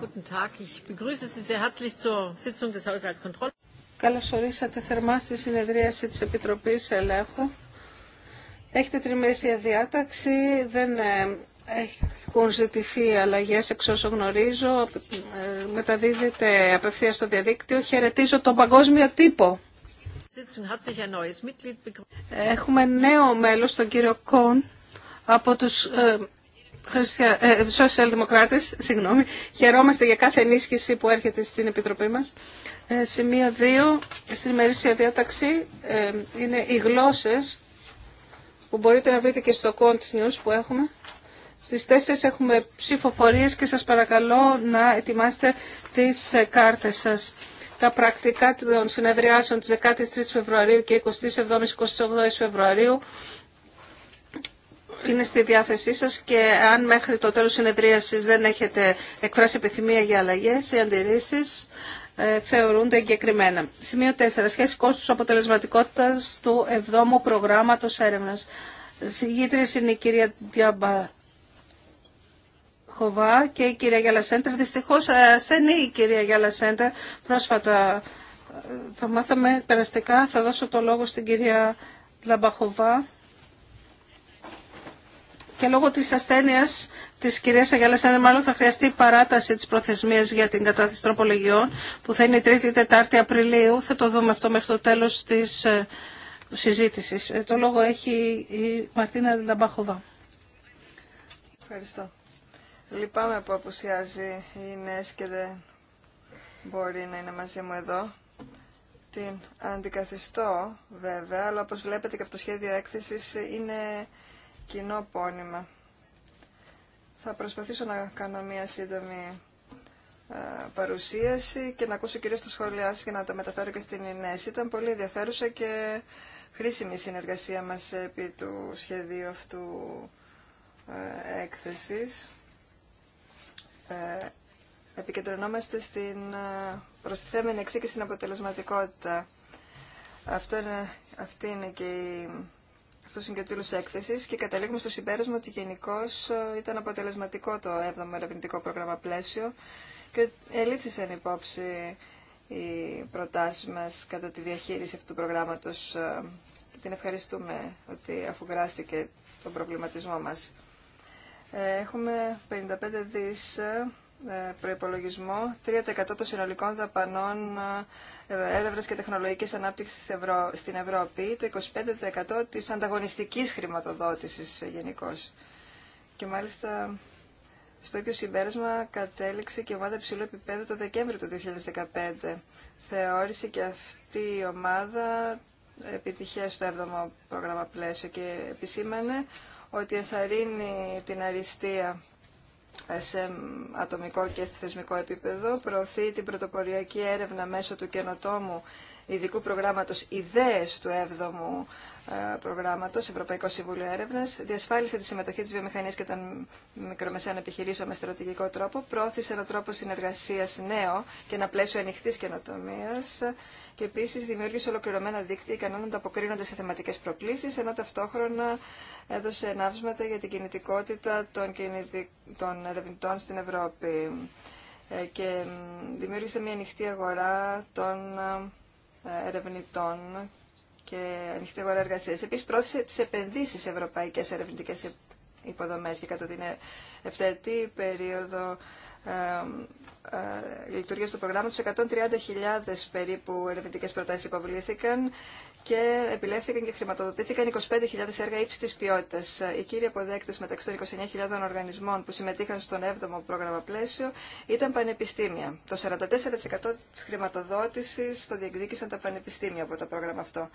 Guten Tag. Ich begrüße Sie sehr herzlich zur Sitzung des Καλώς ορίσατε θερμά στη συνεδρίαση της Επιτροπής Ελέγχου. Έχετε τριμερήσια διάταξη, δεν ε, έχουν ζητηθεί αλλαγές εξ όσο γνωρίζω, ε, μεταδίδεται απευθείας στο διαδίκτυο. Χαιρετίζω τον παγκόσμιο τύπο. Έχουμε νέο μέλος, τον κύριο Κον, από τους ε, ε, ε, Σοσιαλδημοκράτε, συγγνώμη, χαιρόμαστε για κάθε ενίσχυση που έρχεται στην Επιτροπή μα. Ε, σημείο 2, στην ημερήσια διάταξη, ε, είναι οι γλώσσε που μπορείτε να βρείτε και στο Cont News που έχουμε. Στι 4 έχουμε ψηφοφορίε και σα παρακαλώ να ετοιμάσετε τις κάρτε σα. Τα πρακτικά των συνεδριάσεων τη 13 Φεβρουαρίου και 27-28 η Φεβρουαρίου είναι στη διάθεσή σας και αν μέχρι το τέλος συνεδρίασης δεν έχετε εκφράσει επιθυμία για αλλαγές ή αντιρρήσεις, ε, θεωρούνται εγκεκριμένα. Σημείο 4. Σχέση κόστους αποτελεσματικότητας του 7ου προγράμματος έρευνας. Συγγήτρες είναι η κυρία Διάμπα Χοβά και η κυρία Σέντερ. Δυστυχώς ε, ασθενή η κυρία Σέντερ Πρόσφατα ε, Θα μάθαμε περαστικά. Θα δώσω το λόγο στην κυρία Λαμπαχοβά και λόγω της ασθένειας της κυρίας Αγιαλασάνη μάλλον θα χρειαστεί παράταση της προθεσμίας για την κατάθεση τροπολογιών που θα είναι 3η-4η Απριλίου. Θα το δούμε αυτό μέχρι το τέλος της ε, συζήτησης. Ε, το λόγο έχει η Μαρτίνα Λαμπάχοβα. Ευχαριστώ. Λυπάμαι που απουσιάζει η Νέσ και δεν μπορεί να είναι μαζί μου εδώ. Την αντικαθιστώ βέβαια, αλλά όπως βλέπετε και από το σχέδιο έκθεσης είναι κοινό πόνημα. Θα προσπαθήσω να κάνω μία σύντομη ε, παρουσίαση και να ακούσω κυρίως τα σχόλιά σας και να τα μεταφέρω και στην Ινέση. Ήταν πολύ ενδιαφέρουσα και χρήσιμη η συνεργασία μας επί του σχεδίου αυτού ε, έκθεσης. Ε, επικεντρωνόμαστε στην προστιθέμενη εξή και στην αποτελεσματικότητα. Αυτό είναι, αυτή είναι και η στο συγκεκριμένου έκθεση και καταλήγουμε στο συμπέρασμα ότι γενικώ ε, ήταν αποτελεσματικό το 7ο ερευνητικό πρόγραμμα πλαίσιο και ελήφθησαν υπόψη οι προτάσει μα κατά τη διαχείριση αυτού του προγράμματο ε, την ευχαριστούμε ότι αφουγκράστηκε τον προβληματισμό μα. Ε, έχουμε 55 δις ε, προϋπολογισμό 3% των συνολικών δαπανών ε, έρευνας και τεχνολογικής ανάπτυξης στην Ευρώπη, το 25% της ανταγωνιστικής χρηματοδότησης ε, γενικώ. Και μάλιστα στο ίδιο συμπέρασμα κατέληξε και η ομάδα ψηλού επίπεδου το Δεκέμβριο του 2015. Θεώρησε και αυτή η ομάδα επιτυχές στο 7ο πρόγραμμα πλαίσιο και επισήμανε ότι ενθαρρύνει την αριστεία σε ατομικό και θεσμικό επίπεδο, προωθεί την πρωτοποριακή έρευνα μέσω του καινοτόμου ειδικού προγράμματος ιδέες του 7ου ε, προγράμματο, Ευρωπαϊκό Συμβούλιο Έρευνα. διασφάλισε τη συμμετοχή τη βιομηχανία και των μικρομεσαίων επιχειρήσεων με στρατηγικό τρόπο, πρόθεσε ένα τρόπο συνεργασία νέο και ένα πλαίσιο ανοιχτή καινοτομία και επίση δημιούργησε ολοκληρωμένα δίκτυα ικανών να ανταποκρίνονται σε θεματικέ προκλήσει. ενώ ταυτόχρονα έδωσε ενάψματα για την κινητικότητα των, κινητικ... των ερευνητών στην Ευρώπη ε, και δημιούργησε μια ανοιχτή αγορά των ε, ερευνητών και ανοιχτή αγορά εργασία. Επίση, πρόθεσε τι επενδύσει σε ευρωπαϊκέ ερευνητικέ υποδομέ και κατά την επταετή περίοδο ε, ε, λειτουργία του προγράμματο, 130.000 περίπου ερευνητικέ προτάσει υποβλήθηκαν και επιλέχθηκαν και χρηματοδοτήθηκαν 25.000 έργα ύψη ποιότητα. Οι κύριοι αποδέκτε μεταξύ των 29.000 οργανισμών που συμμετείχαν στον 7ο πρόγραμμα πλαίσιο ήταν πανεπιστήμια. Το 44% τη χρηματοδότηση το διεκδίκησαν τα πανεπιστήμια από το πρόγραμμα αυτό.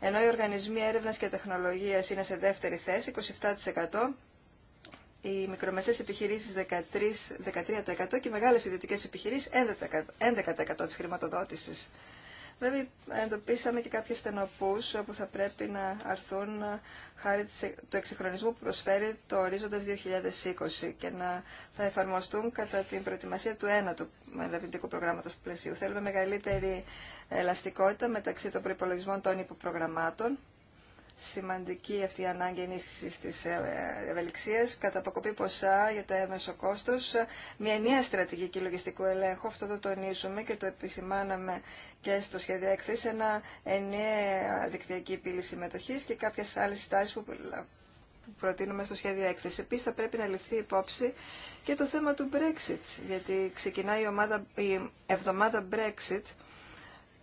Ενώ οι οργανισμοί έρευνα και τεχνολογία είναι σε δεύτερη θέση, 27%. Οι μικρομεσαίες επιχειρήσεις 13%, 13% και οι μεγάλες ιδιωτικές επιχειρήσεις 11%, 11 της χρηματοδότησης. Βέβαια, εντοπίσαμε και κάποιες στενοπούς που θα πρέπει να αρθούν χάρη του εξυγχρονισμού που προσφέρει το ορίζοντας 2020 και να θα εφαρμοστούν κατά την προετοιμασία του ένατου ερευνητικού προγράμματος πλαισίου. Θέλουμε μεγαλύτερη ελαστικότητα μεταξύ των προπολογισμών των υποπρογραμμάτων σημαντική αυτή η ανάγκη ενίσχυση τη ε, ευελιξία, κατά αποκοπή ποσά για τα έμεσο κόστο, μια νέα στρατηγική λογιστικού ελέγχου, αυτό το τονίζουμε και το επισημάναμε και στο σχέδιο έκθεση, ένα ενιαία δικτυακή πύλη συμμετοχή και κάποιε άλλε στάσει που προτείνουμε στο σχέδιο έκθεση. Επίση, θα πρέπει να ληφθεί υπόψη και το θέμα του Brexit, γιατί ξεκινάει η, ομάδα, η εβδομάδα Brexit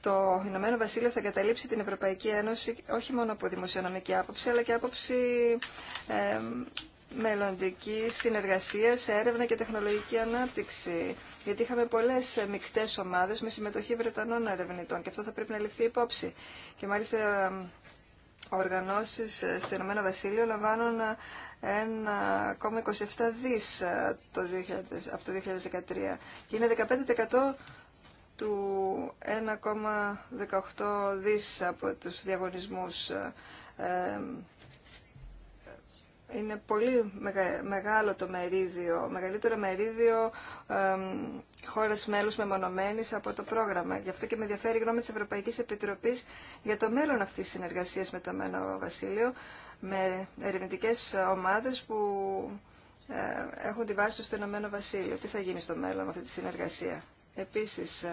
το Ηνωμένο Βασίλειο θα καταλήψει την Ευρωπαϊκή Ένωση όχι μόνο από δημοσιονομική άποψη, αλλά και άποψη ε, μελλοντική συνεργασία, έρευνα και τεχνολογική ανάπτυξη. Γιατί είχαμε πολλέ μεικτέ ομάδε με συμμετοχή Βρετανών ερευνητών και αυτό θα πρέπει να ληφθεί υπόψη. Και μάλιστα οργανώσει στο Ηνωμένο Βασίλειο λαμβάνουν 1,27 δις 2000, ε, από το 2013 και είναι 15% του 1,18 δις από τους διαγωνισμούς. Ε, ε, είναι πολύ μεγάλο το μερίδιο, μεγαλύτερο μερίδιο ε, χώρες μέλους μεμονωμένης από το πρόγραμμα. Γι' αυτό και με ενδιαφέρει η γνώμη της Ευρωπαϊκής Επιτροπής για το μέλλον αυτής της συνεργασίας με το Μένο Βασίλειο, με ερευνητικές ομάδες που έχουν τη βάση του στο Ηνωμένο Βασίλειο. Τι θα γίνει στο μέλλον με αυτή τη συνεργασία. Επίσης,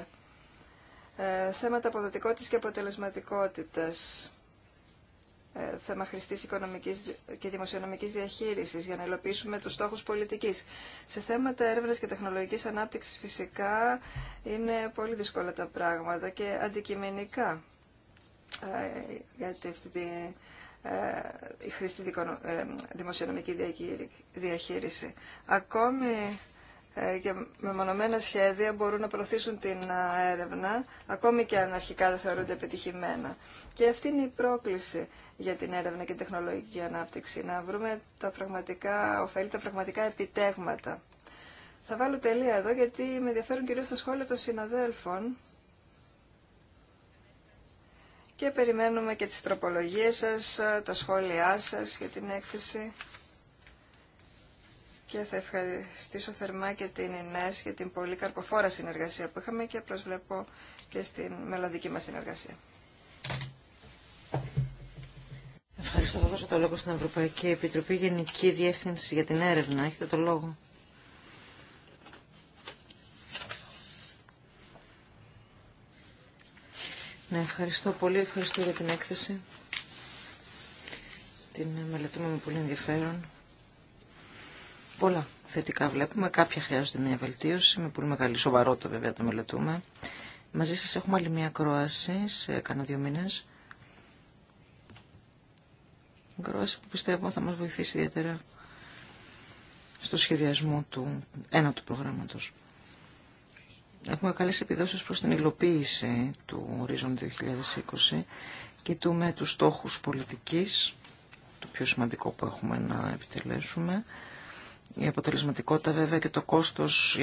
ε, θέματα αποδοτικότητας και αποτελεσματικότητας, ε, θέμα χρηστής οικονομικής και δημοσιονομικής διαχείρισης για να υλοποιήσουμε τους στόχους πολιτικής. Σε θέματα έρευνας και τεχνολογικής ανάπτυξης φυσικά είναι πολύ δύσκολα τα πράγματα και αντικειμενικά ε, γιατί αυτή τη, η χρηστή δημοσιονομική διαχείριση. Ακόμη ε, και με μονομένα σχέδια μπορούν να προωθήσουν την έρευνα, ακόμη και αν αρχικά δεν θεωρούνται επιτυχημένα. Και αυτή είναι η πρόκληση για την έρευνα και την τεχνολογική ανάπτυξη, να βρούμε τα πραγματικά ωφέλη, τα πραγματικά επιτέγματα. Θα βάλω τελεία εδώ, γιατί με ενδιαφέρουν κυρίως τα σχόλια των συναδέλφων και περιμένουμε και τις τροπολογίες σας, τα σχόλιά σας για την έκθεση και θα ευχαριστήσω θερμά και την Ινές για την πολύ καρποφόρα συνεργασία που είχαμε και προσβλέπω και στην μελλοντική μας συνεργασία. Ευχαριστώ. Θα δώσω το λόγο στην Ευρωπαϊκή Επιτροπή Γενική Διεύθυνση για την έρευνα. Έχετε το λόγο. Ναι, ευχαριστώ πολύ. Ευχαριστώ για την έκθεση. Την μελετούμε με πολύ ενδιαφέρον. Πολλά θετικά βλέπουμε. Κάποια χρειάζονται μια βελτίωση. Με πολύ μεγάλη σοβαρότητα βέβαια το μελετούμε. Μαζί σας έχουμε άλλη μια κρόαση σε κάνα δύο μήνες. Κρόαση που πιστεύω θα μας βοηθήσει ιδιαίτερα στο σχεδιασμό του ένα του προγράμματος. Έχουμε καλές επιδόσεις προς την υλοποίηση του ορίζον 2020. Κοιτούμε τους στόχους πολιτικής, το πιο σημαντικό που έχουμε να επιτελέσουμε. Η αποτελεσματικότητα βέβαια και το κόστος,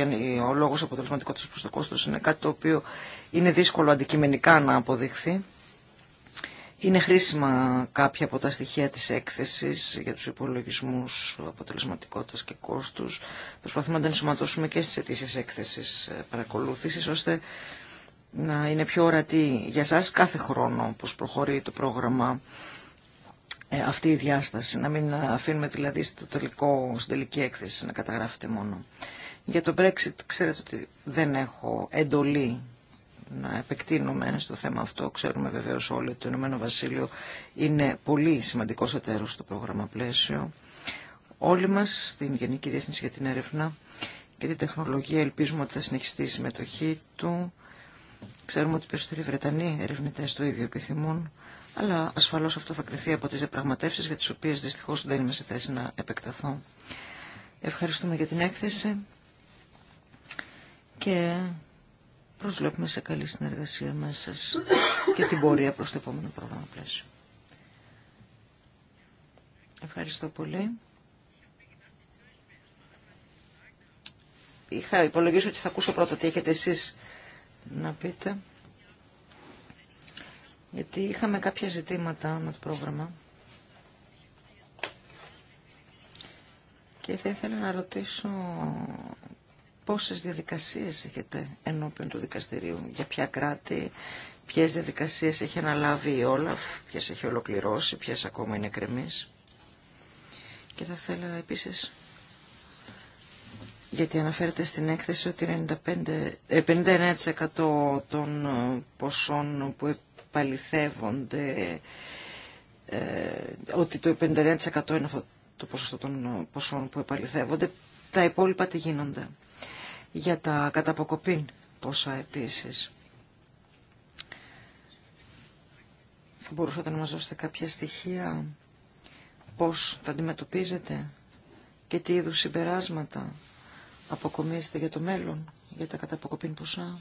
ο λόγος αποτελεσματικότητας προς το κόστος είναι κάτι το οποίο είναι δύσκολο αντικειμενικά να αποδειχθεί. Είναι χρήσιμα κάποια από τα στοιχεία της έκθεσης για τους υπολογισμούς αποτελεσματικότητας και κόστους. Προσπαθούμε να τα ενσωματώσουμε και στις αιτήσεις έκθεσης ε, παρακολούθησης, ώστε να είναι πιο ορατή για σας κάθε χρόνο πως προχωρεί το πρόγραμμα ε, αυτή η διάσταση, να μην αφήνουμε δηλαδή στο τελικό, στην τελική έκθεση να καταγράφεται μόνο. Για το Brexit ξέρετε ότι δεν έχω εντολή να επεκτείνουμε στο θέμα αυτό. Ξέρουμε βεβαίως όλοι ότι το Ηνωμένο Βασίλειο είναι πολύ σημαντικός εταίρος στο πρόγραμμα πλαίσιο. Όλοι μας στην Γενική Διεύθυνση για την Έρευνα και την Τεχνολογία ελπίζουμε ότι θα συνεχιστεί η συμμετοχή του. Ξέρουμε ότι οι περισσότεροι Βρετανοί ερευνητέ το ίδιο επιθυμούν αλλά ασφαλώς αυτό θα κρυθεί από τις διαπραγματεύσει για τις οποίες δυστυχώς δεν είμαι σε θέση να επεκταθώ. Ευχαριστούμε για την έκθεση και προσβλέπουμε σε καλή συνεργασία μέσα σας και την πορεία προς το επόμενο πρόγραμμα πλαίσιο. Ευχαριστώ πολύ. Είχα υπολογίσει ότι θα ακούσω πρώτα τι έχετε εσείς να πείτε γιατί είχαμε κάποια ζητήματα με το πρόγραμμα. Και θα ήθελα να ρωτήσω πόσες διαδικασίες έχετε ενώπιον του δικαστηρίου, για ποια κράτη, ποιες διαδικασίες έχει αναλάβει η Όλαφ, ποιες έχει ολοκληρώσει, ποιες ακόμα είναι κρεμείς. Και θα ήθελα επίσης, γιατί αναφέρεται στην έκθεση ότι 95, ε, 59% των ε, ποσών που ε, ότι το 59% είναι αυτό το ποσοστό των ποσών που επαληθεύονται. Τα υπόλοιπα τι γίνονται. Για τα καταποκοπήν ποσά επίσης. Θα μπορούσατε να μας δώσετε κάποια στοιχεία πώς τα αντιμετωπίζετε και τι είδους συμπεράσματα αποκομίζετε για το μέλλον, για τα καταποκοπήν ποσά.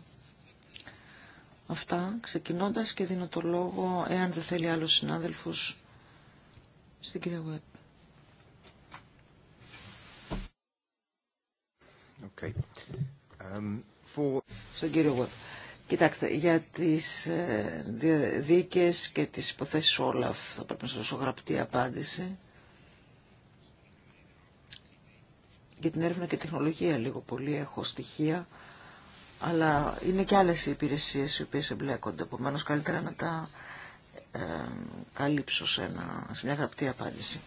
Αυτά ξεκινώντας και δίνω το λόγο, εάν δεν θέλει άλλος συνάδελφος, στην κυρία Βουέπ. Okay. Um, Στον κύριο Κοιτάξτε, για τις ε, δίκες και τις υποθέσεις Όλαφ θα πρέπει να σας δώσω γραπτή απάντηση. Για την έρευνα και τεχνολογία λίγο πολύ έχω στοιχεία αλλά είναι και άλλες οι υπηρεσίες οι οποίες εμπλέκονται. Επομένω καλύτερα να τα ε, καλύψω σε, ένα, σε μια γραπτή απάντηση.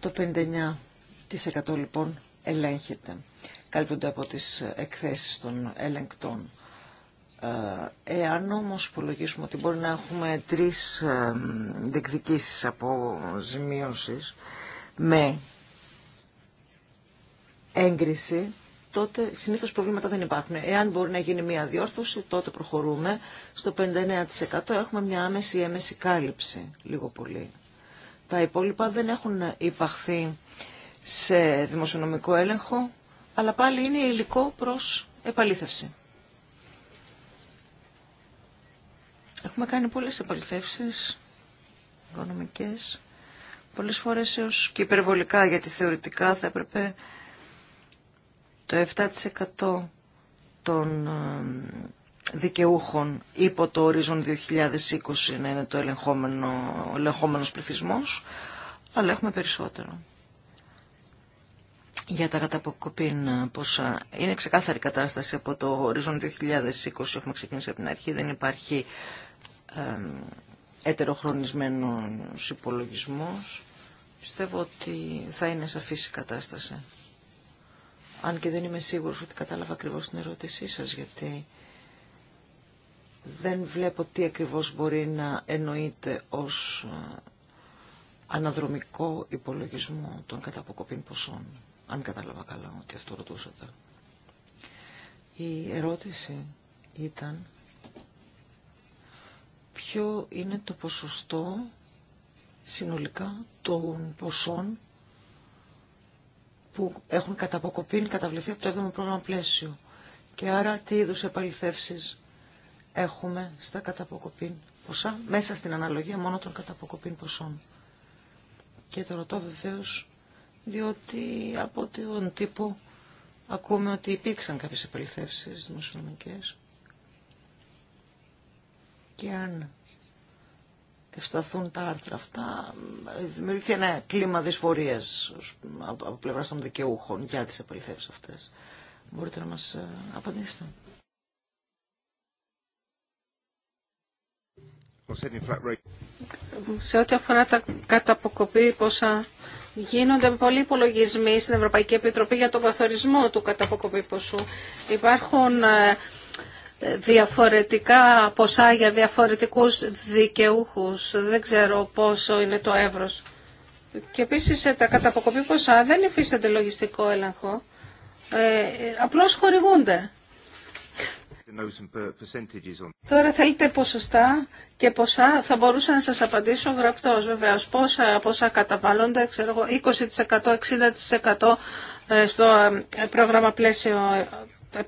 Το 59% λοιπόν ελέγχεται. Καλύπτονται από τις εκθέσεις των ελεγκτών. Ε, εάν όμως υπολογίσουμε ότι μπορεί να έχουμε τρεις ε, διεκδικήσεις από ζημίωσης με έγκριση τότε συνήθω προβλήματα δεν υπάρχουν. Εάν μπορεί να γίνει μια διόρθωση, τότε προχωρούμε. Στο 59% έχουμε μια άμεση ή έμεση κάλυψη, λίγο πολύ. Τα υπόλοιπα δεν έχουν υπαχθεί σε δημοσιονομικό έλεγχο, αλλά πάλι είναι υλικό προς επαλήθευση. Έχουμε κάνει πολλές επαληθεύσεις οικονομικές, πολλές φορές έως και υπερβολικά, γιατί θεωρητικά θα έπρεπε το 7% των ε, δικαιούχων υπό το ορίζον 2020 να είναι το ελεγχόμενο, ελεγχόμενος πληθυσμός, αλλά έχουμε περισσότερο. Για τα καταποκοπήν ποσά. Είναι ξεκάθαρη κατάσταση από το ορίζον 2020, έχουμε ξεκινήσει από την αρχή, δεν υπάρχει ετεροχρονισμένος υπολογισμός. Πιστεύω ότι θα είναι σαφής η κατάσταση αν και δεν είμαι σίγουρος ότι κατάλαβα ακριβώς την ερώτησή σας, γιατί δεν βλέπω τι ακριβώς μπορεί να εννοείται ως ε, αναδρομικό υπολογισμό των καταποκοπήν ποσών, αν κατάλαβα καλά ότι αυτό ρωτούσατε. Η ερώτηση ήταν ποιο είναι το ποσοστό συνολικά των ποσών που έχουν καταποκοπήν καταβληθεί από το 7ο πρόγραμμα πλαίσιο. Και άρα τι είδου επαληθεύσεις έχουμε στα καταποκοπήν ποσά, μέσα στην αναλογία μόνο των καταποκοπήν ποσών. Και το ρωτώ βεβαίω διότι από τον τύπο ακούμε ότι υπήρξαν κάποιες επαληθεύσεις δημοσιονομικές. Και αν ευσταθούν τα άρθρα αυτά, δημιουργηθεί ένα κλίμα δυσφορίας από πλευρά των δικαιούχων για τις απολυθέσεις αυτές. Μπορείτε να μας ε, απαντήσετε. Σε ό,τι αφορά τα καταποκοπή ποσά, γίνονται πολλοί υπολογισμοί στην Ευρωπαϊκή Επιτροπή για τον καθορισμό του καταποκοπή ποσού. Υπάρχουν ε, διαφορετικά ποσά για διαφορετικούς δικαιούχους. Δεν ξέρω πόσο είναι το εύρος. Και επίσης ε, τα καταποκοπή ποσά δεν υφίστανται λογιστικό έλεγχο. Ε, απλώς χορηγούνται. Τώρα θέλετε ποσοστά και ποσά. Θα μπορούσα να σας απαντήσω γραπτός βεβαίως. Πόσα, πόσα καταβάλλονται, ξέρω εγώ, 20%, 60% ε, στο ε, πρόγραμμα πλαίσιο 7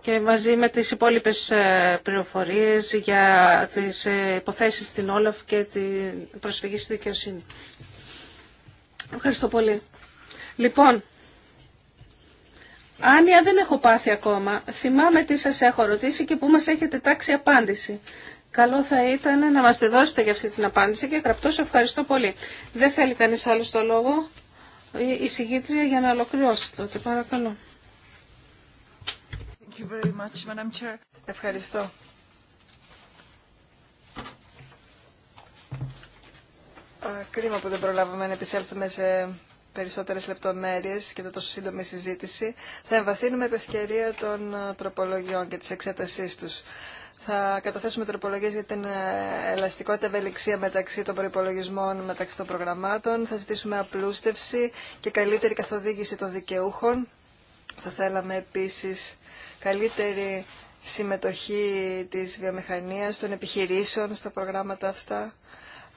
και μαζί με τις υπόλοιπες ε, πληροφορίες για τις ε, υποθέσεις στην Όλαφ και την προσφυγή στη δικαιοσύνη. Ευχαριστώ πολύ. Λοιπόν, Άνια δεν έχω πάθει ακόμα. Θυμάμαι τι σας έχω ρωτήσει και που μας έχετε τάξει απάντηση. Καλό θα ήταν να μας τη δώσετε για αυτή την απάντηση και σε ευχαριστώ πολύ. Δεν θέλει κανείς άλλο το λόγο. Η συγκήτρια για να ολοκληρώσει τότε. Παρακαλώ. Ευχαριστώ. Κρίμα που δεν προλάβαμε να επισέλθουμε σε περισσότερες λεπτομέρειες και το τόσο σύντομη συζήτηση. Θα εμβαθύνουμε επ' ευκαιρία των τροπολογιών και της εξέτασής τους. Θα καταθέσουμε τροπολογίες για την ελαστικότητα ευελιξία μεταξύ των προϋπολογισμών, μεταξύ των προγραμμάτων. Θα ζητήσουμε απλούστευση και καλύτερη καθοδήγηση των δικαιούχων θα θέλαμε επίσης καλύτερη συμμετοχή της βιομηχανίας, των επιχειρήσεων στα προγράμματα αυτά.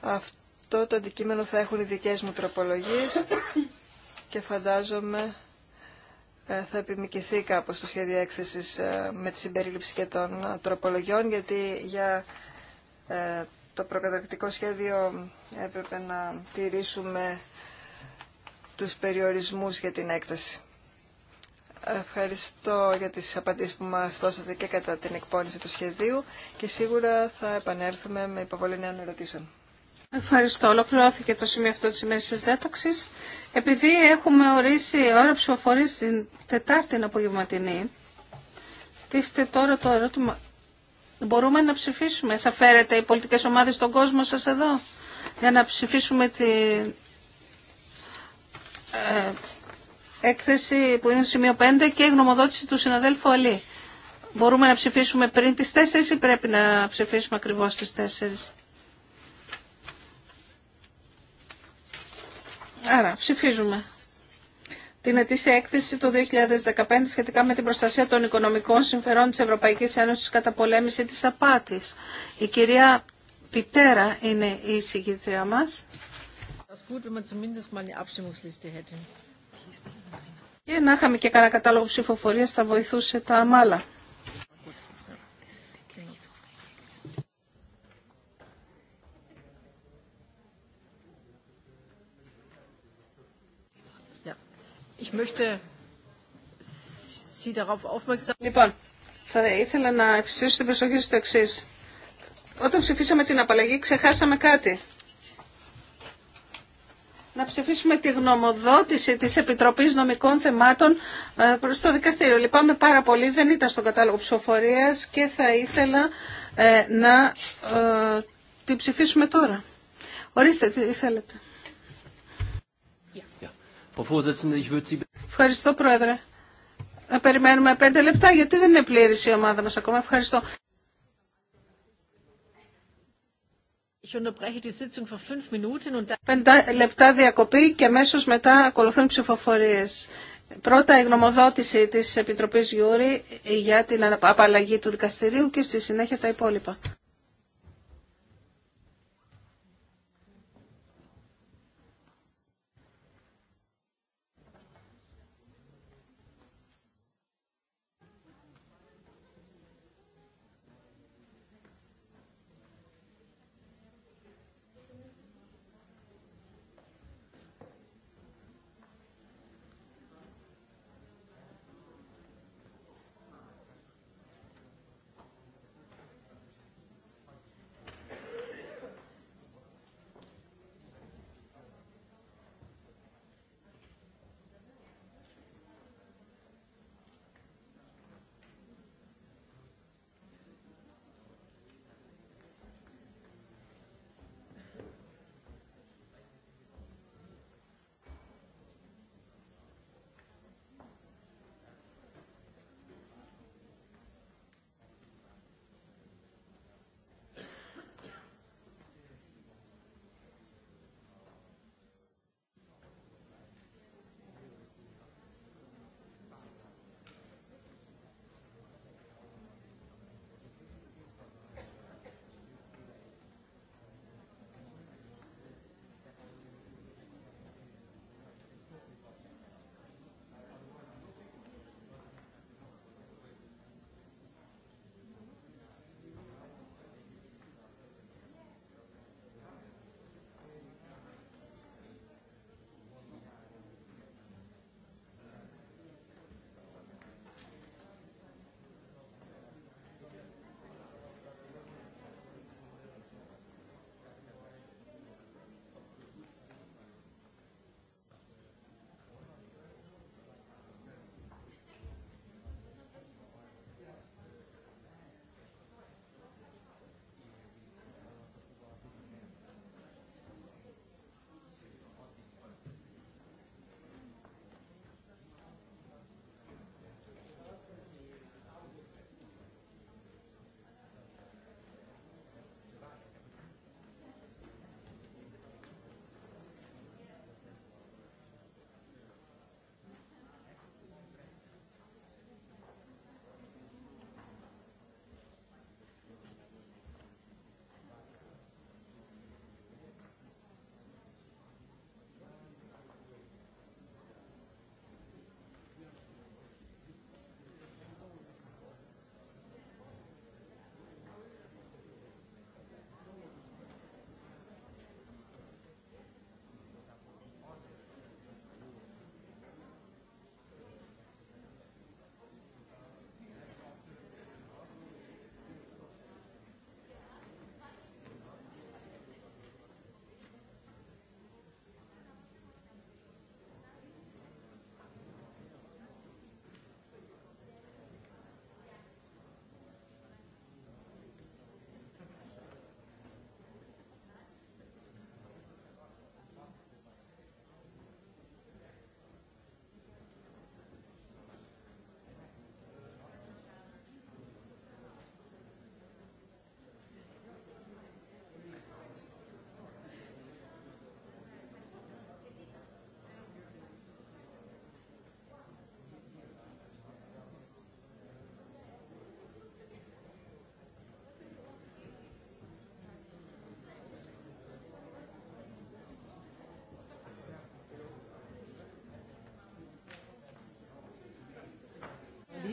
Αυτό το αντικείμενο θα έχουν οι δικές μου τροπολογίες και φαντάζομαι ε, θα επιμικηθεί κάπως το σχέδιο έκθεσης ε, με τη συμπερίληψη και των ε, τροπολογιών γιατί για το προκαταρκτικό σχέδιο έπρεπε να τηρήσουμε τους περιορισμούς για την έκθεση. Ευχαριστώ για τις απαντήσεις που μας δώσατε και κατά την εκπόνηση του σχεδίου και σίγουρα θα επανέλθουμε με υποβολή νέων ερωτήσεων. Ευχαριστώ. Ολοκληρώθηκε το σημείο αυτό της ημέρης της δέταξης. Επειδή έχουμε ορίσει ώρα ψηφοφορής την Τετάρτη απογευματινή, τίστε τώρα το ερώτημα, μπορούμε να ψηφίσουμε. Θα φέρετε οι πολιτικές ομάδες στον κόσμο σας εδώ για να ψηφίσουμε την ε, έκθεση που είναι σημείο 5 και η γνωμοδότηση του συναδέλφου Αλή. Μπορούμε να ψηφίσουμε πριν τις 4 ή πρέπει να ψηφίσουμε ακριβώς τις 4. Άρα ψηφίζουμε την ετήσια έκθεση του 2015 σχετικά με την προστασία των οικονομικών συμφερών της Ευρωπαϊκής Ένωσης κατά πολέμηση της απάτης. Η κυρία Πιτέρα είναι η συγκήτρια μας. Das gut, wenn man zumindest mal eine Abstimmungsliste hätte. Και να είχαμε και κανένα κατάλογο ψηφοφορίας θα βοηθούσε τα μάλα. Λοιπόν, θα ήθελα να επιστήσω την προσοχή στο εξή. Όταν ψηφίσαμε την απαλλαγή ξεχάσαμε κάτι να ψηφίσουμε τη γνωμοδότηση της Επιτροπής Νομικών Θεμάτων ε, προς το δικαστήριο. Λυπάμαι πάρα πολύ, δεν ήταν στον κατάλογο ψηφοφορίας και θα ήθελα ε, να ε, την ψηφίσουμε τώρα. Ορίστε τι θέλετε. Ευχαριστώ Πρόεδρε. Να περιμένουμε πέντε λεπτά γιατί δεν είναι πλήρης η ομάδα μας ακόμα. Ευχαριστώ. Πέντε λεπτά διακοπή και αμέσω μετά ακολουθούν ψηφοφορίε. Πρώτα η γνωμοδότηση τη Επιτροπή Γιούρη για την απαλλαγή του δικαστηρίου και στη συνέχεια τα υπόλοιπα.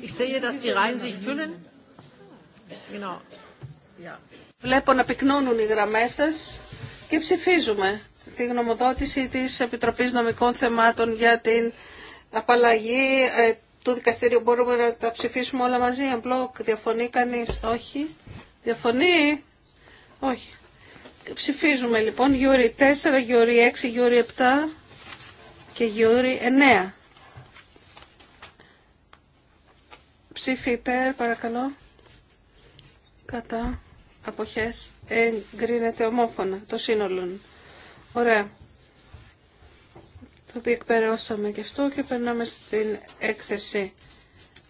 Ich sehe, Βλέπω να πυκνώνουν οι γραμμές σας και ψηφίζουμε τη γνωμοδότηση της Επιτροπής Νομικών Θεμάτων για την απαλλαγή ε, του δικαστηρίου. Μπορούμε να τα ψηφίσουμε όλα μαζί, εν μπλοκ. Διαφωνεί κανείς. Όχι. Διαφωνεί. Όχι. Ψηφίζουμε λοιπόν Γιούρι 4, Γιούρι 6, Γιούρι 7 και Γιούρι 9. Ψήφι υπέρ, παρακαλώ. Κατά. Αποχές. Εγκρίνεται ομόφωνα το σύνολο. Ωραία. Το διεκπαιρεώσαμε και αυτό και περνάμε στην έκθεση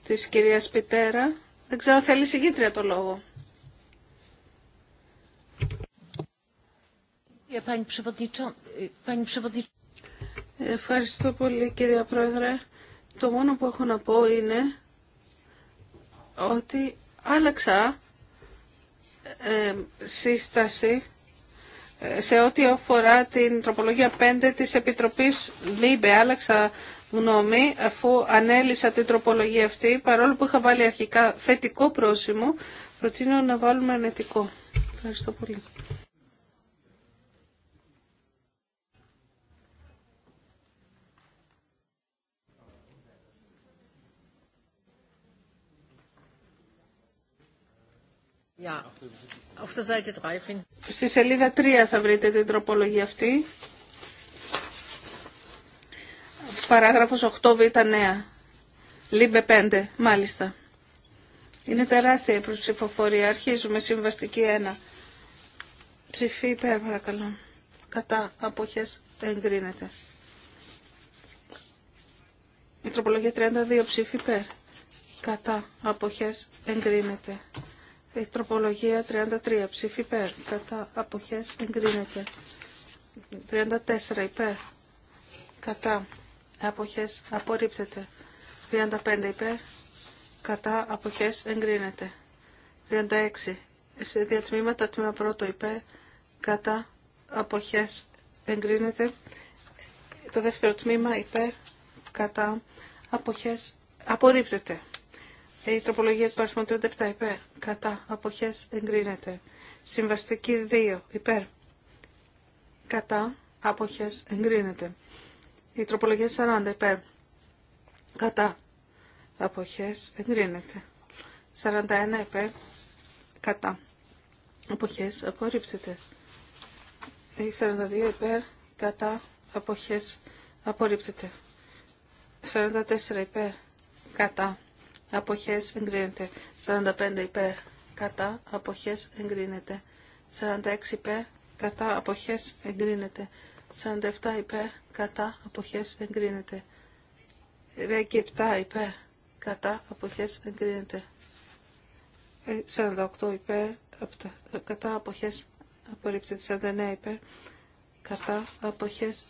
της κυρίας Πιτέρα. Δεν ξέρω, θέλει συγκίτρια το λόγο. Ε, ε, Ευχαριστώ πολύ κυρία Πρόεδρε. Το μόνο που έχω να πω είναι ότι άλλαξα ε, σύσταση ε, σε ό,τι αφορά την τροπολογία 5 της Επιτροπής ΛΥΜΠΕ. Άλλαξα γνώμη αφού ανέλησα την τροπολογία αυτή. Παρόλο που είχα βάλει αρχικά θετικό πρόσημο, προτείνω να βάλουμε ανετικό. Ευχαριστώ πολύ. Στη σελίδα 3 θα βρείτε την τροπολογία αυτή. Παράγραφος 8β νέα. Λίμπε 5, μάλιστα. Είναι τεράστια η προσψηφοφορία. Αρχίζουμε συμβαστική 1. Ψηφί υπέρ παρακαλώ. Κατά αποχές εγκρίνεται. Η τροπολογία 32 ψήφι υπέρ. Κατά αποχές εγκρίνεται. Η τροπολογία 33 ψήφι υπέρ. Κατά αποχές εγκρίνεται. 34 υπέρ. Κατά αποχές απορρίπτεται. 35 υπέρ. Κατά αποχές εγκρίνεται. 36. Σε διατμήματα τμήματα, τμήμα πρώτο υπέρ. Κατά αποχές εγκρίνεται. Το δεύτερο τμήμα υπέρ. Κατά αποχές απορρίπτεται. Η τροπολογία του αριθμού 37 υπέρ. Κατά. απόχέ εγκρίνεται. Συμβαστική 2 υπέρ. Κατά. Αποχέ εγκρίνεται. Η τροπολογία 40 υπέρ. Κατά. Αποχέ εγκρίνεται. 41 υπέρ. Κατά. Αποχέ απορρίπτεται. Η 42 υπέρ. Κατά. αποχέ. απορρίπτεται. 44 υπέρ. Κατά αποχές εγκρίνεται. 45 υπέρ κατά αποχές εγκρίνεται. 46 υπέρ κατά αποχές εγκρίνεται. 47 υπέρ κατά αποχές εγκρίνεται. Ρέγγι 7 υπέρ κατά αποχές εγκρίνεται. 48 ε, υπέρ κατά αποχές απορρίπτεται. 49 υπέρ κατά αποχές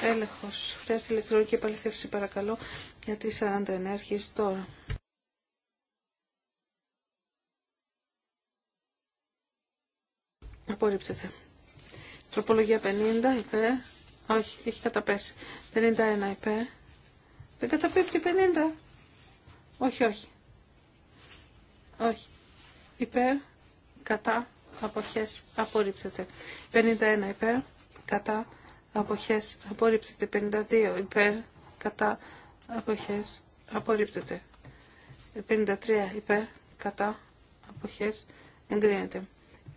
Έλεγχος. Χρειάζεται ηλεκτρονική επαληθεύση παρακαλώ για τις 40 ενέργειες τώρα. Απορρίπτεται. Τροπολογία 50 υπέρ. Όχι, έχει καταπέσει. 51 υπέρ. Δεν καταπέφτει 50. Όχι, όχι. Όχι. Υπέρ, κατά, αποχές, απορρίπτεται. 51 υπέρ, κατά, αποχές απορρίπτεται 52 υπέρ κατά αποχές απορρίπτεται 53 υπέρ κατά αποχές εγκρίνεται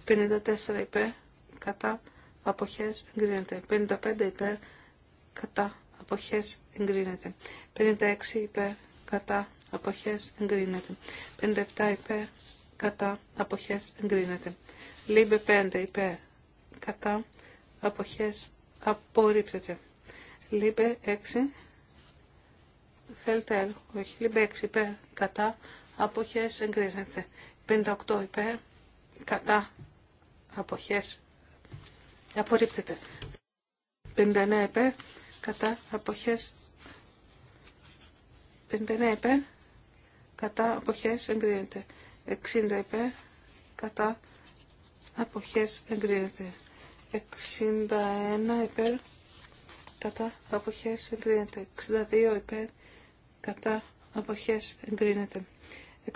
54 υπέρ κατά αποχές εγκρίνεται 55 υπέρ κατά αποχές εγκρίνεται 56 υπέρ κατά αποχές εγκρίνεται 57 υπέρ κατά αποχές εγκρίνεται λίμπε 5 υπέρ κατά αποχές Απορρίπτεται. Λίπε 6. Θέλετε Όχι. λίπε 6 υπέρ. Κατά. Αποχές εγκρίνεται. 58 υπέρ. Κατά. Αποχές. Απορρίπτεται. 59 υπέρ. Κατά. Αποχές. 59 υπέρ. Κατά. Αποχές εγκρίνεται. 60 υπέρ. Κατά. Αποχές εγκρίνεται. 61 υπέρ κατά αποχές εγκρίνεται. 62 υπέρ κατά αποχές εγκρίνεται.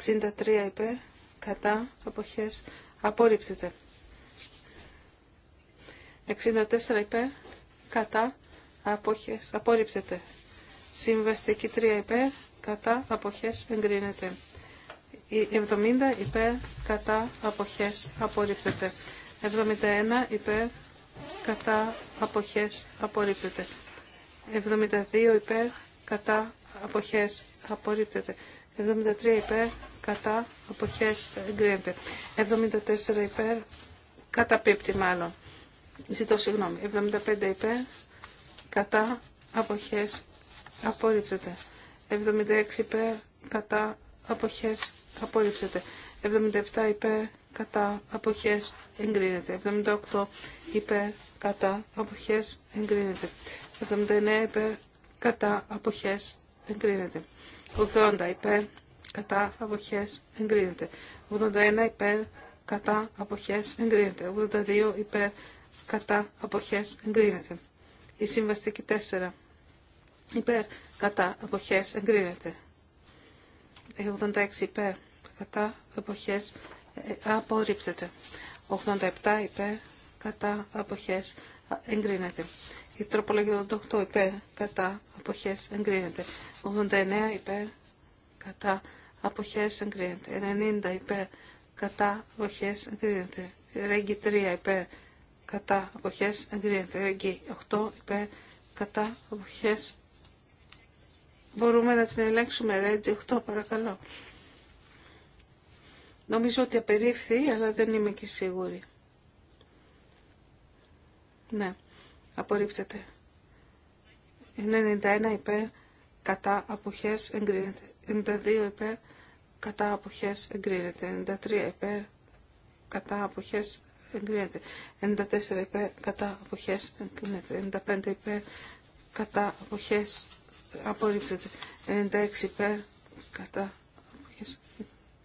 63 υπέρ κατά αποχές απορρίπτεται. 64 υπέρ κατά αποχές απορρίπτεται. Συμβαστική 3 υπέρ κατά αποχές εγκρίνεται. 70 υπέρ κατά αποχές απορρίπτεται. 71 υπέρ κατά αποχές απορρίπτεται. 72 υπέρ κατά αποχές απορρίπτεται. 73 υπέρ κατά αποχές εγκρίνεται. 74 υπέρ καταπίπτει μάλλον. Ζητώ συγγνώμη. 75 υπέρ κατά αποχές απορρίπτεται. 76 υπέρ κατά αποχές απορρίπτεται. 77 υπέρ κατά αποχές εγκρίνεται. 78 υπέρ κατά αποχές εγκρίνεται. 79 υπέρ κατά αποχές εγκρίνεται. 80 υπέρ κατά αποχές εγκρίνεται. 81 υπέρ κατά αποχές εγκρίνεται. 82 υπέρ κατά αποχές εγκρίνεται. Η συμβαστική 4 υπέρ κατά αποχές εγκρίνεται. 86 υπέρ κατά αποχές ε, απορρίπτεται. 87 υπέρ κατά αποχές εγκρίνεται. Η τροπολογία 88 υπέρ κατά αποχές εγκρίνεται. 89 υπέρ κατά αποχές εγκρίνεται. 90 υπέρ κατά αποχές εγκρίνεται. Ρέγγι 3 υπέρ κατά αποχές εγκρίνεται. Ρέγγι 8 υπέρ κατά αποχές Μπορούμε να την ελέγξουμε, Ρέτζι 8, παρακαλώ. Νομίζω ότι απερίφθη, αλλά δεν είμαι και σίγουρη. Ναι, απορρίπτεται. 91 υπέρ κατά αποχές εγκρίνεται. 92 υπέρ κατά αποχές εγκρίνεται. 93 υπέρ κατά αποχές εγκρίνεται. 94 υπέρ κατά αποχές εγκρίνεται. 95 υπέρ κατά αποχές απορρίπτεται. 96 υπέρ κατά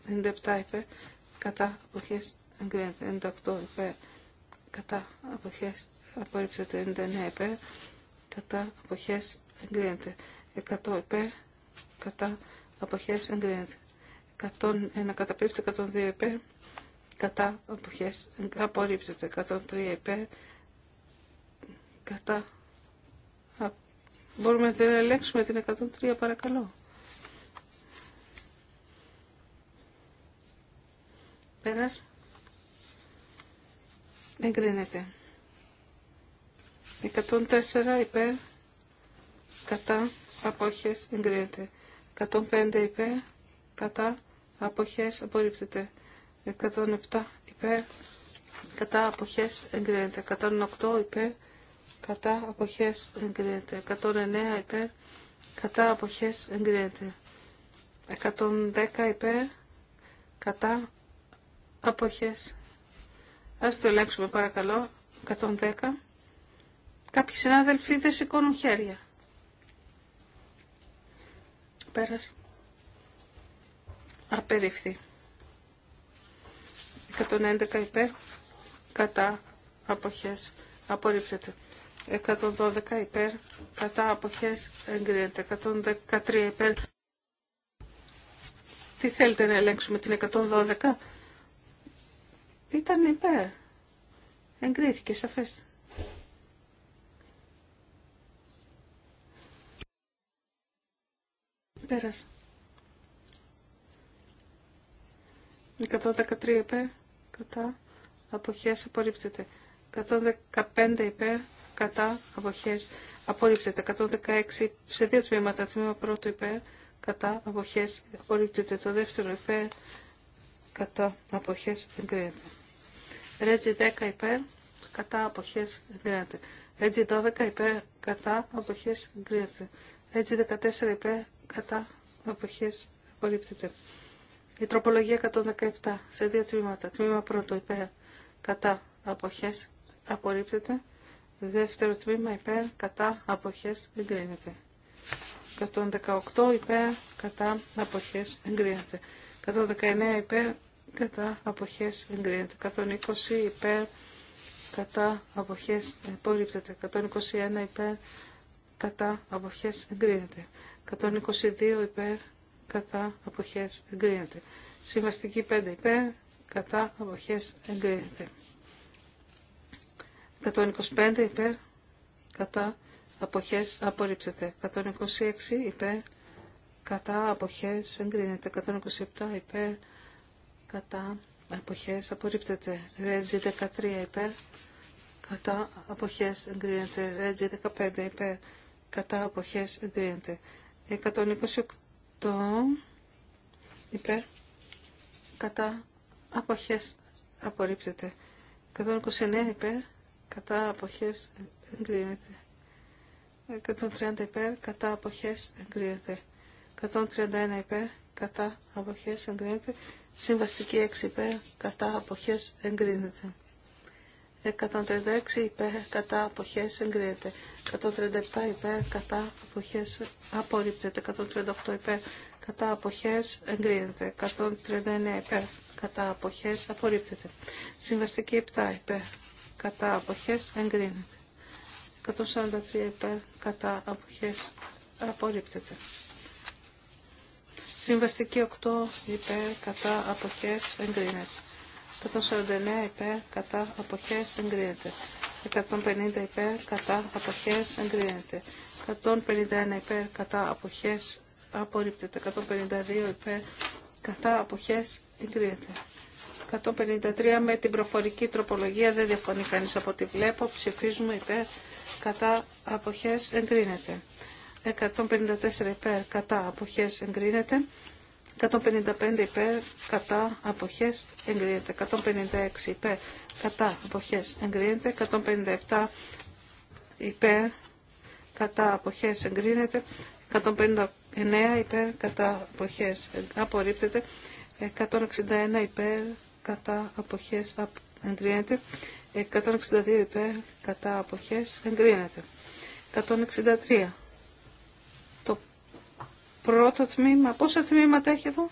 97 εφέ κατά αποχές εγκρίνεται 98 εφέ κατά αποχές απορρίψεται 99 εφέ κατά αποχές εγκρίνεται 100 εφέ κατά αποχές εγκρίνεται 101 καταπίπτει 102 επέ κατά αποχές απορρίψεται 103 επέ κατά μπορούμε να την ελέγξουμε την 103 παρακαλώ Πέρας. Εγκρίνεται. 104 υπέρ. Κατά. Απόχες. Εγκρίνεται. 105 υπέρ. Κατά. Απόχες. Απορρίπτεται. 107 υπέρ. Κατά. Απόχες. Εγκρίνεται. 108 υπέρ. Κατά. Απόχες. Εγκρίνεται. 109 υπέρ. Κατά. Απόχες. Εγκρίνεται. 110 υπέρ. Κατά αποχές. Ας το ελέγξουμε παρακαλώ. 110. Κάποιοι συνάδελφοι δεν σηκώνουν χέρια. Πέρας. Απερίφθη. 111 υπέρ. Κατά αποχές. Απορρίπτεται. 112 υπέρ. Κατά αποχές. Εγκρίνεται. 113 υπέρ. Τι θέλετε να ελέγξουμε την 112. Ήταν υπέρ. Εγκρίθηκε, σαφές. Πέρασε. 113 υπέρ, κατά, αποχές απορρίπτεται. 115 υπέρ, κατά, αποχές απορρίπτεται. 116 σε δύο τμήματα, τμήμα πρώτο υπέρ, κατά, αποχές απορρίπτεται. Το δεύτερο υπέρ, κατά, αποχές εγκρίνεται. Ρέτζι 10 υπέρ, κατά αποχές εγκρίνεται. Ρέτζι 12 υπέρ, κατά αποχές εγκρίνεται. Ρέτζι 14 υπέρ, κατά αποχές απορρίπτεται. Η τροπολογία 117 σε δύο τμήματα. Τμήμα πρώτο υπέρ, κατά αποχές απορρίπτεται. Δεύτερο τμήμα υπέρ, κατά αποχές εγκρίνεται. 118 υπέρ, κατά αποχές εγκρίνεται. 119 υπέρ, κατά αποχές εγκρίνεται. 120 υπέρ κατά αποχές απορρίπτεται. 121 υπέρ κατά αποχές εγκρίνεται. 122 υπέρ κατά αποχές εγκρίνεται. Συμβαστική 5 υπέρ κατά αποχές εγκρίνεται. 125 υπέρ κατά αποχές απορρίπτεται. 126 υπέρ κατά αποχές εγκρίνεται. 127 υπέρ κατά αποχές απορρίπτεται. Ρέτζι 13 υπέρ, κατά αποχές εγκρίνεται. Ρέτζι 15 υπέρ, κατά αποχές εγκρίνεται. 128 υπέρ, κατά αποχές απορρίπτεται. 129 υπέρ, κατά αποχές εγκρίνεται. 130 υπέρ, κατά αποχές εγκρίνεται. 131 υπέρ, κατά αποχές εγκρίνεται. Συμβαστική 6 υπέρ κατά αποχές εγκρίνεται. 136 υπέρ κατά αποχές εγκρίνεται. 137 υπέρ κατά αποχές απορρίπτεται. 138 υπέρ κατά αποχές εγκρίνεται. 139 υπέρ κατά αποχές απορρίπτεται. Συμβαστική 7 υπέρ κατά αποχές εγκρίνεται. 143 υπέρ κατά αποχές απορρίπτεται. Συμβαστική 8 υπέρ κατά αποχές εγκρίνεται. 149 υπέρ κατά αποχές εγκρίνεται. 150 υπέρ κατά αποχές εγκρίνεται. 151 υπέρ κατά αποχές απορρίπτεται. 152 υπέρ κατά αποχές εγκρίνεται. 153 με την προφορική τροπολογία δεν διαφωνεί κανείς από ό,τι βλέπω. Ψηφίζουμε υπέρ κατά αποχές εγκρίνεται. 154 υπέρ κατά αποχές εγκρίνεται. 155 υπέρ κατά αποχές εγκρίνεται. 156 υπέρ κατά αποχές εγκρίνεται. 157 υπέρ κατά αποχές εγκρίνεται. 159 υπέρ κατά αποχές απορρίπτεται. 161 υπέρ κατά αποχές εγκρίνεται. 162 υπέρ κατά αποχές εγκρίνεται. 163 Πρώτο τμήμα. Πόσα τμήματα έχει εδώ?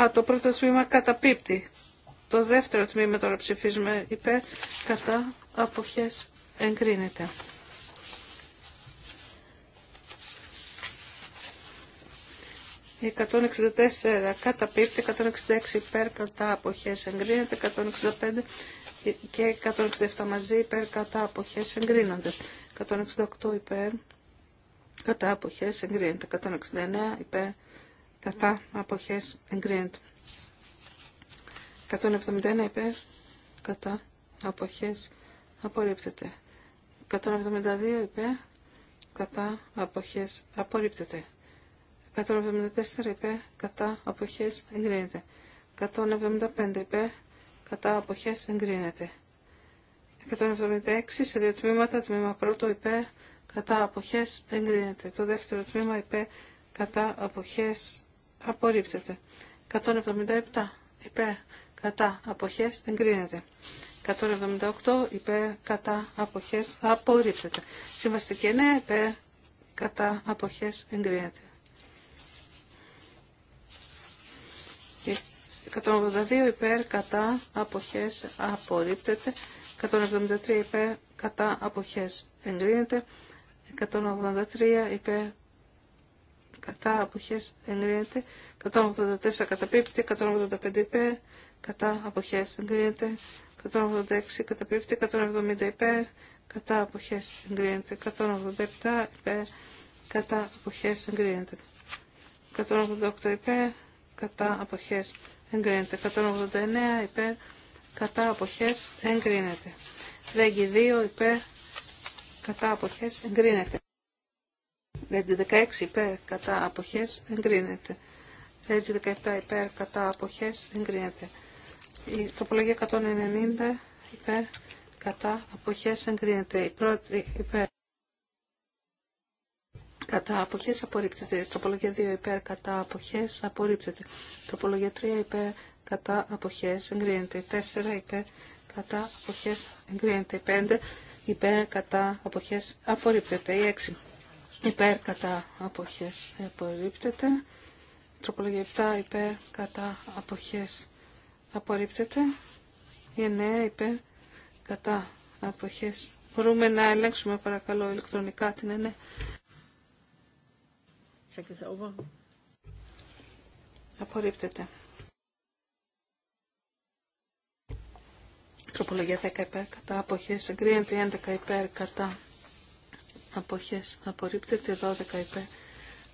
Α, το πρώτο τμήμα καταπίπτει. Το δεύτερο τμήμα τώρα ψηφίζουμε υπέρ, κατά, αποχές, εγκρίνεται. Η 164 καταπίπτει, 166 υπέρ, κατά, αποχές, εγκρίνεται, 165 και 167 μαζί υπέρ, κατά, αποχές, εγκρίνονται. 168 υπέρ, κατά αποχές εγκρίνεται. 169 υπέρ κατά αποχές εγκρίνεται. 171 υπέρ κατά αποχές απορρίπτεται. 172 υπέρ κατά αποχές απορρίπτεται. 174 υπέρ κατά αποχές εγκρίνεται. 175 υπέρ κατά αποχές εγκρίνεται. 176 σε δύο τμήματα, τμήμα πρώτο υπέρ κατά αποχές εγκρίνεται. Το δεύτερο τμήμα υπέ. κατά αποχές απορρίπτεται. 177 υπέρ κατά αποχές εγκρίνεται. 178 υπέρ κατά αποχές απορρίπτεται. Συμβαστική 9 υπέρ κατά αποχές εγκρίνεται. 182 υπέρ κατά αποχές απορρίπτεται. 173 υπέρ κατά αποχές εγκρίνεται. 183 υπέρ κατά αποχές εγκρίνεται 184 καταπίπτει 185 υπέρ κατά αποχές εγκρίνεται 186 καταπίπτει 170 υπέρ κατά αποχές εγκρίνεται 187 υπέρ κατά αποχές εγκρίνεται 188 υπέρ κατά αποχές εγκρίνεται 189 υπέρ κατά αποχές εγκρίνεται Ρέγγι 2 υπέρ κατά αποχές εγκρίνεται. Ρέτζι 16 υπέρ κατά αποχές εγκρίνεται. Ρέτζι 17 υπέρ κατά αποχές εγκρίνεται. Η τροπολογία 190 υπέρ κατά αποχές εγκρίνεται. Η πρώτη υπέρ κατά αποχές απορρίπτεται. Τοπολογία 2 υπέρ κατά αποχές απορρίπτεται. Τοπολογία 3 υπέρ κατά αποχές εγκρίνεται. 4 υπέρ κατά αποχές εγκρίνεται. 5 υπέρ κατά αποχές απορρίπτεται. Η 6 υπέρ κατά αποχές απορρίπτεται. Τροπολογία 7 υπέρ κατά αποχές απορρίπτεται. Η 9 υπέρ κατά αποχές. Μπορούμε να ελέγξουμε παρακαλώ ηλεκτρονικά την 9. Check Απορρίπτεται. Τροπολογία 10 υπέρ κατά αποχές εγκρίνεται 11 υπέρ κατά αποχές απορρίπτεται 12 υπέρ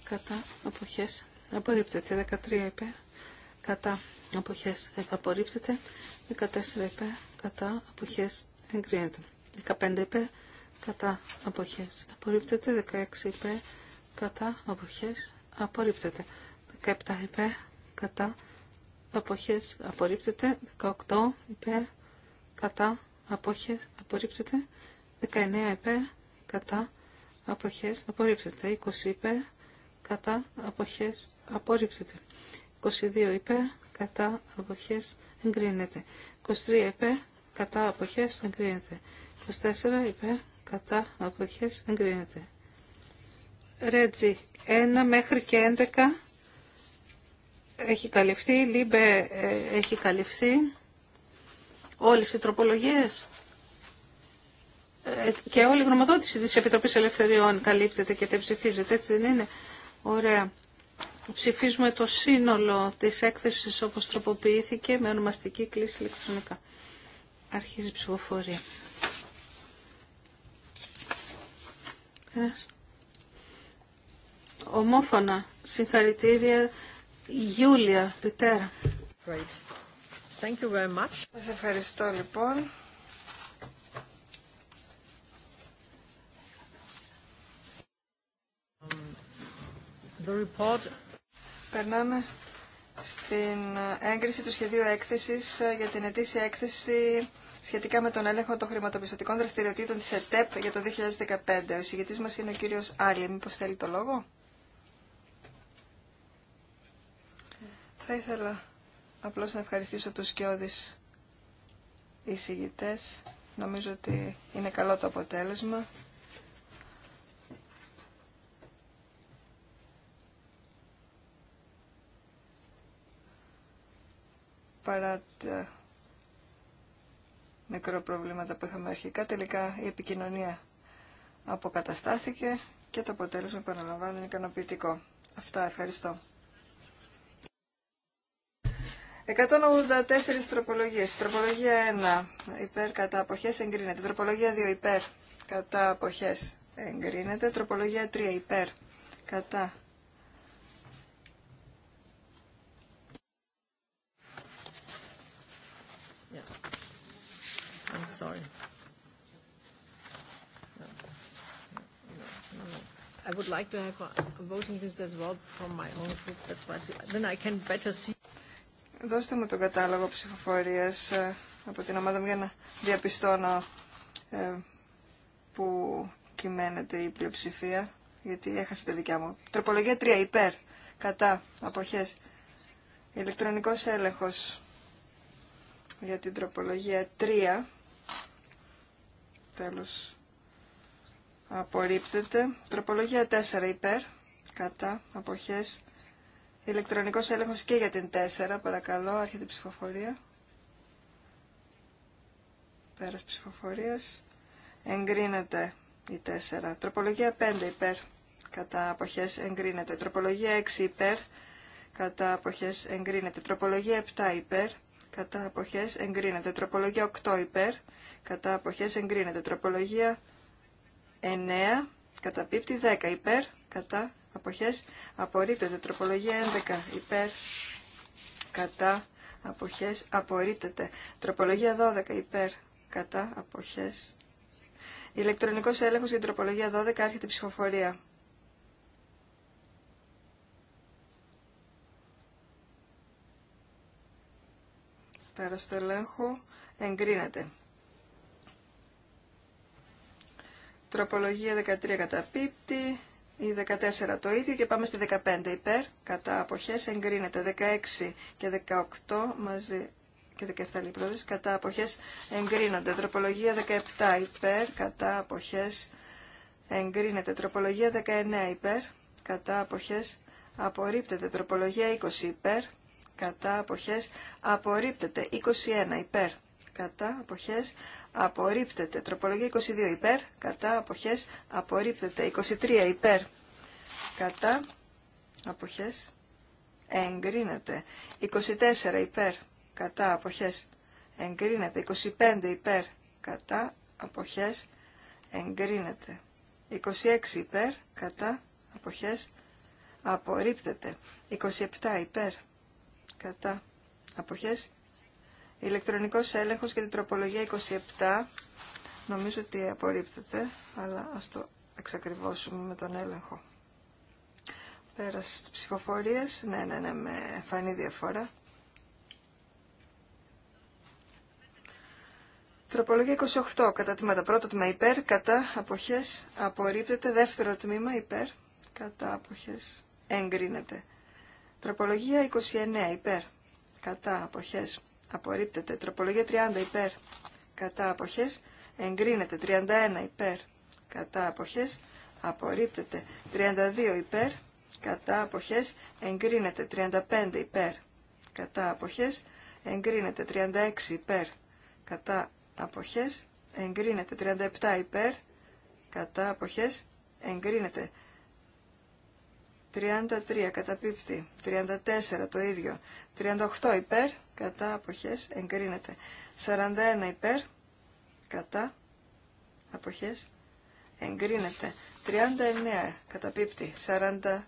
κατά αποχές απορρίπτεται 13 υπέρ κατά αποχές απορρίπτεται 14 υπέρ κατά αποχές εγκρίνεται 15 υπέρ κατά αποχές απορρίπτεται 16 υπέρ κατά αποχές απορρίπτεται 17 υπέρ κατά αποχές απορρίπτεται 18 υπέρ κατά αποχές απορρίπτεται 19 επε κατά αποχές απορρίπτεται 20 επε κατά αποχές απορρίπτεται 22 επε κατά αποχές εγκρίνεται 23 επε κατά αποχές εγκρίνεται 24 επε κατά αποχές εγκρίνεται Ρέτζι 1 μέχρι και 11 έχει καλυφθεί, Λίμπε ε, έχει καλυφθεί όλες οι τροπολογίες ε, και όλη η γνωμοδότηση της Επιτροπής Ελευθεριών καλύπτεται και δεν ψηφίζεται, έτσι δεν είναι. Ωραία. Ψηφίζουμε το σύνολο της έκθεσης όπως τροποποιήθηκε με ονομαστική κλίση ηλεκτρονικά. Αρχίζει η ψηφοφορία. Ομόφωνα. Συγχαρητήρια. Γιούλια Πιτέρα. Right. Thank Σας ευχαριστώ λοιπόν. Περνάμε στην έγκριση του σχεδίου έκθεσης ε, για την ετήσια έκθεση σχετικά με τον έλεγχο των χρηματοπιστωτικών δραστηριοτήτων της ΕΤΕΠ για το 2015. Ο εισηγητής μας είναι ο κύριος Άλλη. Μήπως θέλει το λόγο? Θα ήθελα Απλώς να ευχαριστήσω τους σκιώδεις εισηγητές. Νομίζω ότι είναι καλό το αποτέλεσμα. Παρά τα προβλήματα που είχαμε αρχικά, τελικά η επικοινωνία αποκαταστάθηκε και το αποτέλεσμα, επαναλαμβάνω, είναι ικανοποιητικό. Αυτά, ευχαριστώ. 184 τροπολογίες. Τροπολογία 1 υπέρ κατά αποχές εγκρίνεται. Τροπολογία 2 υπέρ κατά αποχές εγκρίνεται. Τροπολογία 3 υπέρ κατά yeah. I'm sorry. I would like to have a voting list as well from my own group. That's why then I can better see. Δώστε μου τον κατάλογο ψηφοφορίας ε, από την ομάδα μου για να διαπιστώνω ε, που κυμαίνεται η πλειοψηφία, γιατί έχασε τη δικιά μου. Τροπολογία 3, υπέρ, κατά, αποχές. Ηλεκτρονικός έλεγχος για την τροπολογία 3. Τέλος. Απορρίπτεται. Τροπολογία 4, υπέρ, κατά, αποχές. Ηλεκτρονικός έλεγχος και για την 4, παρακαλώ, άρχεται η ψηφοφορία. Πέρας ψηφοφορίας. Εγκρίνεται η 4. Τροπολογία 5 υπέρ. Κατά αποχές εγκρίνεται. Τροπολογία 6 υπέρ. Κατά αποχές εγκρίνεται. Τροπολογία 7 υπέρ. Κατά αποχές εγκρίνεται. Τροπολογία 8 υπέρ. Κατά αποχές εγκρίνεται. Τροπολογία 9. Κατά πίπτη 10 υπέρ. Κατά αποχές απορρίπτεται. Τροπολογία 11 υπέρ κατά αποχές απορρίπτεται. Τροπολογία 12 υπέρ κατά αποχές. Ηλεκτρονικός έλεγχος για τροπολογία 12 άρχεται ψηφοφορία. Πέρα στο ελέγχο εγκρίνεται. Τροπολογία 13 καταπίπτει. Η 14 το ίδιο και πάμε στη 15 υπέρ, κατά αποχές εγκρίνεται. 16 και 18 μαζί και 17 λιπρόδες, κατά αποχές εγκρίνονται. Τροπολογία 17 υπέρ, κατά αποχές εγκρίνεται. Τροπολογία 19 υπέρ, κατά αποχές απορρίπτεται. Τροπολογία 20 υπέρ, κατά αποχές απορρίπτεται. 21 υπέρ, κατά, αποχές, απορρίπτεται. Τροπολογία 22 υπέρ, κατά, αποχές, απορρίπτεται. 23 υπέρ, κατά, αποχές, εγκρίνεται. 24 υπέρ, κατά, αποχές, εγκρίνεται. 25 υπέρ, κατά, αποχές, εγκρίνεται. 26 υπέρ, κατά, αποχές, απορρίπτεται. 27 υπέρ, κατά, αποχές, Ηλεκτρονικός έλεγχος για την τροπολογία 27. Νομίζω ότι απορρίπτεται, αλλά ας το εξακριβώσουμε με τον έλεγχο. Πέρασε τις ψηφοφορίες. Ναι, ναι, ναι, με φανή διαφορά. Τροπολογία 28. Κατά τμήματα. Πρώτο τμήμα υπέρ, κατά αποχές απορρίπτεται. Δεύτερο τμήμα υπέρ, κατά αποχές εγκρίνεται. Τροπολογία 29. Υπέρ, κατά αποχές απορρίπτεται. Τροπολογία 30 υπέρ κατά αποχές εγκρίνεται. 31 υπέρ κατά αποχές απορρίπτεται. 32 υπέρ κατά αποχές εγκρίνεται. 35 υπέρ κατά αποχές εγκρίνεται. 36 υπέρ κατά αποχές εγκρίνεται. 37 υπέρ κατά αποχές εγκρίνεται. 33 καταπίπτει, 34 το ίδιο, 38 υπέρ, κατά αποχές εγκρίνεται, 41 υπέρ, κατά αποχές εγκρίνεται, 39 καταπίπτει, 40,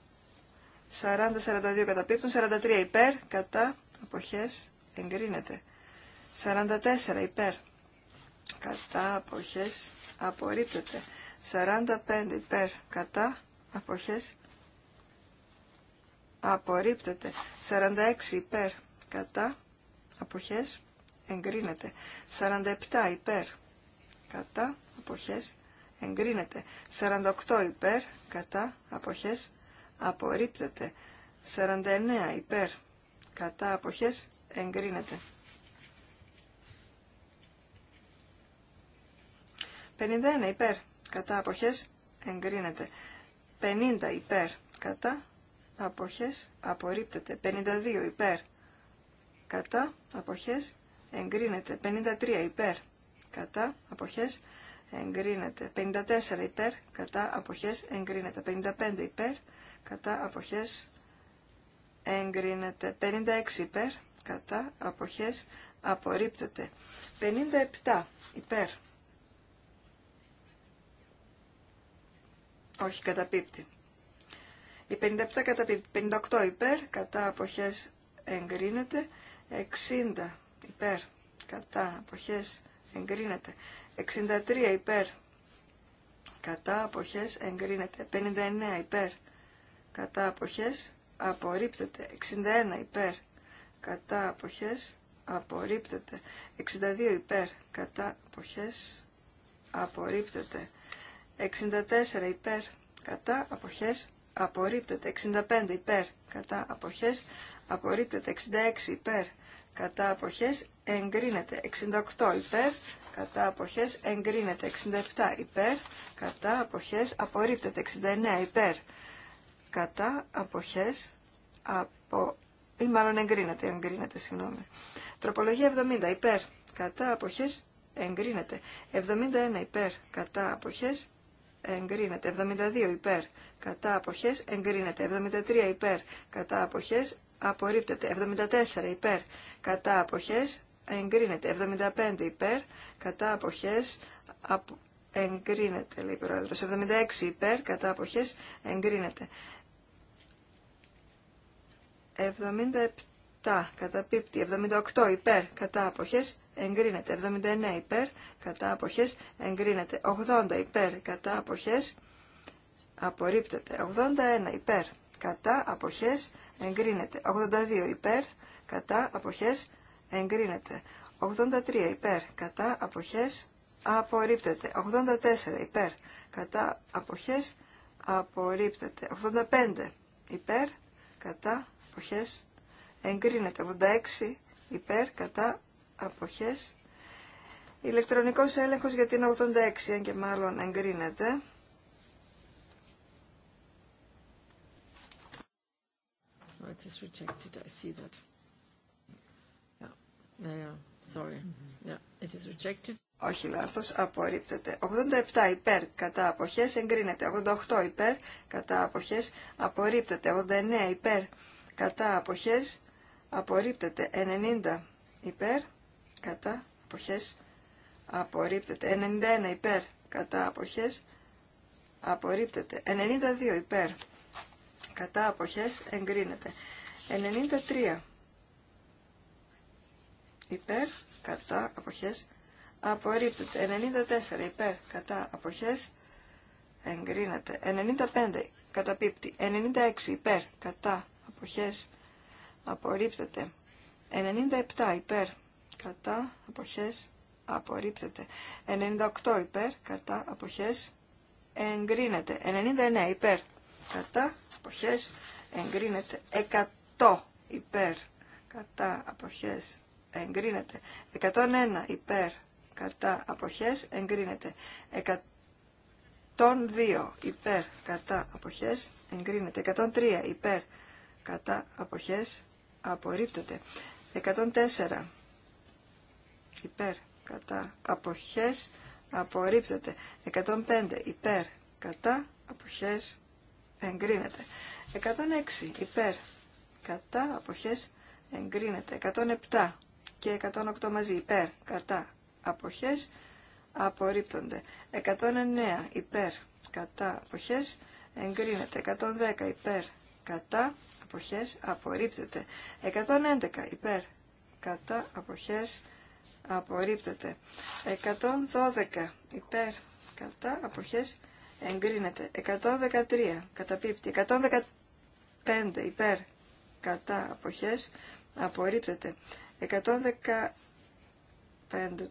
40-42 καταπίπτουν, 43 υπέρ, κατά αποχές εγκρίνεται, 44 υπέρ, κατά αποχές απορρίπτεται, 45 υπέρ, κατά αποχές απορρίπτεται. 46 υπέρ κατά αποχές εγκρίνεται. 47 υπέρ κατά αποχές εγκρίνεται. 48 υπέρ κατά αποχές απορρίπτεται. 49 υπέρ κατά αποχές εγκρίνεται. 51 υπέρ κατά αποχές εγκρίνεται. 50 υπέρ κατά αποχές απορρίπτεται. 52 υπέρ κατά αποχές εγκρίνεται. 53 υπέρ κατά αποχές εγκρίνεται. 54 υπέρ κατά αποχές εγκρίνεται. 55 υπέρ κατά αποχές εγκρίνεται. 56 υπέρ κατά αποχές απορρίπτεται. 57 υπέρ. Όχι, καταπίπτει. Η 57 κατά 58 υπέρ, κατά αποχές εγκρίνεται. 60 υπέρ, κατά αποχές εγκρίνεται. 63 υπέρ, κατά αποχές εγκρίνεται. 59 υπέρ, κατά αποχές απορρίπτεται. 61 υπέρ, κατά αποχές απορρίπτεται. 62 υπέρ, κατά αποχές απορρίπτεται. 64 υπέρ, κατά αποχές απορρίπτεται 65 υπέρ κατά αποχές, απορρίπτεται 66 υπέρ κατά αποχές, εγκρίνεται 68 υπέρ κατά αποχές, εγκρίνεται 67 υπέρ κατά αποχές, απορρίπτεται 69 υπέρ κατά αποχές, απο... ή μάλλον εγκρίνεται, εγκρίνεται, συγγνώμη. Τροπολογία 70 υπέρ κατά αποχές, εγκρίνεται 71 υπέρ κατά αποχές, εγκρίνεται 72 υπέρ κατά αποχές εγκρίνεται. 73 υπέρ κατά αποχές απορρίπτεται. 74 υπέρ κατά αποχές εγκρίνεται. 75 υπέρ κατά αποχές απο... εγκρίνεται, λέει η 76 υπέρ κατά αποχές εγκρίνεται. 77 καταπίπτει. 78 υπέρ κατά αποχές εγκρίνεται. 79 υπέρ κατά αποχές εγκρίνεται. 80 υπέρ κατά αποχές απορρίπτεται. 81 υπέρ, κατά, αποχές, εγκρίνεται. 82 υπέρ, κατά, αποχές, εγκρίνεται. 83 υπέρ, κατά, αποχές, απορρίπτεται. 84 υπέρ, κατά, αποχές, απορρίπτεται. 85 υπέρ, κατά, αποχές, εγκρίνεται. 86 υπέρ, κατά, αποχές, ηλεκτρονικός έλεγχος για την 86, αν και μάλλον εγκρίνεται. Oh, it is rejected. I see that. Yeah. Yeah, yeah. Sorry. Mm-hmm. Yeah, it is rejected. Όχι λάθο απορρίπτεται. 87 υπέρ κατά αποχές εγκρίνεται. 88 υπέρ κατά αποχές απορρίπτεται. 89 υπέρ κατά αποχές απορρίπτεται. 90 υπέρ κατά αποχές απορρίπτεται. 91 υπέρ κατά αποχές απορρίπτεται. 92 υπέρ κατά αποχές εγκρίνεται. 93 υπέρ κατά αποχές απορρίπτεται. 94 υπέρ κατά αποχές εγκρίνεται. 95 καταπίπτει. 96 υπέρ κατά αποχές απορρίπτεται. 97 υπέρ κατά αποχές απορρίπτεται. 98 υπέρ κατά αποχές εγκρίνεται. 99 υπέρ κατά αποχές εγκρίνεται 100 υπέρ κατά αποχές εγκρίνεται 101 υπέρ κατά αποχές εγκρίνεται 102 υπέρ κατά αποχές εγκρίνεται 103 υπέρ κατά αποχές απορρίπτεται 104 υπέρ κατά αποχές απορρίπτεται 105 υπέρ κατά αποχές εγκρίνεται. 106 υπέρ κατά αποχές εγκρίνεται. 107 και 108 μαζί υπέρ κατά αποχές απορρίπτονται. 109 υπέρ κατά αποχές εγκρίνεται. 110 υπέρ κατά αποχές απορρίπτεται. 111 υπέρ κατά αποχές απορρίπτεται. 112 υπέρ κατά αποχές εγκρίνεται. 113 καταπίπτει. 115 υπέρ κατά αποχές απορρίπτεται. 115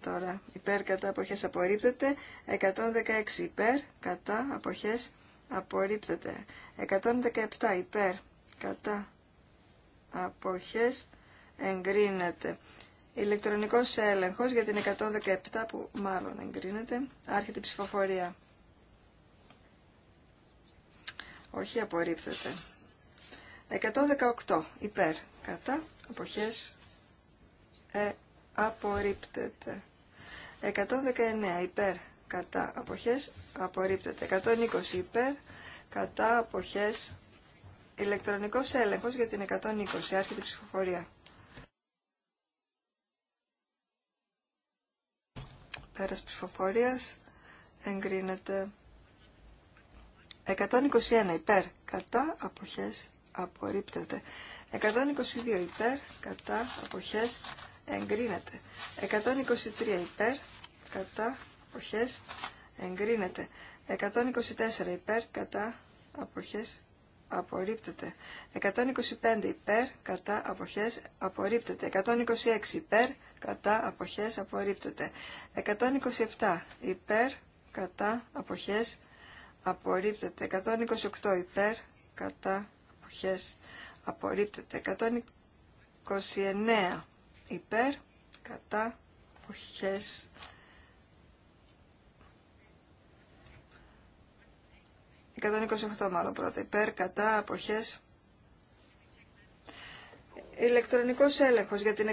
τώρα υπέρ κατά αποχές απορρίπτεται. 116 υπέρ κατά αποχές απορρίπτεται. 117 υπέρ κατά αποχές εγκρίνεται. Ηλεκτρονικός έλεγχος για την 117 που μάλλον εγκρίνεται. Άρχεται η ψηφοφορία. Όχι, απορρίπτεται. 118 υπέρ. Κατά αποχές ε, απορρίπτεται. 119 υπέρ. Κατά αποχές απορρίπτεται. 120 υπέρ. Κατά αποχές ηλεκτρονικός έλεγχος για την 120. Άρχεται η ψηφοφορία. Πέρας ψηφοφορίας εγκρίνεται. 121 υπέρ κατά αποχές απορρίπτεται. 122 υπέρ κατά αποχές εγκρίνεται. 123 υπέρ κατά αποχές εγκρίνεται. 124 υπέρ κατά αποχές απορρίπτεται. 125 υπέρ κατά αποχές απορρίπτεται. 126 υπέρ κατά αποχές απορρίπτεται. 127 υπέρ κατά αποχές απορρίπτεται 128 υπέρ κατά αποχές απορρίπτεται 129 υπέρ κατά αποχές ...128 μάλλον πρώτα, υπέρ, κατά, αποχές. Ηλεκτρονικός έλεγχος για την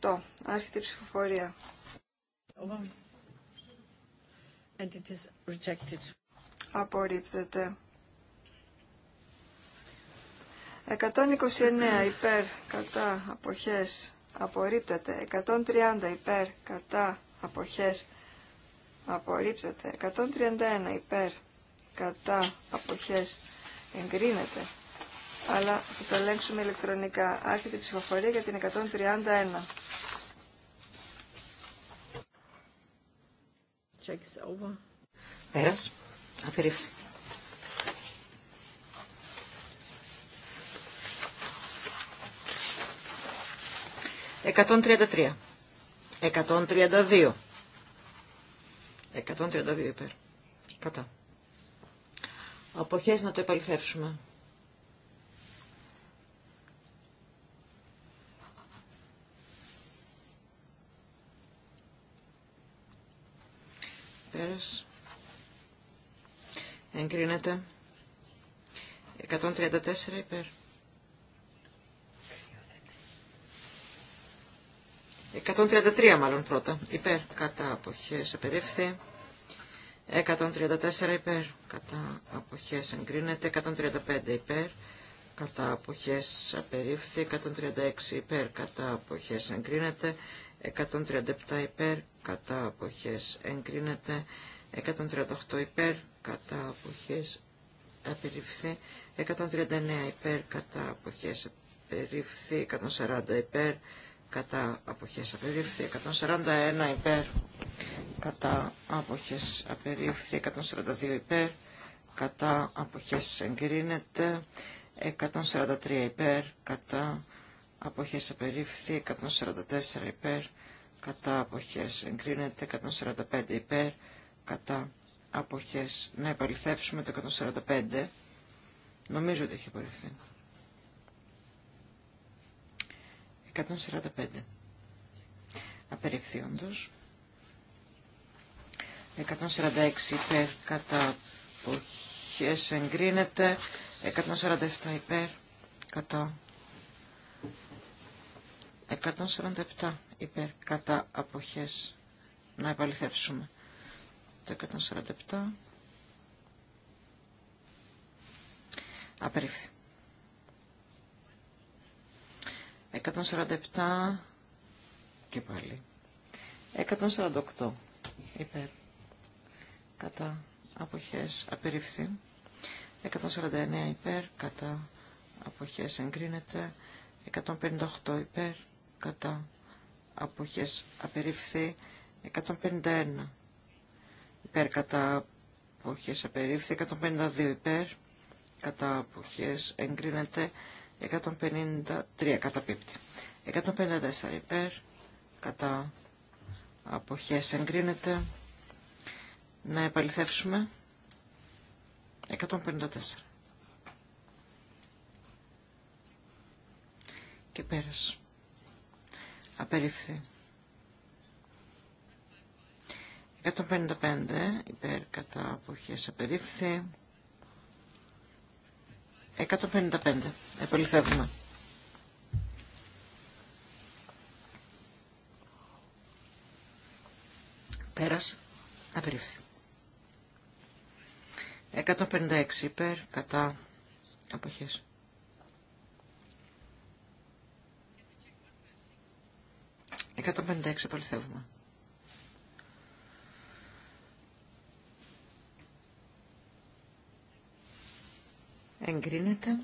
128, άρχεται η ψηφοφορία. And it is rejected απορρίπτεται. 129 υπέρ κατά αποχές απορρίπτεται. 130 υπέρ κατά αποχές απορρίπτεται. 131 υπέρ κατά αποχές εγκρίνεται. Αλλά θα το ελέγξουμε ηλεκτρονικά. Άρχεται η ψηφοφορία για την 131. Checks over. Απερίφθη. Εκατόν τριάντα τρία. Εκατόν τριάντα δύο. Εκατόν τριάντα δύο υπέρ. Κατά. Αποχές να το επαληθεύσουμε. Πέρασε εγκρίνεται 134 υπέρ 133 μάλλον πρώτα υπέρ κατά αποχές απερίφθη 134 υπέρ κατά αποχές εγκρίνεται 135 υπέρ κατά αποχές απερίφθη 136 υπέρ κατά αποχές εγκρίνεται 137 υπέρ κατά αποχές εγκρίνεται 138 υπέρ κατά αποχές απερίφθη. 139 υπέρ κατά αποχές απερίφθη. 140 υπέρ κατά αποχές απερίφθη. 141 υπέρ κατά αποχές απερίφθη. 142 υπέρ κατά αποχές εγκρίνεται 143 υπέρ κατά αποχές απερίφθη 144 υπέρ κατά αποχές εγκρίνεται 145 υπέρ κατά αποχές να επαληθεύσουμε το 145. Νομίζω ότι έχει απορριφθεί. 145. Απεριφθεί όντως. 146 υπέρ κατά αποχές εγκρίνεται. 147 υπέρ κατά 147 υπέρ κατά αποχές να επαληθεύσουμε. 147 απερίφθη 147 και πάλι 148 υπέρ κατά αποχές απερίφθη 149 υπέρ κατά αποχές εγκρίνεται 158 υπέρ κατά αποχές απερίφθη 151 υπέρ κατά αποχές απερίφθη, 152 υπέρ κατά αποχές εγκρίνεται, 153 κατά πίπτη 154 υπέρ κατά αποχές εγκρίνεται. Να επαληθεύσουμε. 154. Και πέρασε. Απερίφθη. 155 υπέρ κατά αποχές απερίφθη. 155. Επαληθεύουμε. Πέρασε. Απερίφθη. 156 υπέρ κατά αποχές. 156. εγκρίνεται.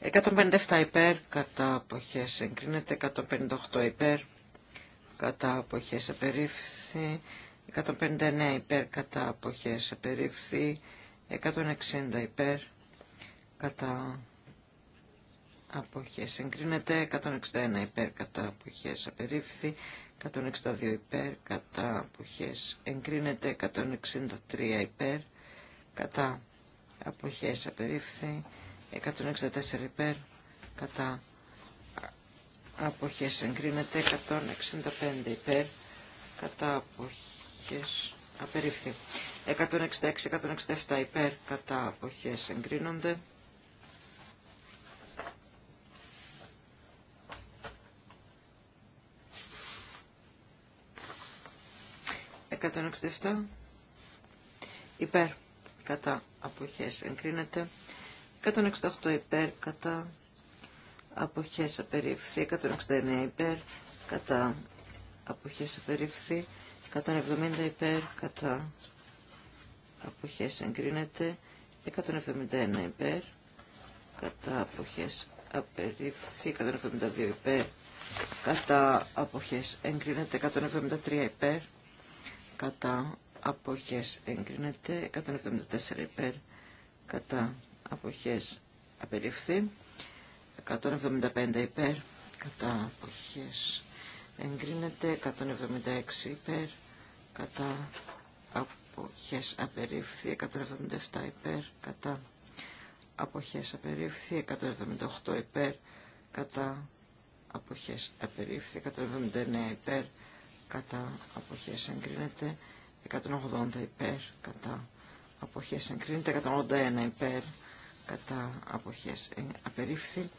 157 υπέρ, κατά αποχές εγκρίνεται. 158 υπέρ, κατά αποχές απερίφθη. 159 υπέρ, κατά αποχές απερίφθη. 160 υπέρ, κατά αποχές εγκρίνεται. 161 υπέρ, κατά αποχές απερίφθη. 162 υπέρ, κατά αποχές εγκρίνεται. 163 υπέρ, κατά αποχές απερίφθη 164 υπέρ κατά αποχές εγκρίνεται 165 υπέρ κατά αποχές απερίφθη 166-167 υπέρ κατά αποχές εγκρίνονται 167 υπέρ κατά αποχές εγκρίνεται 168 υπέρ κατά αποχές απερίφθη 169 υπέρ κατά αποχές απερίφθη 170 υπέρ κατά αποχές εγκρίνεται 171 υπέρ κατά αποχές απερίφθη 172 υπέρ κατά αποχές εγκρίνεται 173 υπέρ κατά αποχές εγκρίνεται 174 υπέρ κατά αποχές απεριφθεί 175 υπέρ κατά αποχές εγκρίνεται 176 υπέρ κατά αποχές απερίφθη 177 υπέρ κατά αποχές απερίφθη 178 υπέρ κατά αποχές απερίφθη 179 υπέρ κατά αποχές εγκρίνεται 180 υπέρ κατά αποχές εγκρίνεται, 181 υπέρ κατά αποχές ε, απερίφθη,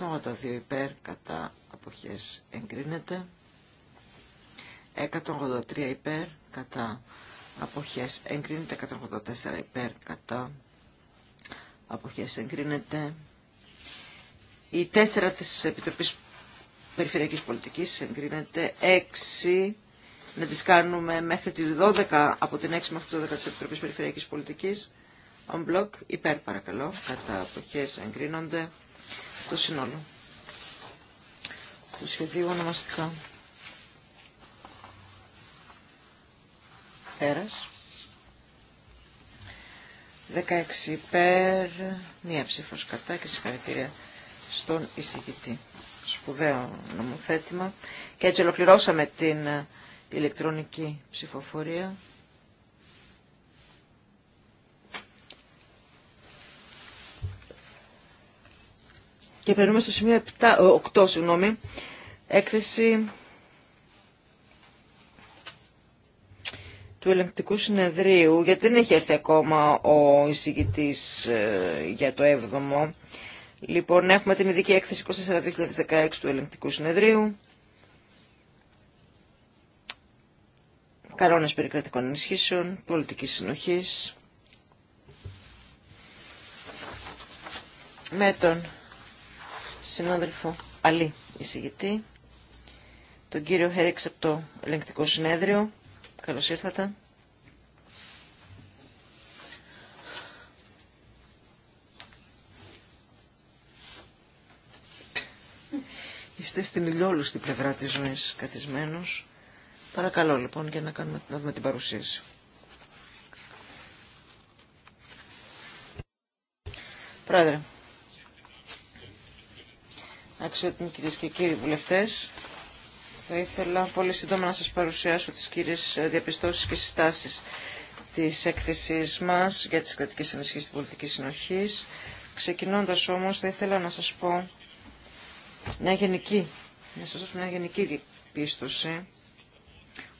182 υπέρ κατά αποχές εγκρίνεται, 183 υπέρ κατά αποχές εγκρίνεται, 184 υπέρ κατά αποχές εγκρίνεται, Οι 4 της Επιτροπής Περιφερειακής Πολιτικής εγκρίνεται, να τις κάνουμε μέχρι τις 12, από την 6 μέχρι τις 12 της Επιτροπής Περιφερειακής Πολιτικής. On block, υπέρ παρακαλώ, κατά αποχές εγκρίνονται το σύνολο Το σχεδίου ονομαστικά. Πέρας. 16 υπέρ, μία ψήφος κατά και συγχαρητήρια στον εισηγητή. Σπουδαίο νομοθέτημα. Και έτσι ολοκληρώσαμε την ηλεκτρονική ψηφοφορία. Και περνούμε στο σημείο 7, 8, συγγνώμη, έκθεση του ελεγκτικού συνεδρίου, γιατί δεν έχει έρθει ακόμα ο εισηγητής ε, για το 7ο. Λοιπόν, έχουμε την ειδική έκθεση του ελεγκτικού συνεδρίου. κανόνες περί ενισχύσεων, πολιτικής συνοχής, με τον συνάδελφο Αλή εισηγητή, τον κύριο Χέριξ από το ελεγκτικό συνέδριο. Καλώς ήρθατε. Είστε στην ηλιόλουστη πλευρά της ζωής καθισμένος. Παρακαλώ λοιπόν για να, κάνουμε, να δούμε την παρουσίαση. Πρόεδρε, αξιότιμοι κυρίε και κύριοι βουλευτέ, θα ήθελα πολύ σύντομα να σας παρουσιάσω τις κύριες διαπιστώσεις και συστάσεις τη έκθεσή μας για τις κρατικές ενισχύσει τη πολιτική συνοχή, Ξεκινώντας όμως θα ήθελα να σας πω μια γενική, να μια γενική διαπίστωση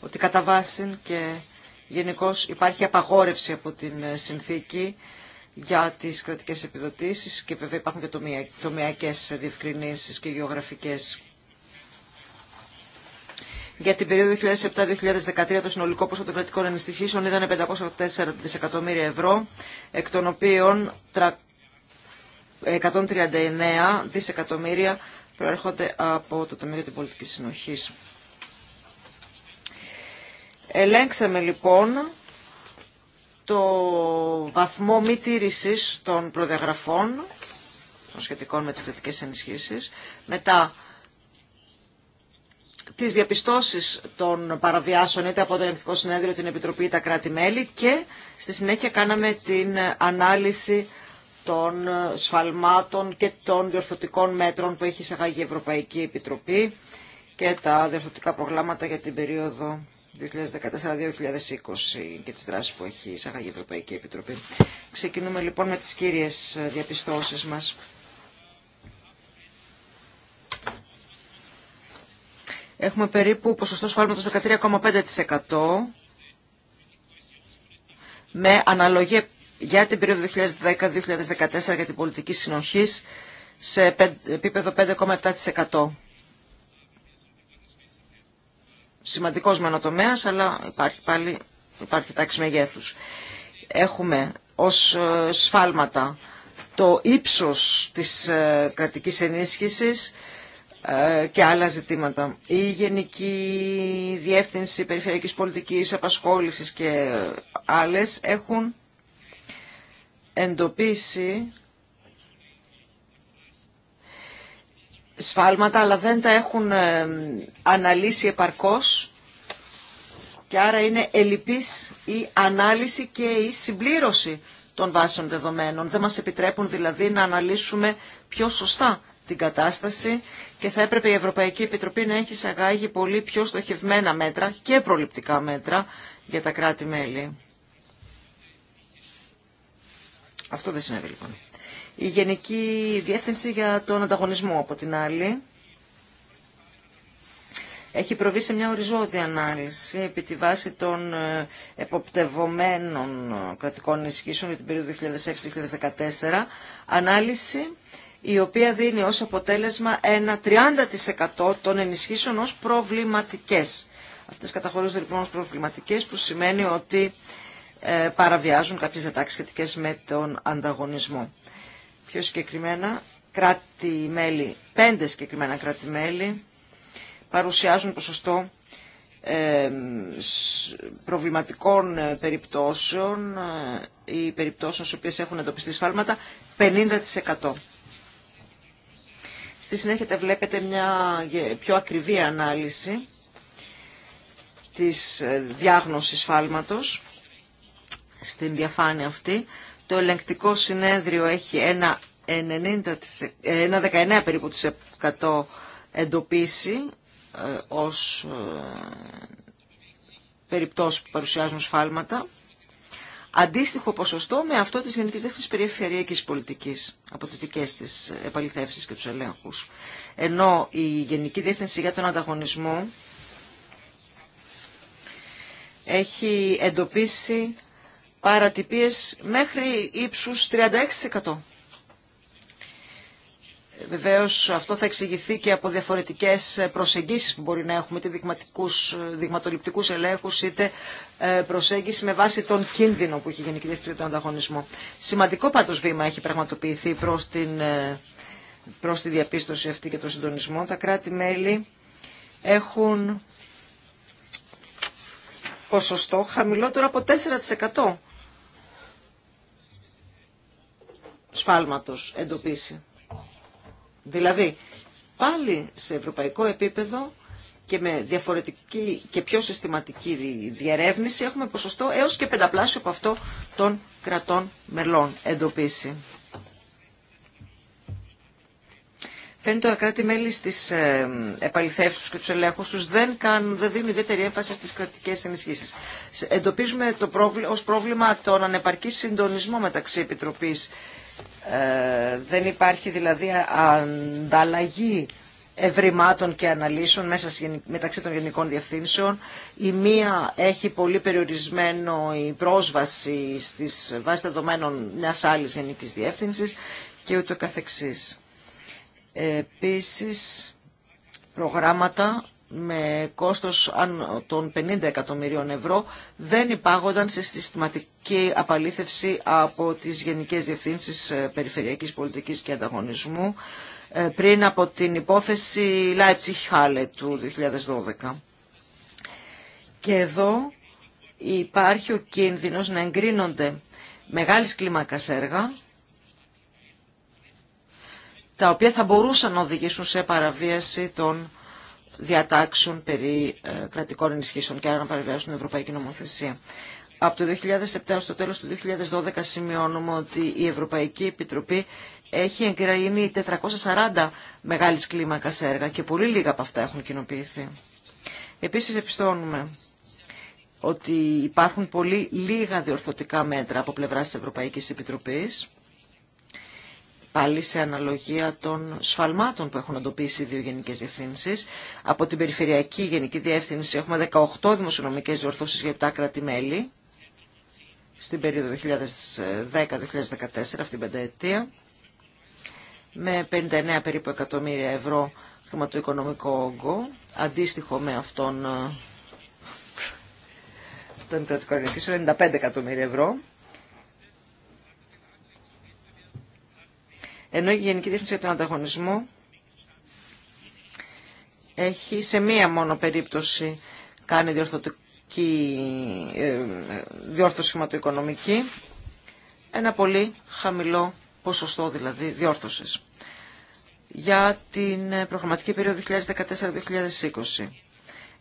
ότι κατά βάση και γενικώ υπάρχει απαγόρευση από την ε, συνθήκη για τις κρατικέ επιδοτήσεις και βέβαια υπάρχουν και τομεακέ διευκρινήσει και γεωγραφικές. Για την περίοδο 2007-2013 το συνολικό ποσό των κρατικών ενιστοιχήσεων ήταν 504 δισεκατομμύρια ευρώ, εκ των οποίων 139 δισεκατομμύρια προέρχονται από το Ταμείο για την Πολιτική Συνοχής. Ελέγξαμε λοιπόν το βαθμό μη τήρησης των προδιαγραφών των σχετικών με τις κριτικές ενισχύσεις. Μετά τις διαπιστώσεις των παραβιάσεων είτε από το ελεγκτικό Συνέδριο, την Επιτροπή ή τα κράτη-μέλη και στη συνέχεια κάναμε την ανάλυση των σφαλμάτων και των διορθωτικών μέτρων που έχει εισαγάγει η Ευρωπαϊκή Επιτροπή και τα διορθωτικά προγράμματα για την περίοδο 2014-2020 και τις δράσεις που έχει εισαγάγει η Ευρωπαϊκή Επιτροπή. Ξεκινούμε λοιπόν με τις κύριες ε, διαπιστώσεις μας. Έχουμε περίπου ποσοστό σφάλματος 13,5% με αναλογία για την περίοδο 2010-2014 για την πολιτική συνοχής σε επίπεδο 5,7% σημαντικός μονοτομέας, αλλά υπάρχει πάλι υπάρχει τάξη μεγέθους. Έχουμε ως ε, σφάλματα το ύψος της ε, κρατικής ενίσχυσης ε, και άλλα ζητήματα. Η Γενική Διεύθυνση Περιφερειακής Πολιτικής Απασχόλησης και άλλες έχουν εντοπίσει σφάλματα, αλλά δεν τα έχουν ε, αναλύσει επαρκώς και άρα είναι ελλειπής η ανάλυση και η συμπλήρωση των βάσεων δεδομένων. Δεν μας επιτρέπουν δηλαδή να αναλύσουμε πιο σωστά την κατάσταση και θα έπρεπε η Ευρωπαϊκή Επιτροπή να έχει εισαγάγει πολύ πιο στοχευμένα μέτρα και προληπτικά μέτρα για τα κράτη-μέλη. Αυτό δεν συνέβη λοιπόν η Γενική Διεύθυνση για τον Ανταγωνισμό από την άλλη έχει προβεί σε μια οριζόντια ανάλυση επί τη βάση των ε, εποπτευωμένων ε, κρατικών ενισχύσεων για την περίοδο 2006-2014, ανάλυση η οποία δίνει ως αποτέλεσμα ένα 30% των ενισχύσεων ως προβληματικές. Αυτές καταχωρούνται λοιπόν ως προβληματικές που σημαίνει ότι ε, παραβιάζουν κάποιες διατάξεις σχετικές με τον ανταγωνισμό πιο συγκεκριμένα κράτη-μέλη, πέντε συγκεκριμένα κράτη-μέλη παρουσιάζουν ποσοστό ε, προβληματικών ε, περιπτώσεων ή ε, περιπτώσεων στις οποίες έχουν εντοπιστεί σφάλματα 50%. Στη συνέχεια βλέπετε μια πιο ακριβή ανάλυση της διάγνωσης φάλματος στην διαφάνεια αυτή το ελεγκτικό συνέδριο έχει ένα, 90, ε, ένα 19 περίπου της 100 εντοπίσει ε, ως ε, περιπτώσεις που παρουσιάζουν σφάλματα. Αντίστοιχο ποσοστό με αυτό της Γενικής Δεύτερης Περιφερειακής Πολιτικής από τις δικές της επαληθεύσεις και τους ελέγχους. Ενώ η Γενική Διεύθυνση για τον Ανταγωνισμό έχει εντοπίσει παρατυπίες μέχρι ύψους 36%. Ε, βεβαίως αυτό θα εξηγηθεί και από διαφορετικές προσεγγίσεις που μπορεί να έχουμε, είτε δειγματοληπτικού ε, δειγματοληπτικούς ελέγχους, είτε ε, προσέγγιση με βάση τον κίνδυνο που έχει η τον ανταγωνισμό. Σημαντικό πάντως βήμα έχει πραγματοποιηθεί προς, την, προς τη διαπίστωση αυτή και τον συντονισμό. Τα κράτη-μέλη έχουν ποσοστό χαμηλότερο από 4% σφάλματος εντοπίσει. Δηλαδή, πάλι σε ευρωπαϊκό επίπεδο και με διαφορετική και πιο συστηματική διερεύνηση έχουμε ποσοστό έως και πενταπλάσιο από αυτό των κρατών μελών εντοπίσει. Φαίνεται ότι τα κράτη-μέλη στι ε, επαληθεύσει και του ελέγχου του δεν, δεν δίνουν ιδιαίτερη έμφαση στι κρατικέ ενισχύσει. Εντοπίζουμε ω πρόβλημα τον ανεπαρκή συντονισμό μεταξύ Επιτροπή ε, δεν υπάρχει δηλαδή ανταλλαγή ευρημάτων και αναλύσεων μέσα μεταξύ των γενικών διευθύνσεων. Η μία έχει πολύ περιορισμένο η πρόσβαση στις βάσεις δεδομένων μιας άλλης γενικής διεύθυνσης και ούτω καθεξής. Επίσης, προγράμματα με κόστος των 50 εκατομμυρίων ευρώ δεν υπάγονταν σε συστηματική απαλήθευση από τις Γενικές Διευθύνσεις ε, Περιφερειακής Πολιτικής και Ανταγωνισμού ε, πριν από την υπόθεση Leipzig Χάλε του 2012. Και εδώ υπάρχει ο κίνδυνος να εγκρίνονται μεγάλη κλίμακας έργα τα οποία θα μπορούσαν να οδηγήσουν σε παραβίαση των διατάξεων περί ε, κρατικών ενισχύσεων και άρα να παρεμβάσουν την Ευρωπαϊκή Νομοθεσία. Από το 2007 το τέλος του 2012 σημειώνουμε ότι η Ευρωπαϊκή Επιτροπή έχει εγκραίνει 440 μεγάλης κλίμακας έργα και πολύ λίγα από αυτά έχουν κοινοποιηθεί. Επίσης επιστώνουμε ότι υπάρχουν πολύ λίγα διορθωτικά μέτρα από πλευράς της Ευρωπαϊκής Επιτροπής πάλι σε αναλογία των σφαλμάτων που έχουν εντοπίσει οι δύο γενικές διευθύνσεις. Από την Περιφερειακή Γενική Διεύθυνση έχουμε 18 δημοσιονομικές διορθώσεις για τα κράτη-μέλη στην περίοδο 2010-2014, αυτήν την πενταετία, με 59 περίπου εκατομμύρια ευρώ χρηματοοικονομικό όγκο, αντίστοιχο με αυτόν των κρατικών 95 εκατομμύρια ευρώ. Ενώ η Γενική Διεύθυνση για τον Ανταγωνισμό έχει σε μία μόνο περίπτωση κάνει διορθωτική, ε, διόρθωση χρηματοοικονομική, ένα πολύ χαμηλό ποσοστό δηλαδή διόρθωσης για την ε, προγραμματική περίοδο 2014-2020.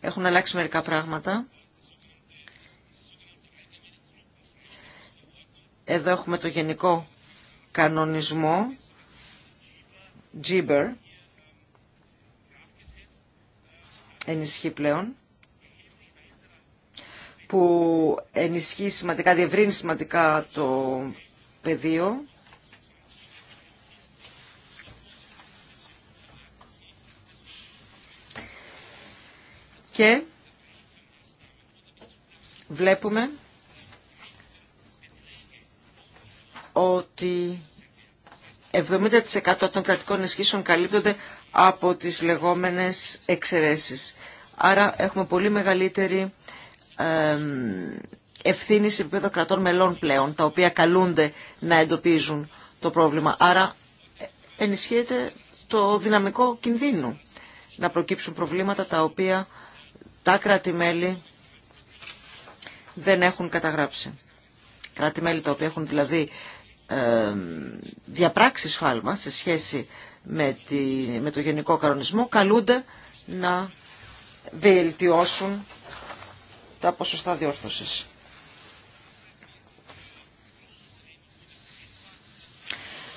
Έχουν αλλάξει μερικά πράγματα. Εδώ έχουμε το γενικό κανονισμό Τζίμπερ ενισχύει πλέον που ενισχύει σημαντικά, διευρύνει σημαντικά το πεδίο και βλέπουμε ότι 70% των κρατικών ισχύσεων καλύπτονται από τις λεγόμενες εξαιρέσεις. Άρα έχουμε πολύ μεγαλύτερη ευθύνη σε επίπεδο κρατών μελών πλέον, τα οποία καλούνται να εντοπίζουν το πρόβλημα. Άρα ε, ενισχύεται το δυναμικό κινδύνου να προκύψουν προβλήματα τα οποία τα κράτη-μέλη δεν έχουν καταγράψει. Κράτη-μέλη τα οποία έχουν δηλαδή διαπράξει σφάλμα σε σχέση με, τη, το γενικό κανονισμό καλούνται να βελτιώσουν τα ποσοστά διόρθωσης.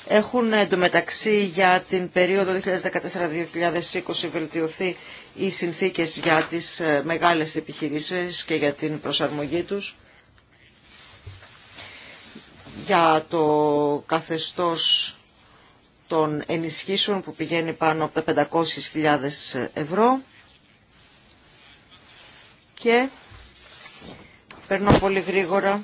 Έχουν εντωμεταξύ για την περίοδο 2014-2020 βελτιωθεί οι συνθήκες για τις ε, μεγάλες επιχειρήσεις και για την προσαρμογή τους για το καθεστώς των ενισχύσεων που πηγαίνει πάνω από τα 500.000 ευρώ και παίρνω πολύ γρήγορα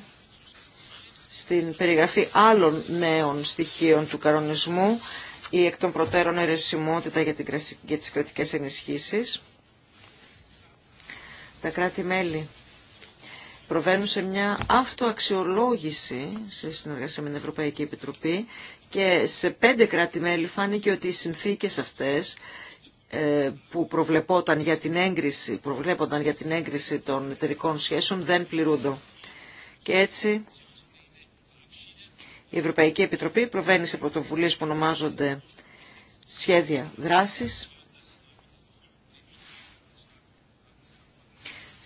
στην περιγραφή άλλων νέων στοιχείων του καρονισμού ή εκ των προτέρων αιρεσιμότητα για, την, για τις κρατικές ενισχύσεις. Τα κράτη-μέλη προβαίνουν σε μια αυτοαξιολόγηση σε συνεργασία με την Ευρωπαϊκή Επιτροπή και σε πέντε κράτη-μέλη φάνηκε ότι οι συνθήκες αυτές ε, που προβλεπόταν για την έγκριση, προβλέπονταν για την έγκριση των εταιρικών σχέσεων δεν πληρούνται. Και έτσι η Ευρωπαϊκή Επιτροπή προβαίνει σε πρωτοβουλίες που ονομάζονται σχέδια δράσης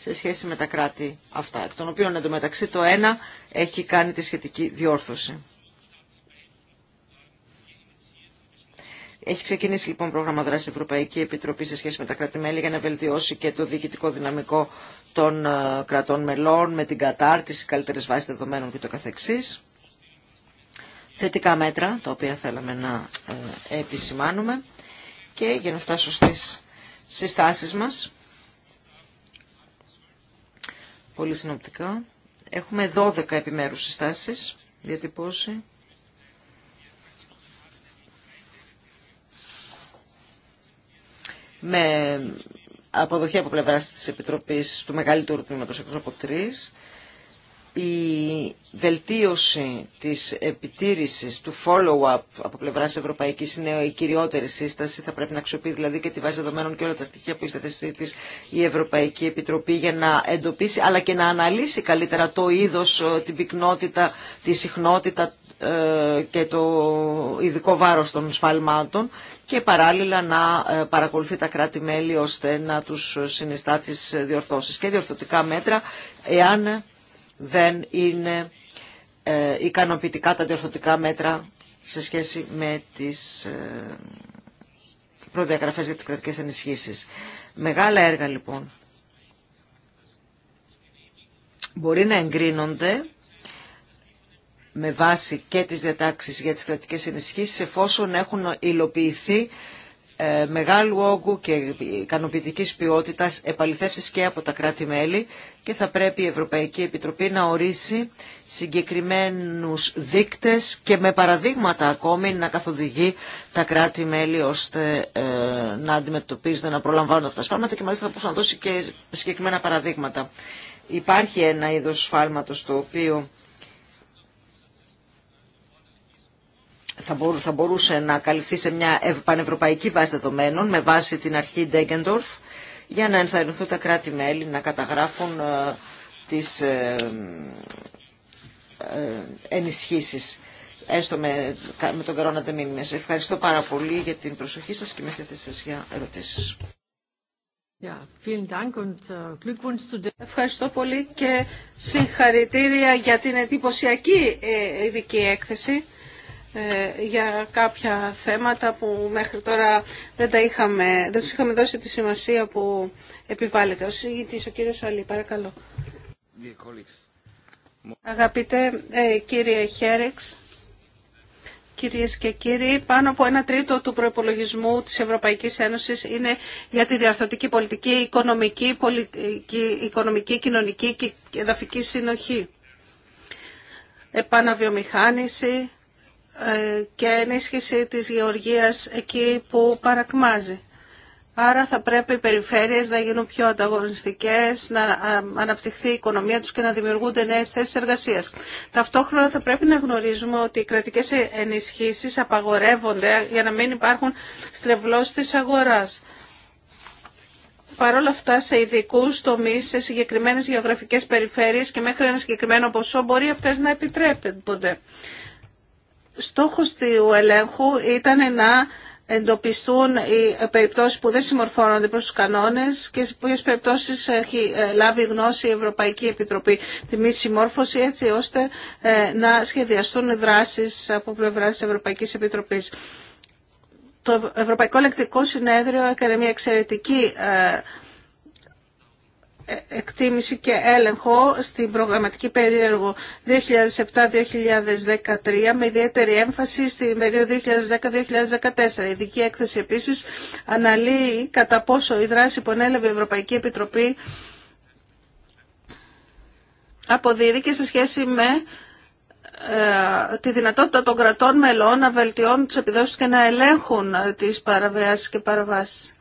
σε σχέση με τα κράτη αυτά, εκ των οποίων εντωμεταξύ το ένα έχει κάνει τη σχετική διόρθωση. Έχει ξεκινήσει λοιπόν πρόγραμμα δράση Ευρωπαϊκή Επιτροπή σε σχέση με τα κράτη-μέλη για να βελτιώσει και το διοικητικό δυναμικό των ε, κρατών μελών με την κατάρτιση, καλύτερε βάσει δεδομένων καθεξής. Θετικά μέτρα τα οποία θέλαμε να ε, επισημάνουμε και για να φτάσω στι συστάσει μας πολύ συνοπτικά. Έχουμε 12 επιμέρους συστάσεις, διατυπώσει. Με αποδοχή από πλευράς της Επιτροπής του μεγαλύτερου τμήματος, εκτός από τρεις η βελτίωση της επιτήρησης του follow-up από πλευράς Ευρωπαϊκής είναι η κυριότερη σύσταση. Θα πρέπει να αξιοποιεί δηλαδή και τη βάση δεδομένων και όλα τα στοιχεία που είστε θέσει της η Ευρωπαϊκή Επιτροπή για να εντοπίσει αλλά και να αναλύσει καλύτερα το είδος, ε, την πυκνότητα, τη συχνότητα ε, και το ειδικό βάρος των σφαλμάτων και παράλληλα να ε, παρακολουθεί τα κράτη-μέλη ώστε να τους συνιστά τις διορθώσεις και διορθωτικά μέτρα εάν δεν είναι ε, ικανοποιητικά τα διορθωτικά μέτρα σε σχέση με τις ε, προδιαγραφές για τις κρατικές ενισχύσεις. Μεγάλα έργα λοιπόν μπορεί να εγκρίνονται με βάση και τις διατάξεις για τις κρατικές ενισχύσεις εφόσον έχουν υλοποιηθεί ε, μεγάλου όγκου και ικανοποιητική ποιότητα επαληθεύσει και από τα κράτη-μέλη και θα πρέπει η Ευρωπαϊκή Επιτροπή να ορίσει συγκεκριμένους δείκτες και με παραδείγματα ακόμη να καθοδηγεί τα κράτη-μέλη ώστε ε, να αντιμετωπίζονται, να προλαμβάνουν αυτά τα σφάλματα και μάλιστα θα μπορούσε να δώσει και συγκεκριμένα παραδείγματα. Υπάρχει ένα είδος σφάλματος το οποίο θα μπορούσε να καλυφθεί σε μια πανευρωπαϊκή βάση δεδομένων με βάση την αρχή Ντέγκεντορφ για να ενθαρρυνθούν τα κράτη-μέλη να καταγράφουν ε, τις ε, ε, ενισχύσεις έστω με, με τον καρόνα Σε Ευχαριστώ πάρα πολύ για την προσοχή σας και με στη θέση σας για ερωτήσεις. Äh, ευχαριστώ πολύ και συγχαρητήρια για την εντυπωσιακή ειδική έκθεση. Ε, για κάποια θέματα που μέχρι τώρα δεν τα είχαμε, δεν τους είχαμε δώσει τη σημασία που επιβάλλεται. Ο συγητής, ο κύριος Αλή, παρακαλώ. Αγαπητέ ε, κύριε Χέρεξ, Κυρίες και κύριοι, πάνω από ένα τρίτο του προϋπολογισμού της Ευρωπαϊκής Ένωσης είναι για τη διαρθωτική πολιτική, οικονομική, πολιτική, οικονομική κοινωνική και εδαφική συνοχή. Επαναβιομηχάνηση, ε, και ενίσχυση της γεωργίας εκεί που παρακμάζει. Άρα θα πρέπει οι περιφέρειες να γίνουν πιο ανταγωνιστικές, να αναπτυχθεί η οικονομία τους και να δημιουργούνται νέες θέσεις εργασίας. Ταυτόχρονα θα πρέπει να γνωρίζουμε ότι οι κρατικές ενισχύσεις απαγορεύονται για να μην υπάρχουν στρεβλώσεις της αγοράς. Παρ' όλα αυτά, σε ειδικού τομεί, σε συγκεκριμένε γεωγραφικέ περιφέρειες και μέχρι ένα συγκεκριμένο ποσό μπορεί αυτέ να επιτρέπονται. Στόχος του ελέγχου ήταν να εντοπιστούν οι περιπτώσεις που δεν συμμορφώνονται προς τους κανόνες και σε ποιες περιπτώσεις έχει ε, λάβει γνώση η Ευρωπαϊκή Επιτροπή τη μη συμμόρφωση έτσι ώστε ε, να σχεδιαστούν δράσεις από πλευρά της Ευρωπαϊκής Επιτροπής. Το Ευρωπαϊκό Λεκτικό Συνέδριο έκανε μια εξαιρετική ε, εκτίμηση και έλεγχο στην προγραμματική περίεργο 2007-2013 με ιδιαίτερη έμφαση στην περίοδο 2010-2014. Η ειδική έκθεση επίσης αναλύει κατά πόσο η δράση που ανέλαβε η Ευρωπαϊκή Επιτροπή αποδίδει και σε σχέση με ε, τη δυνατότητα των κρατών μελών να βελτιώνουν τις επιδόσεις και να ελέγχουν ε, τις παραβιάσεις και παραβάσεις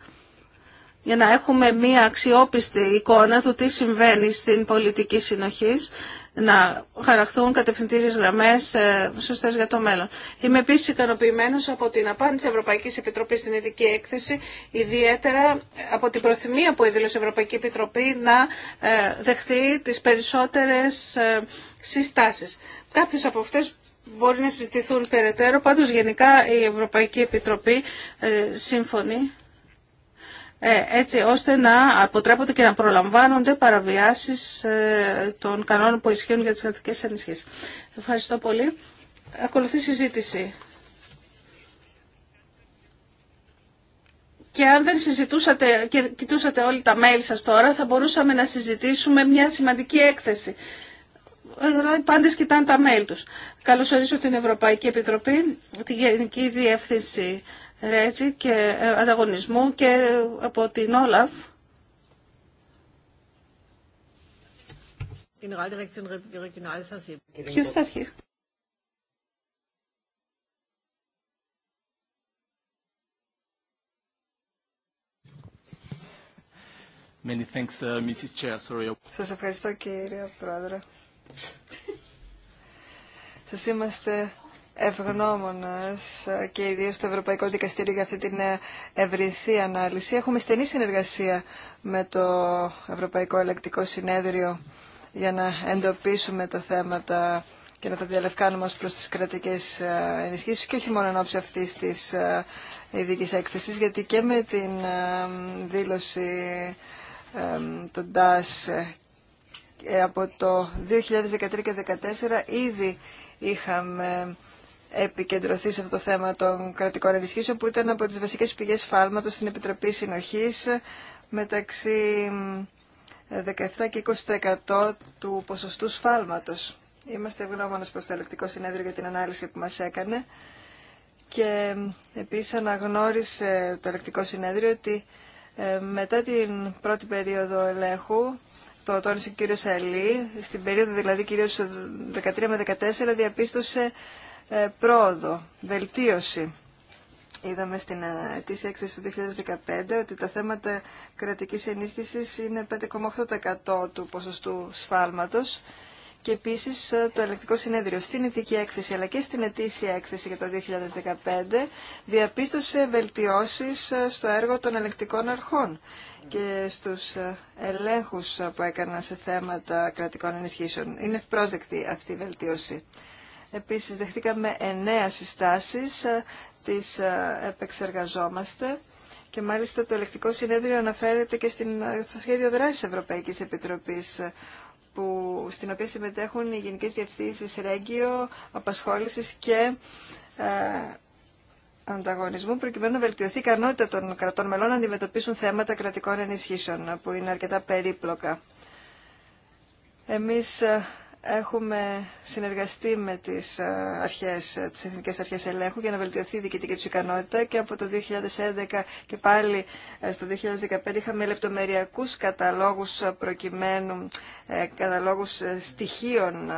για να έχουμε μία αξιόπιστη εικόνα του τι συμβαίνει στην πολιτική συνοχή, να χαραχθούν κατευθυντήριε γραμμέ ε, σωστέ για το μέλλον. Είμαι επίση ικανοποιημένο από την απάντηση Ευρωπαϊκή Επιτροπή στην ειδική έκθεση, ιδιαίτερα από την προθυμία που έδωσε η Ευρωπαϊκή Επιτροπή να ε, δεχθεί τι περισσότερε ε, συστάσει. Κάποιε από αυτέ μπορεί να συζητηθούν περαιτέρω, πάντω γενικά η Ευρωπαϊκή Επιτροπή σύμφωνη. Ε, έτσι ώστε να αποτρέπονται και να προλαμβάνονται παραβιάσεις ε, των κανόνων που ισχύουν για τις κρατικές ενισχύσεις. Ευχαριστώ πολύ. Ακολουθεί συζήτηση. Και αν δεν συζητούσατε και κοιτούσατε όλοι τα mail σας τώρα, θα μπορούσαμε να συζητήσουμε μια σημαντική έκθεση. Οι ε, πάντες κοιτάνε τα mail τους. Καλώς την Ευρωπαϊκή Επιτροπή, την Γενική Διεύθυνση Ρέτζι και ε, ανταγωνισμού και από την Όλαφ. Ποιος θα αρχίσει. Many uh, Σας ευχαριστώ κύριε Πρόεδρε. Σας είμαστε ευγνώμονας και ιδίω στο Ευρωπαϊκό Δικαστήριο για αυτή την ε, ευρυθή ανάλυση. Έχουμε στενή συνεργασία με το Ευρωπαϊκό Ελεκτικό Συνέδριο για να εντοπίσουμε τα θέματα και να τα διαλευκάνουμε ως προς τις κρατικές ε, ενισχύσεις και όχι μόνο εν ώψη αυτής της ε, ειδικής έκθεσης, γιατί και με την δήλωση των ΤΑΣ από το 2013 και 2014 ήδη είχαμε επικεντρωθεί σε αυτό το θέμα των κρατικών ενισχύσεων που ήταν από τις βασικές πηγές φάλματος στην Επιτροπή Συνοχής μεταξύ 17 και 20% του ποσοστού σφάλματος. Είμαστε ευγνώμονες προς το ελεκτικό συνέδριο για την ανάλυση που μας έκανε και επίσης αναγνώρισε το ελεκτικό συνέδριο ότι ε, μετά την πρώτη περίοδο ελέγχου το τόνισε ο κύριος Αλή, στην περίοδο δηλαδή κυρίως 13 με 14 διαπίστωσε ε, πρόοδο, βελτίωση. Είδαμε στην ε, της έκθεση του 2015 ότι τα θέματα κρατικής ενίσχυσης είναι 5,8% του ποσοστού σφάλματος και επίσης ε, το ελεκτικό συνέδριο στην ηθική έκθεση αλλά και στην ετήσια έκθεση για το 2015 διαπίστωσε βελτιώσεις στο έργο των ελεκτικών αρχών και στους ελέγχους που έκαναν σε θέματα κρατικών ενισχύσεων. Είναι πρόσδεκτη αυτή η βελτίωση. Επίσης δεχτήκαμε εννέα συστάσεις, ε, τις ε, επεξεργαζόμαστε και μάλιστα το ελεκτικό συνέδριο αναφέρεται και ε, στο σχέδιο δράσης Ευρωπαϊκής Επιτροπής που, στην οποία συμμετέχουν οι Γενικές Διευθύνσεις Ρέγγιο, Απασχόλησης και ανταγωνισμού προκειμένου να βελτιωθεί η ικανότητα των κρατών μελών να αντιμετωπίσουν θέματα κρατικών ενισχύσεων που είναι αρκετά περίπλοκα. Εμείς έχουμε συνεργαστεί με τις, ε, αρχές, ε, τις Εθνικές Αρχές Ελέγχου για να βελτιωθεί η διοικητική τους ικανότητα και από το 2011 και πάλι ε, στο 2015 είχαμε λεπτομεριακούς καταλόγους προκειμένου, καταλόγους στοιχείων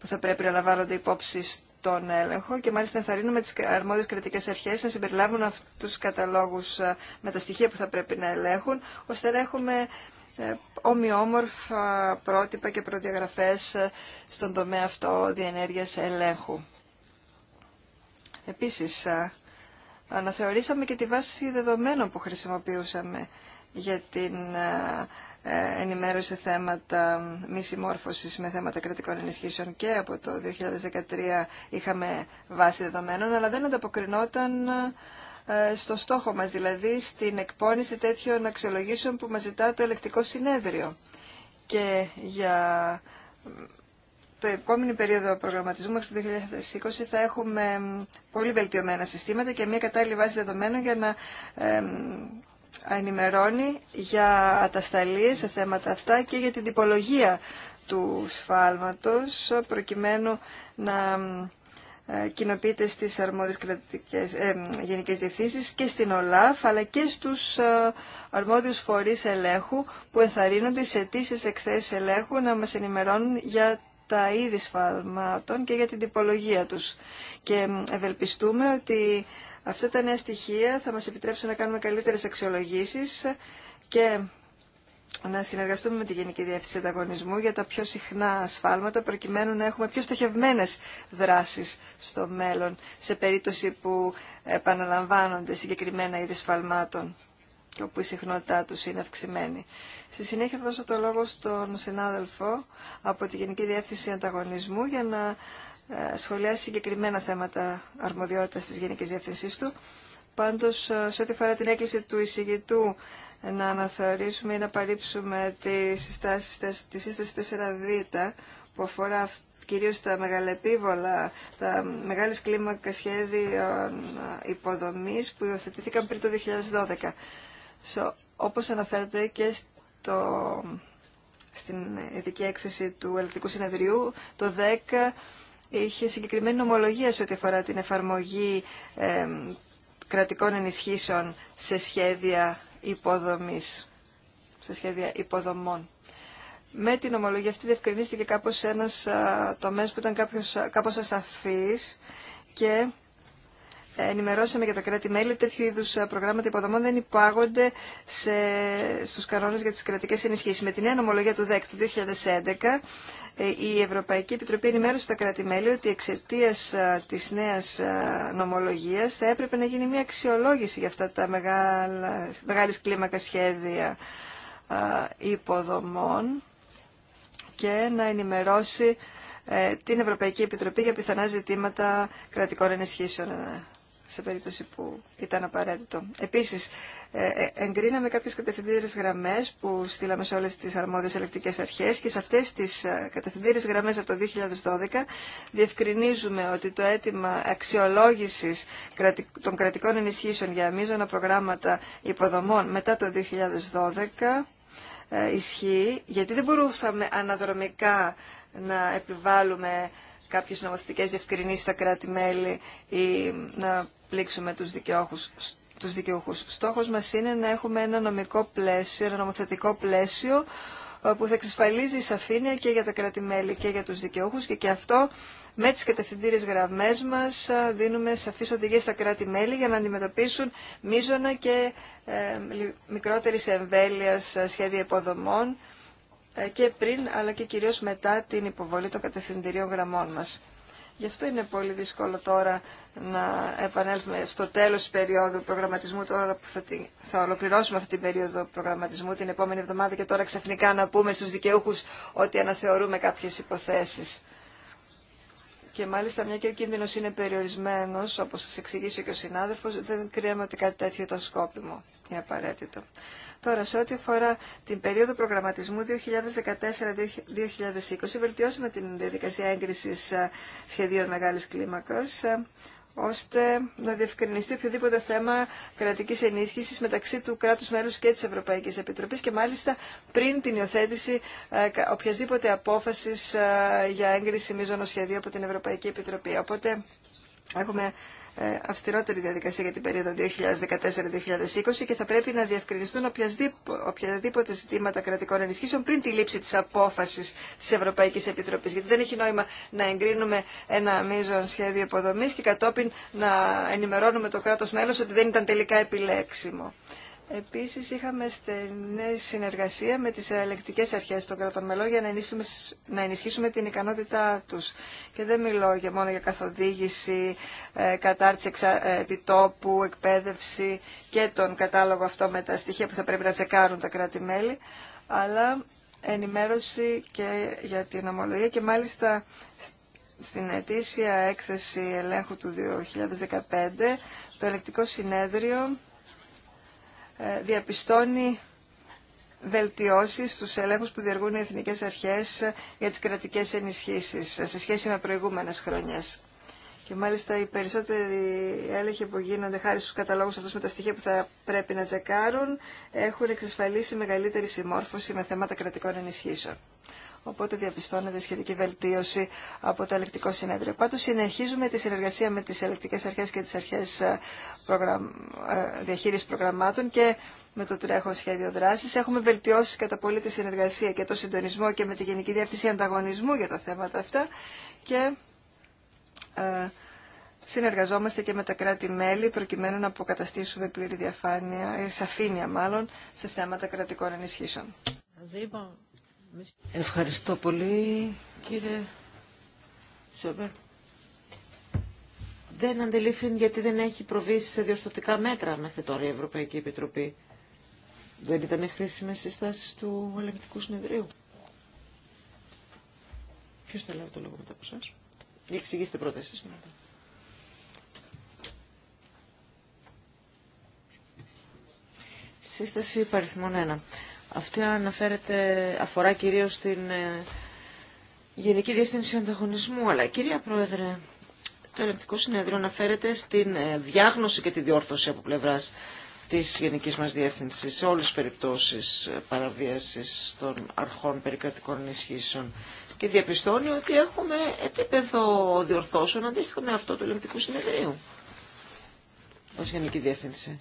που θα πρέπει να λαμβάνονται υπόψη τον έλεγχο και μάλιστα ενθαρρύνουμε τις αρμόδιες κρατικές αρχές να συμπεριλάβουν αυτούς τους καταλόγους με τα στοιχεία που θα πρέπει να ελέγχουν, ώστε να έχουμε σε ομοιόμορφα πρότυπα και προδιαγραφές στον τομέα αυτό διενέργειας ελέγχου. Επίσης, αναθεωρήσαμε και τη βάση δεδομένων που χρησιμοποιούσαμε για την ε, ενημέρωση θέματα μη συμμόρφωσης με θέματα κρατικών ενισχύσεων και από το 2013 είχαμε βάση δεδομένων, αλλά δεν ανταποκρινόταν ε, στο στόχο μας, δηλαδή στην εκπόνηση τέτοιων αξιολογήσεων που μας ζητά το ελεκτικό συνέδριο. Και για το επόμενη περίοδο προγραμματισμού μέχρι το 2020 θα έχουμε πολύ βελτιωμένα συστήματα και μια κατάλληλη βάση δεδομένων για να ε, ενημερώνει για ατασταλίες σε θέματα αυτά και για την τυπολογία του σφάλματος προκειμένου να ε, κοινοποιείται στις αρμόδιες ε, γενικές διευθύνσεις και στην ΟΛΑΦ αλλά και στους ε, αρμόδιους φορείς ελέγχου που ενθαρρύνονται σε αιτήσει εκθέσεις ελέγχου να μας ενημερώνουν για τα είδη σφαλμάτων και για την τυπολογία τους. Και ευελπιστούμε ότι αυτά τα νέα στοιχεία θα μας επιτρέψουν να κάνουμε καλύτερες αξιολογήσεις και να συνεργαστούμε με τη Γενική Διεύθυνση Ανταγωνισμού για τα πιο συχνά ασφάλματα, προκειμένου να έχουμε πιο στοχευμένες δράσεις στο μέλλον, σε περίπτωση που επαναλαμβάνονται συγκεκριμένα είδη ασφαλμάτων και όπου η συχνότητά τους είναι αυξημένη. Στη συνέχεια θα δώσω το λόγο στον συνάδελφο από τη Γενική Διεύθυνση Ανταγωνισμού για να ε, σχολιάσει συγκεκριμένα θέματα αρμοδιότητα της Γενικής Διεύθυνσής του. Πάντως, ε, σε ό,τι αφορά την έκκληση του εισηγητού να αναθεωρήσουμε ή να παρήψουμε τη σύσταση, της 4 4β που αφορά κυρίως τα μεγαλεπίβολα, τα μεγάλες κλίμακα σχέδιων υποδομής που υιοθετήθηκαν πριν το 2012. So, όπως αναφέρεται και στην ειδική έκθεση του Ελληνικού Συνεδριού, το 10 είχε συγκεκριμένη νομολογία σε ό,τι αφορά την εφαρμογή κρατικών ενισχύσεων σε σχέδια υποδομής, στα σχέδια υποδομών. Με την ομολογία αυτή διευκρινίστηκε κάπως ένας τομέας που ήταν κάποιος, κάπως ασαφής και ενημερώσαμε για τα κράτη-μέλη. Τέτοιου είδου ε, προγράμματα υποδομών δεν υπάγονται στου κανόνε για τι κρατικέ ενισχύσει. Με τη νέα νομολογία του ΔΕΚ του 2011, ε, η Ευρωπαϊκή Επιτροπή ενημέρωσε τα κράτη-μέλη ότι εξαιτία ε, τη νέα νομολογία θα έπρεπε να γίνει μια αξιολόγηση για αυτά τα μεγάλη κλίμακα σχέδια υποδομών και να ενημερώσει την Ευρωπαϊκή Επιτροπή για πιθανά ζητήματα κρατικών ενισχύσεων σε περίπτωση που ήταν απαραίτητο. Επίσης, ε, ε, εγκρίναμε κάποιες κατευθυντήρες γραμμές που στείλαμε σε όλε τις αρμόδιες ελεκτικέ αρχές και σε αυτές τις ε, κατευθυντήρες γραμμές από το 2012 διευκρινίζουμε ότι το αίτημα αξιολόγηση των κρατικών ενισχύσεων για μείζωνα προγράμματα υποδομών μετά το 2012 ισχύει, γιατί δεν μπορούσαμε αναδρομικά να επιβάλλουμε κάποιες νομοθετικές διευκρινήσεις στα κράτη-μέλη ή να πλήξουμε τους δικαιούχους. Τους δικαιούχους. Στόχος μας είναι να έχουμε ένα νομικό πλαίσιο, ένα νομοθετικό πλαίσιο ε, που θα εξασφαλίζει σαφήνεια και για τα κράτη-μέλη και για τους δικαιούχους και, και αυτό με τις κατευθυντήριες γραμμές μας ε, δίνουμε σαφείς οδηγίες στα κράτη-μέλη για να αντιμετωπίσουν μείζωνα και ε, μικρότερης εμβέλειας ε, σχέδια υποδομών και πριν αλλά και κυρίως μετά την υποβολή των κατευθυντηρίων γραμμών μας. Γι' αυτό είναι πολύ δύσκολο τώρα να επανέλθουμε στο τέλος περίοδου προγραμματισμού, τώρα που θα, θα ολοκληρώσουμε αυτή την περίοδο προγραμματισμού την επόμενη εβδομάδα και τώρα ξαφνικά να πούμε στους δικαιούχους ότι αναθεωρούμε κάποιες υποθέσεις. Και μάλιστα, μια και ο κίνδυνο είναι περιορισμένο, όπω σα εξηγήσει και ο συνάδελφο, δεν κρίναμε ότι κάτι τέτοιο ήταν σκόπιμο ή απαραίτητο. Τώρα, σε ό,τι αφορά την περίοδο προγραμματισμού 2014-2020, βελτιώσαμε την διαδικασία έγκριση ε, σχεδίων μεγάλη κλίμακα ε, ώστε να διευκρινιστεί οποιοδήποτε θέμα κρατική ενίσχυση μεταξύ του κράτου μέλου και τη Ευρωπαϊκή Επιτροπή και μάλιστα πριν την υιοθέτηση ε, οποιασδήποτε απόφαση ε, για έγκριση μείζωνο σχεδίου από την Ευρωπαϊκή Επιτροπή. Οπότε έχουμε ε, αυστηρότερη διαδικασία για την περίοδο 2014-2020 και θα πρέπει να διευκρινιστούν οποιαδήποτε ζητήματα κρατικών ενισχύσεων πριν τη λήψη της απόφασης της Ευρωπαϊκής Επιτροπής. Γιατί δεν έχει νόημα να εγκρίνουμε ένα μείζον σχέδιο υποδομής και κατόπιν να ενημερώνουμε το κράτος μέλος ότι δεν ήταν τελικά επιλέξιμο. Επίσης είχαμε στενή συνεργασία με τις ελεκτικές αρχές των κρατών μελών για να ενισχύσουμε, να την ικανότητά τους. Και δεν μιλώ για μόνο για καθοδήγηση, ε, κατάρτιση ε, επιτόπου, εκπαίδευση και τον κατάλογο αυτό με τα στοιχεία που θα πρέπει να τσεκάρουν τα κράτη-μέλη, αλλά ενημέρωση και για την ομολογία και μάλιστα στην ετήσια έκθεση ελέγχου του 2015 το ελεκτικό συνέδριο ε, διαπιστώνει βελτιώσεις στους ελέγχους που διεργούν οι εθνικές αρχές για τις κρατικές ενισχύσεις σε σχέση με προηγούμενες χρόνιες. Και μάλιστα οι περισσότεροι έλεγχοι που γίνονται χάρη στους καταλόγους αυτούς με τα στοιχεία που θα πρέπει να ζεκάρουν έχουν εξασφαλίσει μεγαλύτερη συμμόρφωση με θέματα κρατικών ενισχύσεων οπότε διαπιστώνεται σχετική βελτίωση από το ελεκτικό συνέδριο. Πάντω συνεχίζουμε τη συνεργασία με τι ελεκτικέ αρχέ και τι αρχέ ε, προγραμ... Ε, διαχείρισης προγραμμάτων και με το τρέχον σχέδιο δράση. Έχουμε βελτιώσει κατά πολύ τη συνεργασία και το συντονισμό και με τη Γενική Διεύθυνση Ανταγωνισμού για τα θέματα αυτά και ε, συνεργαζόμαστε και με τα κράτη-μέλη προκειμένου να αποκαταστήσουμε πλήρη διαφάνεια, ε, σαφήνεια μάλλον, σε θέματα κρατικών ενισχύσεων. Ευχαριστώ πολύ κύριε Σόμπερ. Δεν αντελήφθη γιατί δεν έχει προβεί σε διορθωτικά μέτρα μέχρι τώρα η Ευρωπαϊκή Επιτροπή. Δεν ήταν χρήσιμε οι στάσει του ελεγκτικού συνεδρίου. Ποιο θα λάβει το λόγο μετά από εσά. Εξηγήστε πρώτα εσεί Σύσταση παριθμών 1. Αυτή αναφέρεται, αφορά κυρίως την ε, Γενική Διεύθυνση Ανταγωνισμού. Αλλά κυρία Πρόεδρε, το ελευθερικό συνέδριο αναφέρεται στην ε, διάγνωση και τη διόρθωση από πλευράς της Γενικής μας Διεύθυνσης σε όλες τις περιπτώσεις ε, παραβίασης των αρχών περικρατικών ενισχύσεων και διαπιστώνει ότι έχουμε επίπεδο διορθώσεων αντίστοιχο με αυτό του ελευθερικού συνεδρίου ως Γενική Διεύθυνση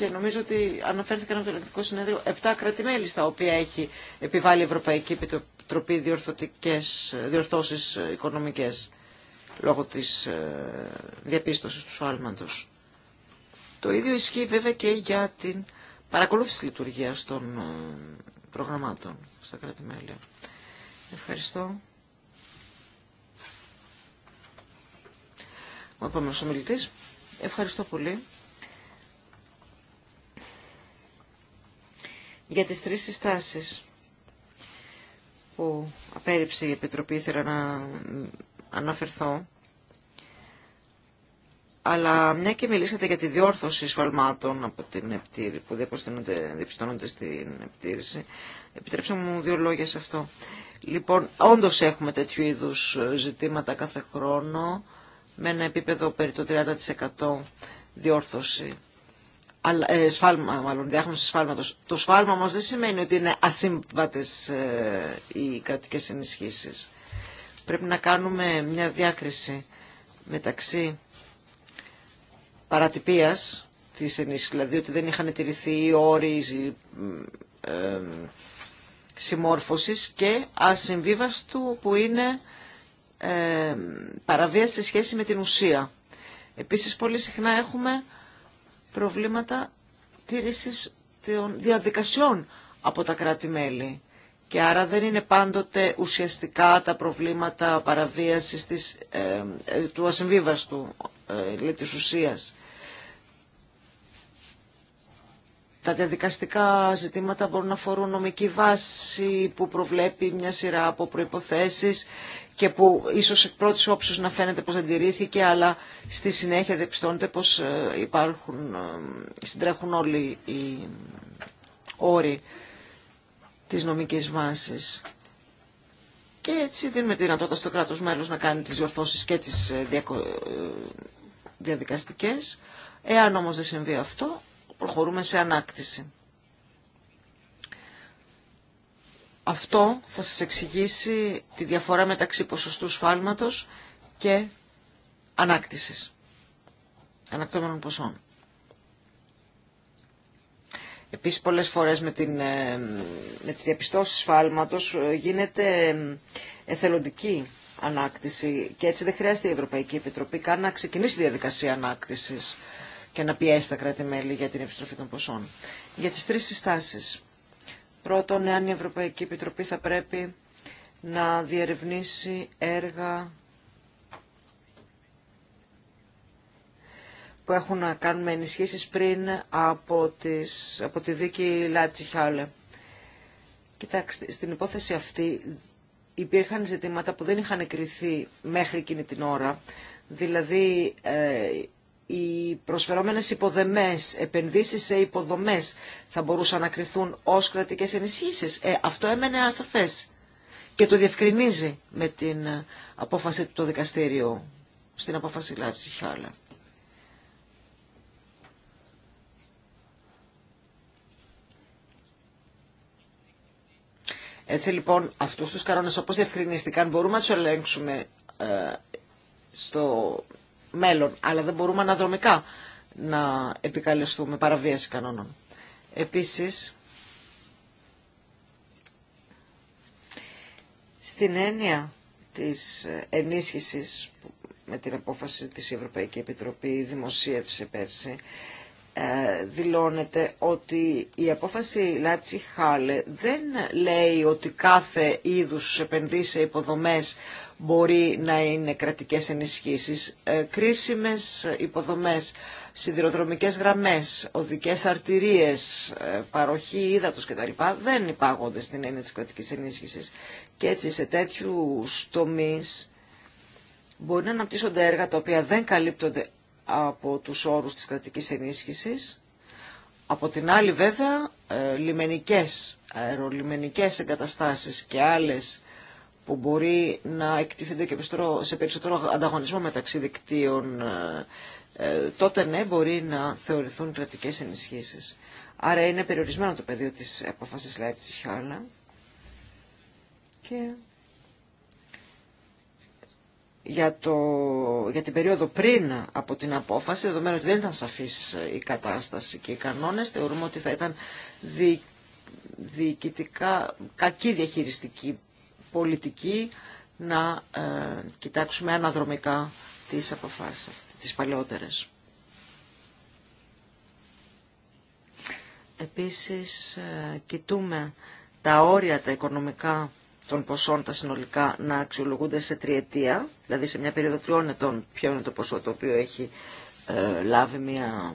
και νομίζω ότι αναφέρθηκαν από το Ελεκτικό Συνέδριο 7 κρατημέλη στα οποία έχει επιβάλει η Ευρωπαϊκή Επιτροπή διορθώσει διορθώσεις ε, οικονομικές λόγω της ε, διαπίστωσης του σφάλματο. Το ίδιο ισχύει βέβαια και για την παρακολούθηση λειτουργίας των ε, προγραμμάτων στα κράτη-μέλη. Ευχαριστώ. Ο επόμενο ομιλητή. Ευχαριστώ πολύ. για τις τρεις συστάσεις που απέριψε η Επιτροπή, ήθελα να αναφερθώ. Αλλά μια και μιλήσατε για τη διόρθωση σφαλμάτων από την επιτήρη, που διαπιστώνονται στην επιτήρηση. επιτρέψτε μου δύο λόγια σε αυτό. Λοιπόν, όντω έχουμε τέτοιου είδου ζητήματα κάθε χρόνο, με ένα επίπεδο περί το 30% διόρθωση ε, σφάλμα, μάλλον διάγνωση σφάλματος. Το σφάλμα όμως δεν σημαίνει ότι είναι ασύμβατες ε, οι κρατικές ενισχύσεις. Πρέπει να κάνουμε μια διάκριση μεταξύ παρατυπίας της ενίσχυσης, δηλαδή ότι δεν είχαν τηρηθεί οι όροι ε, συμμόρφωσης και ασυμβίβαστου που είναι ε, παραβίαση σε σχέση με την ουσία. Επίσης πολύ συχνά έχουμε προβλήματα τήρησης των διαδικασιών από τα κράτη-μέλη. Και άρα δεν είναι πάντοτε ουσιαστικά τα προβλήματα παραβίασης της, ε, ε, του ασυμβίβαστου, ε, της ουσίας. Τα διαδικαστικά ζητήματα μπορούν να αφορούν νομική βάση που προβλέπει μια σειρά από προϋποθέσεις και που ίσως εκ πρώτης όψης να φαίνεται πως αντιρρήθηκε, αλλά στη συνέχεια διαπιστώνεται πως ε, υπάρχουν, ε, συντρέχουν όλοι οι όροι της νομικής βάσης. Και έτσι δίνουμε τη δυνατότητα στο κράτος μέλος να κάνει τις διορθώσεις και τις ε, διαδικαστικές. Εάν όμως δεν συμβεί αυτό, προχωρούμε σε ανάκτηση. Αυτό θα σας εξηγήσει τη διαφορά μεταξύ ποσοστού σφάλματος και ανάκτησης, ανακτώμενων ποσών. Επίσης πολλές φορές με, την, ε, με τις διαπιστώσεις σφάλματος ε, γίνεται ε, εθελοντική ανάκτηση και έτσι δεν χρειάζεται η Ευρωπαϊκή Επιτροπή καν να ξεκινήσει τη διαδικασία ανάκτησης και να πιέσει τα κράτη-μέλη για την επιστροφή των ποσών. Για τις τρεις συστάσεις Πρώτον, εάν η Ευρωπαϊκή Επιτροπή θα πρέπει να διερευνήσει έργα που έχουν να κάνουν με ενισχύσεις πριν από, τις, από τη δίκη Λάτσι Χάλε. Κοιτάξτε, στην υπόθεση αυτή υπήρχαν ζητήματα που δεν είχαν εκριθεί μέχρι εκείνη την ώρα. Δηλαδή, ε, οι προσφερόμενες υποδεμές, επενδύσεις σε υποδομές θα μπορούσαν να κρυθούν ως κρατικές ενισχύσεις. Ε, αυτό έμενε αστροφές και το διευκρινίζει με την απόφαση του το δικαστήριου στην απόφαση Λάψη Χιάλα. Έτσι λοιπόν αυτούς τους καρόνες όπως διευκρινίστηκαν μπορούμε να τους ελέγξουμε ε, στο μέλλον. Αλλά δεν μπορούμε αναδρομικά να επικαλεστούμε παραβίαση κανόνων. Επίσης, στην έννοια της ενίσχυσης με την απόφαση της Ευρωπαϊκή Επιτροπή δημοσίευσε πέρσι, ε, δηλώνεται ότι η απόφαση Λάτσι Χάλε δεν λέει ότι κάθε είδους επενδύσει σε υποδομές μπορεί να είναι κρατικές ενισχύσεις. Ε, κρίσιμες υποδομές, σιδηροδρομικές γραμμές, οδικές αρτηρίες, ε, παροχή ύδατος κτλ. δεν υπάγονται στην έννοια της κρατικής ενίσχυσης. Και έτσι σε τέτοιου τομεί μπορεί να αναπτύσσονται έργα τα οποία δεν καλύπτονται από τους όρους της κρατικής ενίσχυσης. Από την άλλη βέβαια ε, λιμενικές, αερολιμενικές εγκαταστάσεις και άλλες που μπορεί να εκτίθενται και σε περισσότερο ανταγωνισμό μεταξύ δικτύων, ε, ε, τότε ναι μπορεί να θεωρηθούν κρατικές ενισχύσεις. Άρα είναι περιορισμένο το πεδίο της αποφάσης Leipzig-Harlem και για, το, για την περίοδο πριν από την απόφαση, δεδομένου ότι δεν ήταν σαφής η κατάσταση και οι κανόνες, θεωρούμε ότι θα ήταν δι, διοικητικά κακή διαχειριστική πολιτική να ε, κοιτάξουμε αναδρομικά τις αποφάσεις, τις παλαιότερες. Επίσης, ε, κοιτούμε τα όρια τα οικονομικά των ποσών τα συνολικά να αξιολογούνται σε τριετία, δηλαδή σε μια περίοδο τριών ετών ποιο είναι το ποσό το οποίο έχει ε, λάβει μια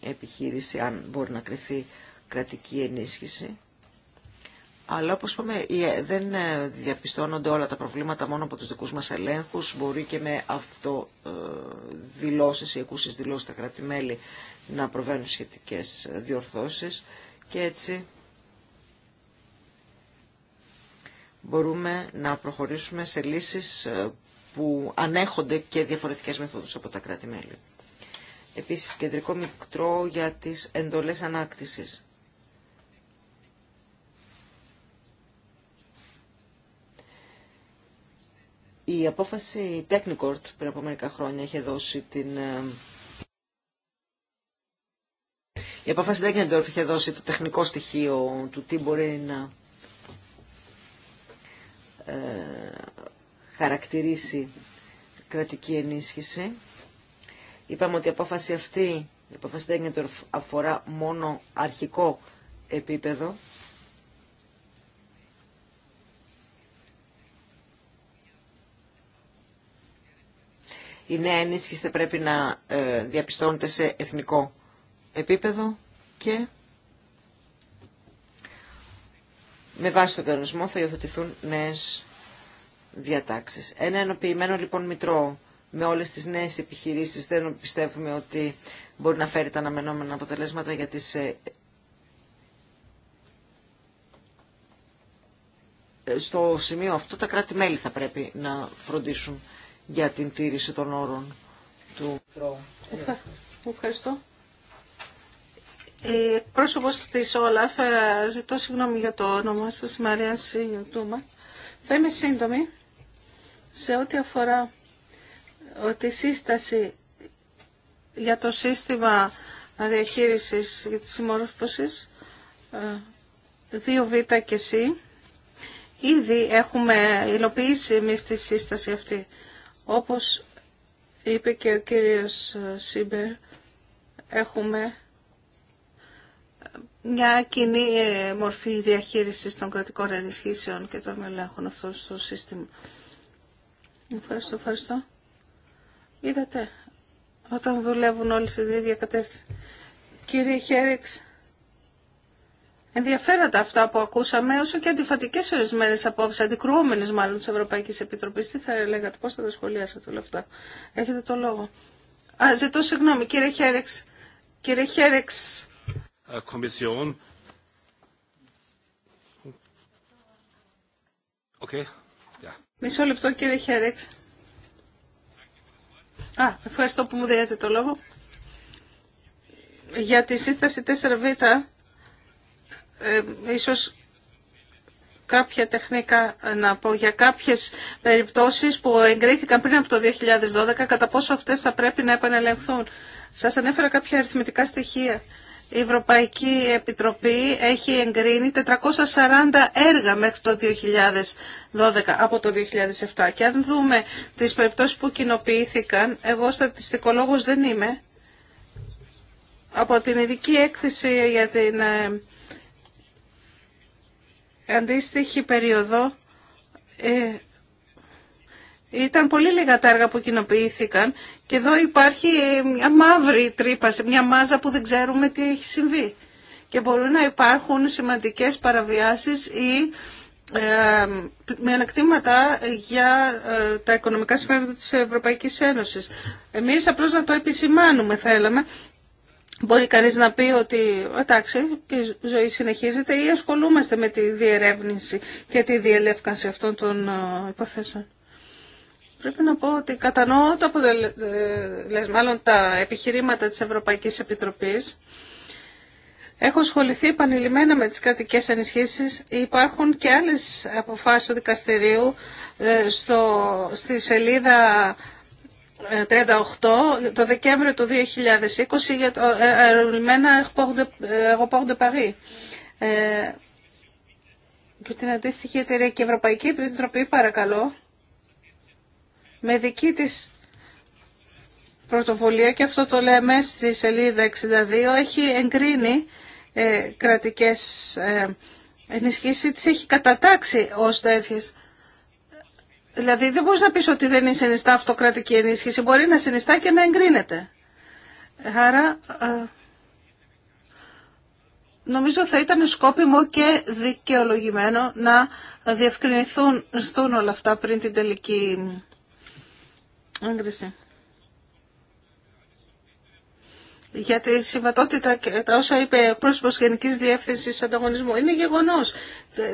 επιχείρηση αν μπορεί να κρυθεί κρατική ενίσχυση. Αλλά όπω, είπαμε ε, δεν ε, διαπιστώνονται όλα τα προβλήματα μόνο από του δικού μα ελέγχου, Μπορεί και με αυτό δηλώσεις ή δηλώσει δηλώσεις τα κρατημέλη να προβαίνουν σχετικέ διορθώσει Και έτσι μπορούμε να προχωρήσουμε σε λύσεις ε, που ανέχονται και διαφορετικές μεθόδους από τα κράτη-μέλη. Επίσης, κεντρικό μικρό για τις εντολές ανάκτησης. Η απόφαση Technicourt πριν από μερικά χρόνια είχε δώσει την... Ε, η απόφαση Technicourt είχε δώσει το τεχνικό στοιχείο του τι μπορεί να ε, χαρακτηρίσει κρατική ενίσχυση. Είπαμε ότι η απόφαση αυτή, η απόφαση δεν αφορά μόνο αρχικό επίπεδο. Η νέα ενίσχυση πρέπει να ε, διαπιστώνεται σε εθνικό επίπεδο και με βάση τον κανονισμό θα υιοθετηθούν νέες διατάξεις. Ένα ενοποιημένο λοιπόν μητρό με όλες τις νέες επιχειρήσεις δεν πιστεύουμε ότι μπορεί να φέρει τα αναμενόμενα αποτελέσματα για τις ε, ε, στο σημείο αυτό τα κράτη-μέλη θα πρέπει να φροντίσουν για την τήρηση των όρων του Ευχαριστώ. Η πρόσωπο της Όλαφ, ε, ζητώ συγγνώμη για το όνομα σας, Μαρία Σιγιουτούμα. Θα είμαι σύντομη σε ό,τι αφορά ε, τη σύσταση για το σύστημα διαχείρισης τη τη συμμόρφωσης 2β ε, και ΣΥ. Ήδη έχουμε υλοποιήσει εμεί τη σύσταση αυτή. Όπως είπε και ο κύριος Σίμπερ, έχουμε μια κοινή ε, μορφή διαχείρισης των κρατικών ενισχύσεων και των ελέγχων αυτό στο σύστημα. Ευχαριστώ, ευχαριστώ. Είδατε, όταν δουλεύουν όλοι στην ίδια κατεύθυνση. Κύριε Χέριξ, ενδιαφέροντα αυτά που ακούσαμε, όσο και αντιφατικές ορισμένε απόψει, αντικρουόμενες μάλλον τη Ευρωπαϊκή Επιτροπή, Τι θα λέγατε, πώ θα τα σχολιάσετε όλα αυτά. Έχετε το λόγο. Α, ζητώ συγγνώμη, κύριε Χέριξ. Κύριε Χέριξ, Äh, Kommission. ευχαριστώ που μου δίνετε το λόγο. Για τη σύσταση 4β, ε, ίσως κάποια τεχνικά να πω για κάποιες περιπτώσεις που εγκρίθηκαν πριν από το 2012, κατά πόσο αυτές θα πρέπει να επανελεγχθούν. Σας ανέφερα κάποια αριθμητικά στοιχεία η Ευρωπαϊκή Επιτροπή έχει εγκρίνει 440 έργα μέχρι το 2012, από το 2007. Και αν δούμε τις περιπτώσεις που κοινοποιήθηκαν, εγώ στατιστικολόγος δεν είμαι, από την ειδική έκθεση για την ε, αντίστοιχη περίοδο, ε, ήταν πολύ λίγα τα έργα που κοινοποιήθηκαν και εδώ υπάρχει μια μαύρη τρύπα, μια μάζα που δεν ξέρουμε τι έχει συμβεί. Και μπορούν να υπάρχουν σημαντικές παραβιάσεις ή ε, ανακτήματα για ε, τα οικονομικά συμφέροντα της Ευρωπαϊκής Ένωσης. Εμείς απλώς να το επισημάνουμε θέλαμε. Μπορεί κανείς να πει ότι εντάξει και η ζωή συνεχίζεται ή ασχολούμαστε με τη διερεύνηση και τη διελεύκανση αυτών των ε, υποθέσεων. Πρέπει να πω ότι κατανοώ το ε, τα επιχειρήματα της Ευρωπαϊκής Επιτροπής. Έχω ασχοληθεί επανειλημμένα με τις κρατικές ενισχύσεις. Υπάρχουν και άλλες αποφάσεις του δικαστηρίου ε, στο... στη σελίδα 38 ε, το Δεκέμβριο του 2020 για το αερολιμένα Aéroport την αντίστοιχη εταιρεία και η Ευρωπαϊκή Επιτροπή παρακαλώ με δική της πρωτοβουλία και αυτό το λέμε στη σελίδα 62 έχει εγκρίνει ε, κρατικές ε, ενισχύσεις, τις έχει κατατάξει ως τέτοιες. Δηλαδή δεν μπορείς να πεις ότι δεν είναι συνιστά αυτοκρατική ενίσχυση, μπορεί να συνιστά και να εγκρίνεται. Άρα ε, νομίζω θα ήταν σκόπιμο και δικαιολογημένο να διευκρινιστούν όλα αυτά πριν την τελική για τη συμβατότητα και τα όσα είπε πρόσωπο Γενική Διεύθυνση Ανταγωνισμού είναι γεγονό.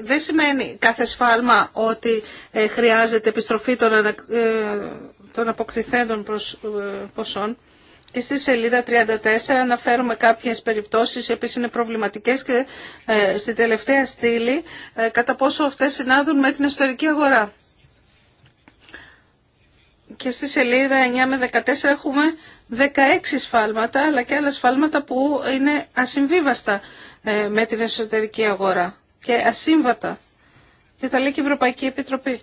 Δεν σημαίνει κάθε σφάλμα ότι ε, χρειάζεται επιστροφή των, ε, αποκτηθέντων προς... Ε, ποσών. Και στη σελίδα 34 αναφέρουμε κάποιες περιπτώσεις οι οποίε είναι προβληματικές και στην τελευταία στήλη κατά πόσο αυτές συνάδουν με την εσωτερική αγορά και στη σελίδα 9 με 14 έχουμε 16 σφάλματα, αλλά και άλλα σφάλματα που είναι ασυμβίβαστα ε, με την εσωτερική αγορά και ασύμβατα. Και τα λέει και η Ευρωπαϊκή Επιτροπή.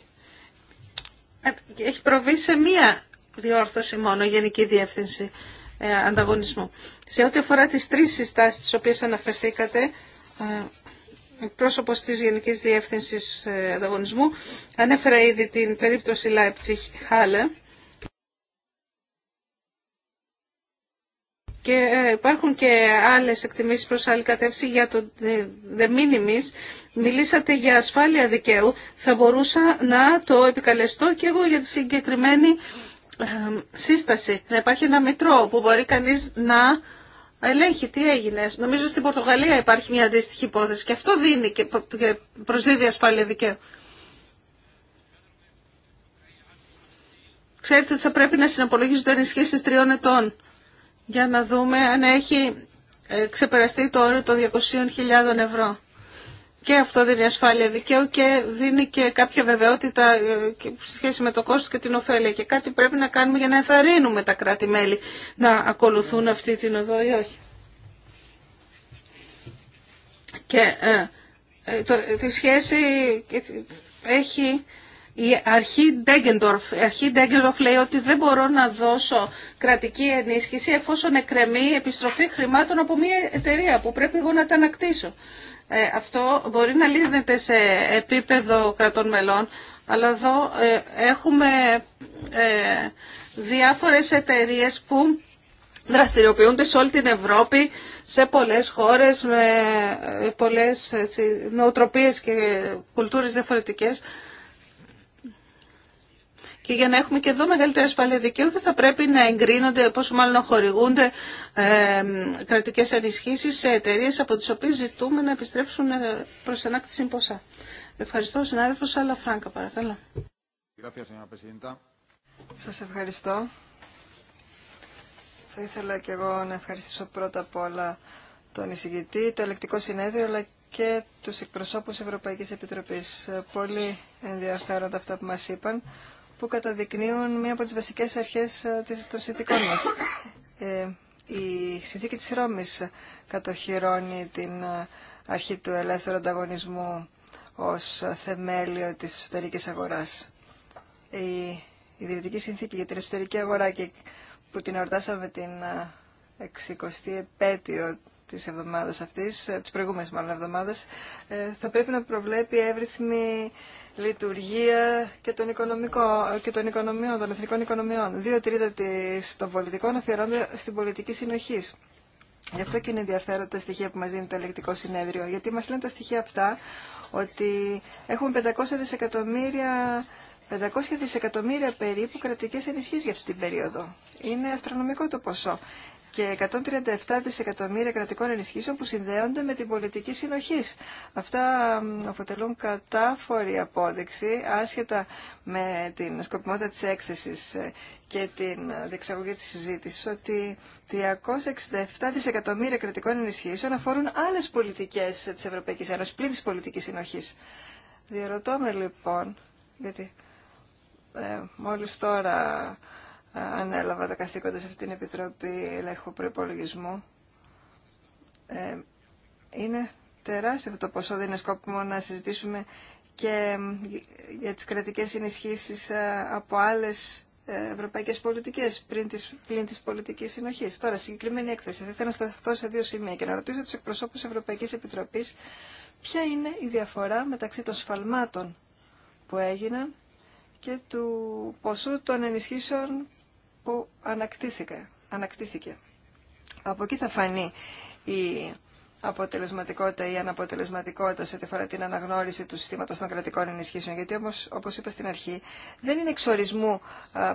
Ε, έχει προβεί σε μία διόρθωση μόνο, Γενική Διεύθυνση ε, Ανταγωνισμού. Σε ό,τι αφορά τις τρεις συστάσεις τις οποίες αναφερθήκατε, Πρόσωπο της Γενικής Διεύθυνσης Ανταγωνισμού, ανέφερα ήδη την περιπτωση Λάιπτσιχ Χάλε. Και ε, υπάρχουν και άλλες εκτιμήσεις προς άλλη κατεύθυνση για το de minimis. Μιλήσατε για ασφάλεια δικαίου. Θα μπορούσα να το επικαλεστώ και εγώ για τη συγκεκριμένη ε, σύσταση. Να υπάρχει ένα μητρό που μπορεί κανείς να ελέγχει τι έγινε. Νομίζω στην Πορτογαλία υπάρχει μια αντίστοιχη υπόθεση και αυτό δίνει και προσδίδει ασφάλεια δικαίου. Ξέρετε ότι θα πρέπει να συναπολογίζονται ενισχύσεις τριών ετών για να δούμε αν έχει ε, ξεπεραστεί το όριο των 200.000 ευρώ. Και αυτό δίνει ασφάλεια δικαίου και δίνει και κάποια βεβαιότητα σε σχέση με το κόστος και την ωφέλεια. Και κάτι πρέπει να κάνουμε για να ενθαρρύνουμε τα κράτη-μέλη να ακολουθούν αυτή την οδό ή όχι. Και ε, ε, τη σχέση έχει η αρχή Ντέγκεντορφ, λέει ότι δεν μπορώ να δώσω κρατική ενίσχυση εφόσον εκκρεμεί επιστροφή χρημάτων από μια εταιρεία που πρέπει εγώ να τα ανακτήσω. Ε, αυτό μπορεί να λύνεται σε επίπεδο κρατών μελών, αλλά εδώ ε, έχουμε ε, διάφορες εταιρείες που δραστηριοποιούνται σε όλη την Ευρώπη, σε πολλές χώρες, με ε, πολλές έτσι, νοοτροπίες και κουλτούρες διαφορετικές. Και για να έχουμε και εδώ μεγαλύτερη ασφάλεια δικαίου δεν θα πρέπει να εγκρίνονται, πόσο μάλλον να χορηγούνται ε, κρατικές ανισχύσεις σε εταιρείε από τις οποίες ζητούμε να επιστρέψουν ε, προς ανάκτηση ποσά. Ευχαριστώ, συνάδελφος Σάλα Φράγκα, παρακαλώ. Σας ευχαριστώ. Θα ήθελα και εγώ να ευχαριστήσω πρώτα απ' όλα τον εισηγητή, το ελεκτικό συνέδριο, αλλά και τους εκπροσώπους Ευρωπαϊκής Επιτροπής. Πολύ ενδιαφέροντα αυτά που μας είπαν που καταδεικνύουν μία από τις βασικές αρχές ε, των συνθήκων μας. Ε, η συνθήκη της Ρώμης κατοχυρώνει την ε, αρχή του ελεύθερου ανταγωνισμού ως θεμέλιο της εσωτερική αγοράς. Η ιδρυτική συνθήκη για την εσωτερική αγορά και που την εορτάσαμε την 60η επέτειο της εβδομάδας αυτής, της προηγούμενης μάλλον εβδομάδας, θα πρέπει να προβλέπει εύρυθμη λειτουργία και των, και των εθνικών οικονομιών. Δύο τρίτα της, των πολιτικών αφιερώνται στην πολιτική συνοχή. Γι' αυτό και είναι ενδιαφέροντα τα στοιχεία που μα δίνει το ελεκτικό συνέδριο. Γιατί μα λένε τα στοιχεία αυτά ότι έχουμε 500 δισεκατομμύρια 500 δισεκατομμύρια περίπου κρατικέ ενισχύσει για αυτή την περίοδο. Είναι αστρονομικό το ποσό και 137 δισεκατομμύρια κρατικών ενισχύσεων που συνδέονται με την πολιτική συνοχή. Αυτά αποτελούν κατάφορη απόδειξη, άσχετα με την σκοπιμότητα τη έκθεσης ε, και την διεξαγωγή της συζήτησης, ότι 367 δισεκατομμύρια κρατικών ενισχύσεων αφορούν άλλες πολιτικές της Ευρωπαϊκής Ένωσης, πλην της πολιτικής συνοχής. Διαρωτώ με λοιπόν, γιατί ε, μόλις τώρα ανέλαβα τα καθήκοντα σε αυτήν την Επιτροπή Ελέγχου Προπολογισμού. Ε, είναι τεράστιο αυτό το ποσό, δεν είναι σκόπιμο να συζητήσουμε και για τις κρατικές ενισχύσεις ε, από άλλες ε, ευρωπαϊκές πολιτικές πριν της, πλην της πολιτικής συνοχής. Τώρα, συγκεκριμένη έκθεση. Θα ήθελα να σταθώ σε δύο σημεία και να ρωτήσω τους εκπροσώπους Ευρωπαϊκής Επιτροπής ποια είναι η διαφορά μεταξύ των σφαλμάτων που έγιναν και του ποσού των ενισχύσεων που ανακτήθηκε. ανακτήθηκε. Από εκεί θα φανεί η αποτελεσματικότητα ή αναποτελεσματικότητα σε ό,τι αφορά την αναγνώριση του συστήματο των κρατικών ενισχύσεων. Γιατί όπω είπα στην αρχή, δεν είναι εξορισμού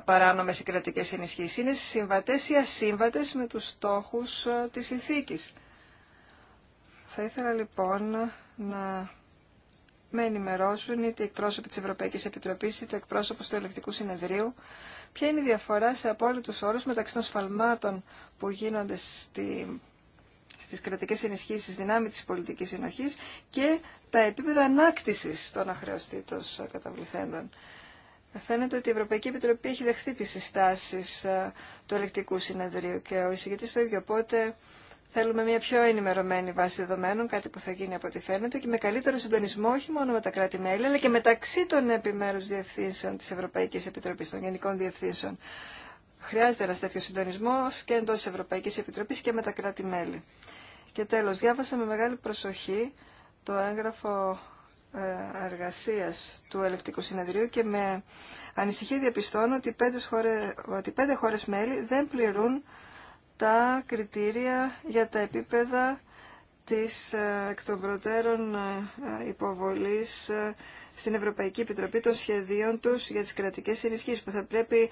παράνομε οι κρατικέ ενισχύσει. Είναι συμβατέ ή ασύμβατε με του στόχου τη συνθήκη. Θα ήθελα λοιπόν να με ενημερώσουν είτε εκπρόσωποι τη Ευρωπαϊκή Επιτροπή είτε εκπρόσωπο του Ελεκτικού Συνεδρίου Ποια είναι η διαφορά σε απόλυτους όρους μεταξύ των σφαλμάτων που γίνονται στη, στις κρατικές ενισχύσεις δυνάμει της πολιτικής συνοχής και τα επίπεδα ανάκτησης των αχρεωστήτων καταβληθέντων. Φαίνεται ότι η Ευρωπαϊκή Επιτροπή έχει δεχθεί τις συστάσεις ε, του ελεκτικού συνεδρίου και ο εισηγητής το ίδιο. Οπότε Θέλουμε μια πιο ενημερωμένη βάση δεδομένων, κάτι που θα γίνει από ό,τι φαίνεται, και με καλύτερο συντονισμό όχι μόνο με τα κράτη-μέλη, αλλά και μεταξύ των επιμέρους διευθύνσεων της Ευρωπαϊκής Επιτροπής, των Γενικών Διευθύνσεων. Χρειάζεται ένα τέτοιο συντονισμό και εντό τη Ευρωπαϊκή Επιτροπή και με τα κράτη-μέλη. Και τέλο, διάβασα με μεγάλη προσοχή το έγγραφο ε, εργασία του Ελεκτικού Συνεδρίου και με ανησυχία διαπιστώνω ότι πέντε χώρε μέλη δεν πληρούν τα κριτήρια για τα επίπεδα της ε, εκ των προτέρων ε, ε, υποβολής στην Ευρωπαϊκή Επιτροπή των σχεδίων τους για τις κρατικές ενισχύσεις που θα πρέπει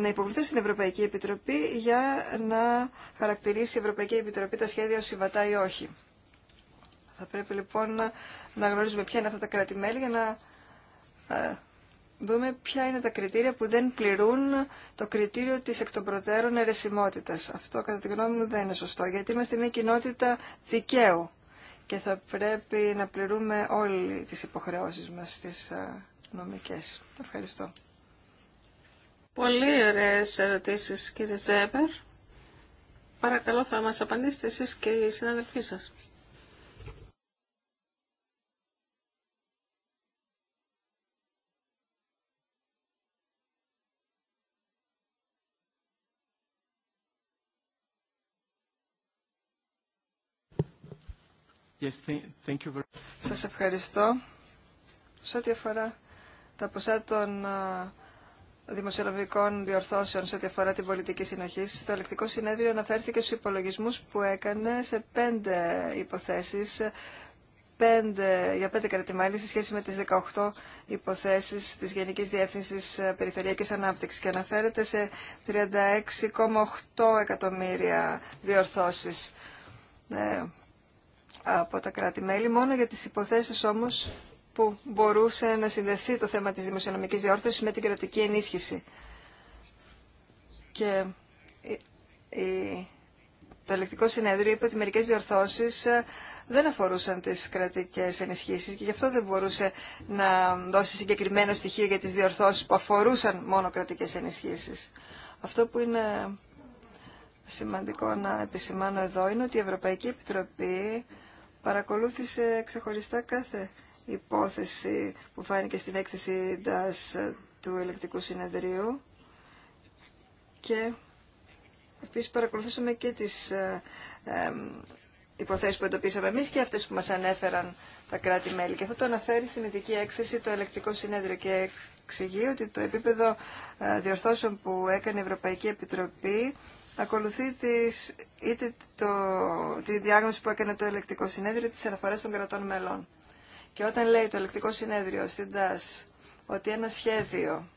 να υποβληθούν στην Ευρωπαϊκή Επιτροπή για να χαρακτηρίσει η Ευρωπαϊκή Επιτροπή τα σχέδια ως συμβατά ή όχι. Θα πρέπει λοιπόν να, γνωρίζουμε ποια είναι αυτά τα κράτη-μέλη για να δούμε ποια είναι τα κριτήρια που δεν πληρούν το κριτήριο της εκ των προτέρων αιρεσιμότητας. Αυτό κατά τη γνώμη μου δεν είναι σωστό, γιατί είμαστε μια κοινότητα δικαίου και θα πρέπει να πληρούμε όλοι τις υποχρεώσεις μας στις ε, νομικές. Ευχαριστώ. Πολύ ωραίες ερωτήσεις κύριε Ζέμπερ. Παρακαλώ θα μας απαντήσετε εσείς και οι συναδελφοί σας. Yes, Σας ευχαριστώ. Σε ό,τι αφορά τα ποσά των δημοσιονομικών διορθώσεων σε ό,τι αφορά την πολιτική συνοχή. Το ελεκτικό συνέδριο αναφέρθηκε στους υπολογισμούς που έκανε σε πέντε υποθέσεις, πέντε, για πέντε κρατημάλη σε σχέση με τις 18 υποθέσεις της Γενικής Διεύθυνσης ε, Περιφερειακής Ανάπτυξης και αναφέρεται σε 36,8 εκατομμύρια διορθώσεις. Ε, από τα κράτη-μέλη, μόνο για τις υποθέσεις όμως που μπορούσε να συνδεθεί το θέμα της δημοσιονομικής διόρθωσης με την κρατική ενίσχυση. Και το ελεκτικό συνέδριο είπε ότι μερικές διορθώσεις ε, δεν αφορούσαν τις κρατικές ενισχύσεις και γι' αυτό δεν μπορούσε να δώσει συγκεκριμένο στοιχείο για τις διορθώσεις που αφορούσαν μόνο κρατικές ενισχύσεις. Αυτό που είναι σημαντικό να επισημάνω εδώ είναι ότι η Ευρωπαϊκή Επιτροπή παρακολούθησε ξεχωριστά κάθε υπόθεση που φάνηκε στην έκθεση DAS ε, του Ελεκτικού Συνεδρίου και επίσης παρακολουθήσαμε και τις ε, υποθέσεις που εντοπίσαμε εμείς και αυτές που μας ανέφεραν τα κράτη-μέλη. Και αυτό το αναφέρει στην ειδική έκθεση το Ελεκτικό Συνέδριο και εξηγεί ότι το επίπεδο ε, διορθώσεων που έκανε η Ευρωπαϊκή Επιτροπή ακολουθεί τις, είτε το, τη διάγνωση που έκανε το ελεκτικό συνέδριο της αναφοράς των κρατών μελών. Και όταν λέει το ελεκτικό συνέδριο στην ΤΑΣ ότι ένα σχέδιο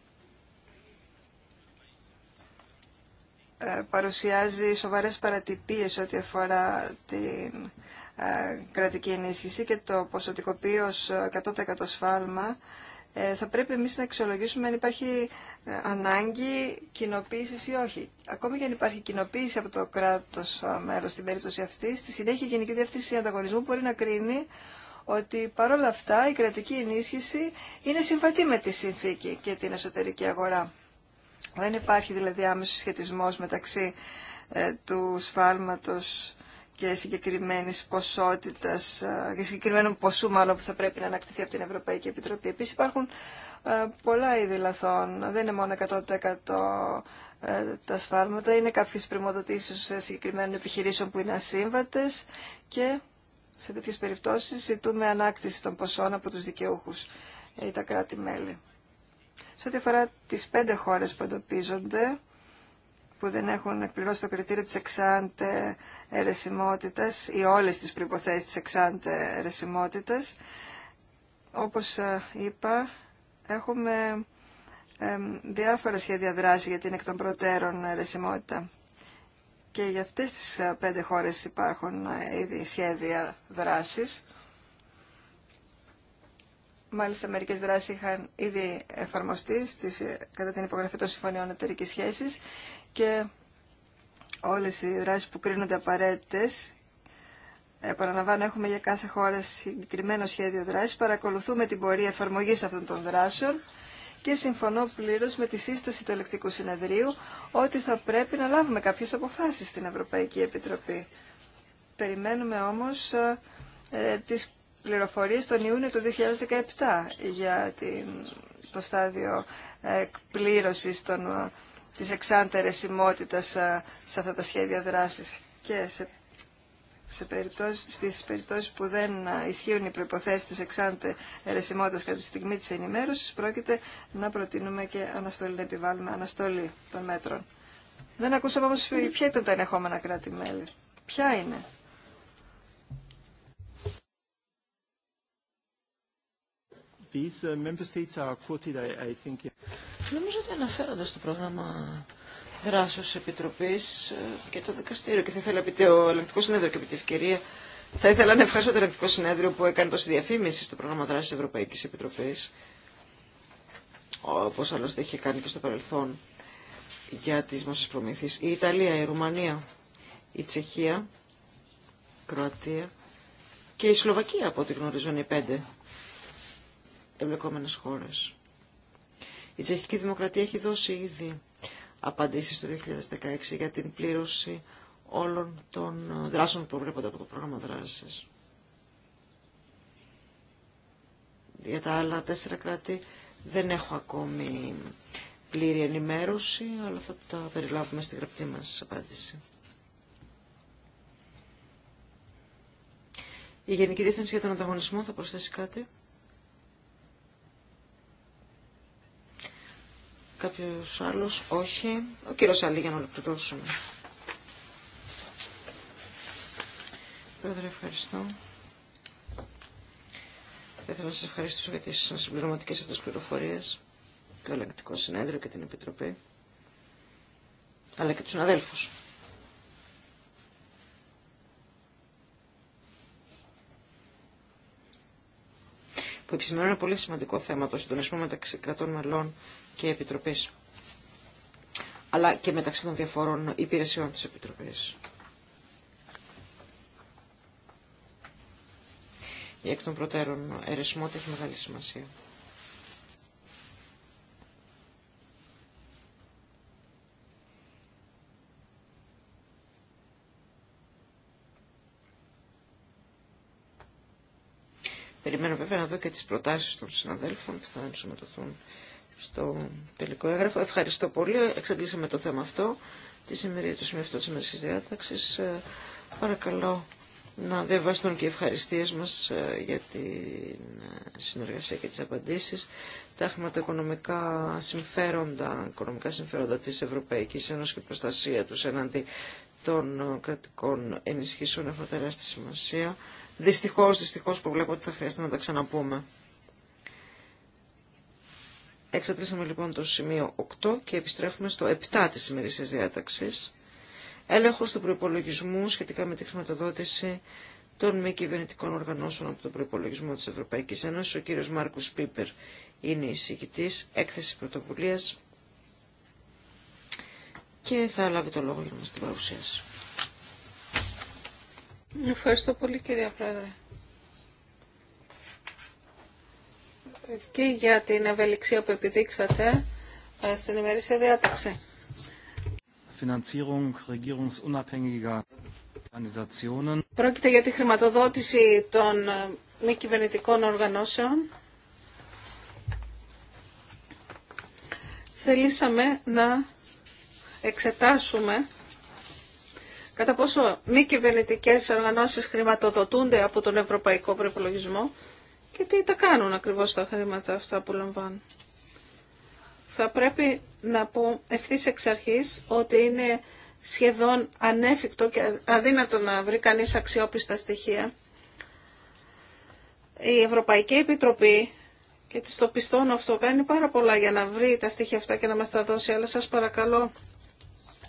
ε, παρουσιάζει σοβαρές παρατυπίες ό,τι αφορά την ε, κρατική ενίσχυση και το ποσοτικοπίος 100% ε, σφάλμα ε, θα πρέπει εμείς να αξιολογήσουμε αν υπάρχει ε, ανάγκη κοινοποίησης ή όχι. Ακόμη και αν υπάρχει κοινοποίηση από το κράτος ε, μέρος στην περίπτωση αυτή, στη συνέχεια η Γενική Διεύθυνση Ανταγωνισμού μπορεί να κρίνει ότι παρόλα αυτά η κρατική ενίσχυση είναι συμβατή με τη συνθήκη και την εσωτερική αγορά. Δεν υπάρχει δηλαδή άμεσο σχετισμός μεταξύ του σφάλματος και συγκεκριμένη ποσότητα ε, και συγκεκριμένου ποσού, μάλλον που θα πρέπει να ανακτηθεί από την Ευρωπαϊκή Επιτροπή. Επίση, υπάρχουν ε, πολλά είδη λαθών. Δεν είναι μόνο 100% ε, τα σφάλματα, είναι κάποιε πρημοδοτήσει συγκεκριμένων επιχειρήσεων που είναι ασύμβατε και σε τέτοιε περιπτώσει ζητούμε ανάκτηση των ποσών από του δικαιούχου ή τα κράτη-μέλη. Σε ό,τι αφορά τι πέντε χώρε που εντοπίζονται, που δεν έχουν εκπληρώσει το κριτήριο της εξάντε ερεσιμότητας ή όλες τις προϋποθέσεις της εξάντε ερεσιμότητας. Όπως ε, είπα, έχουμε διάφορα σχέδια δράση για την εκ των προτέρων ερεσιμότητα. Και για αυτές τις ε, πέντε χώρες υπάρχουν ε, ήδη σχέδια δράσης. Μάλιστα, μερικέ δράσει είχαν ήδη εφαρμοστεί στις, κατά την υπογραφή των συμφωνιών εταιρική σχέση και όλες οι δράσεις που κρίνονται απαραίτητες. Επαναλαμβάνω, έχουμε για κάθε χώρα συγκεκριμένο σχέδιο δράσης. Παρακολουθούμε την πορεία εφαρμογής αυτών των δράσεων και συμφωνώ πλήρως με τη σύσταση του Ελεκτικού Συνεδρίου ότι θα πρέπει να λάβουμε κάποιες αποφάσεις στην Ευρωπαϊκή Επιτροπή. Περιμένουμε όμως ε, τις πληροφορίες τον Ιούνιο του 2017 για την, το στάδιο ε, εκπλήρωσης των της εξάντερες ημότητας ε, σε αυτά τα σχέδια δράσης και σε, σε περιπτώσεις, στις περιπτώσεις που δεν ε, ισχύουν οι προϋποθέσεις της εξάντε κατά τη στιγμή της ενημέρωσης πρόκειται να προτείνουμε και αναστολή, να επιβάλλουμε αναστολή των μέτρων. Δεν ακούσαμε όμως ποια ήταν τα ενεχόμενα κράτη-μέλη. Ποια είναι. Uh, Νομίζω ότι αναφέροντα το πρόγραμμα δράσεω επιτροπή ε, και το δικαστήριο. Και θα ήθελα να το Ελεκτικό συνέδριο και επί ευκαιρία. Θα ήθελα να ευχαριστώ το ελεγκτικό συνέδριο που έκανε τόση διαφήμιση στο πρόγραμμα δράση Ευρωπαϊκή Επιτροπή. Όπω άλλωστε είχε κάνει και στο παρελθόν για τι δημόσιες προμήθειε. Η Ιταλία, η Ρουμανία, η Τσεχία, η Κροατία και η Σλοβακία από ό,τι γνωρίζω είναι οι πέντε εμπλεκόμενες χώρες. Η Τσεχική Δημοκρατία έχει δώσει ήδη απαντήσεις το 2016 για την πλήρωση όλων των δράσεων που προβλέπονται από το πρόγραμμα δράσης. Για τα άλλα τέσσερα κράτη δεν έχω ακόμη πλήρη ενημέρωση, αλλά θα τα περιλάβουμε στη γραπτή μας απάντηση. Η Γενική Διεύθυνση για τον Ανταγωνισμό θα προσθέσει κάτι. Κάποιος άλλος, όχι. Ο κύριος Αλή για να ολοκληρώσουμε. Πρόεδρε, ευχαριστώ. Θα ήθελα να σας ευχαριστήσω για τις συμπληρωματικές αυτές πληροφορίες, το ελεγκτικό συνέδριο και την Επιτροπή, αλλά και τους αδέλφους. που επισημαίνουν ένα πολύ σημαντικό θέμα, το συντονισμό μεταξύ κρατών μελών και Επιτροπής, αλλά και μεταξύ των διαφορών υπηρεσιών της Επιτροπής. Η εκ των προτέρων αιρεσιμότητα έχει μεγάλη σημασία. Περιμένω βέβαια να δω και τις προτάσεις των συναδέλφων που θα ενσωματωθούν στο τελικό έγγραφο. Ευχαριστώ πολύ. Εξαντλήσαμε το θέμα αυτό. Τη σημερινή του σημείου αυτό τη ημερική διάταξη. Ε, παρακαλώ να διαβαστούν και οι ευχαριστίε μα ε, για τη ε, συνεργασία και τι απαντήσει. Τα χρηματοοικονομικά συμφέροντα, οικονομικά συμφέροντα της Ευρωπαϊκής Ένωσης και προστασία του έναντι των κρατικών ενισχύσεων έχουν τεράστια σημασία. Δυστυχώ, δυστυχώς που βλέπω ότι θα χρειαστεί να τα ξαναπούμε. Εξατλήσαμε λοιπόν το σημείο 8 και επιστρέφουμε στο 7 της ημερήσιας διάταξης. Έλεγχος του προϋπολογισμού σχετικά με τη χρηματοδότηση των μη κυβερνητικών οργανώσεων από τον προϋπολογισμό της Ευρωπαϊκής Ένωσης. Ο κύριος Μάρκους Πίπερ είναι εισηγητής, έκθεση πρωτοβουλίας και θα λάβει το λόγο για να μας την παρουσιάσει. Ευχαριστώ πολύ κυρία Πρόεδρε. και για την ευελιξία που επιδείξατε ε, στην ημερήσια διάταξη. Πρόκειται για τη χρηματοδότηση των ε, μη κυβερνητικών οργανώσεων. Θελήσαμε να εξετάσουμε κατά πόσο μη κυβερνητικέ οργανώσεις χρηματοδοτούνται από τον Ευρωπαϊκό Προϋπολογισμό και τι τα κάνουν ακριβώς τα χρήματα αυτά που λαμβάνουν. Θα πρέπει να πω ευθύς εξ αρχής ότι είναι σχεδόν ανέφικτο και αδύνατο να βρει κανείς αξιόπιστα στοιχεία. Η Ευρωπαϊκή Επιτροπή, και της το πιστώνω αυτό, κάνει πάρα πολλά για να βρει τα στοιχεία αυτά και να μας τα δώσει, αλλά σας παρακαλώ,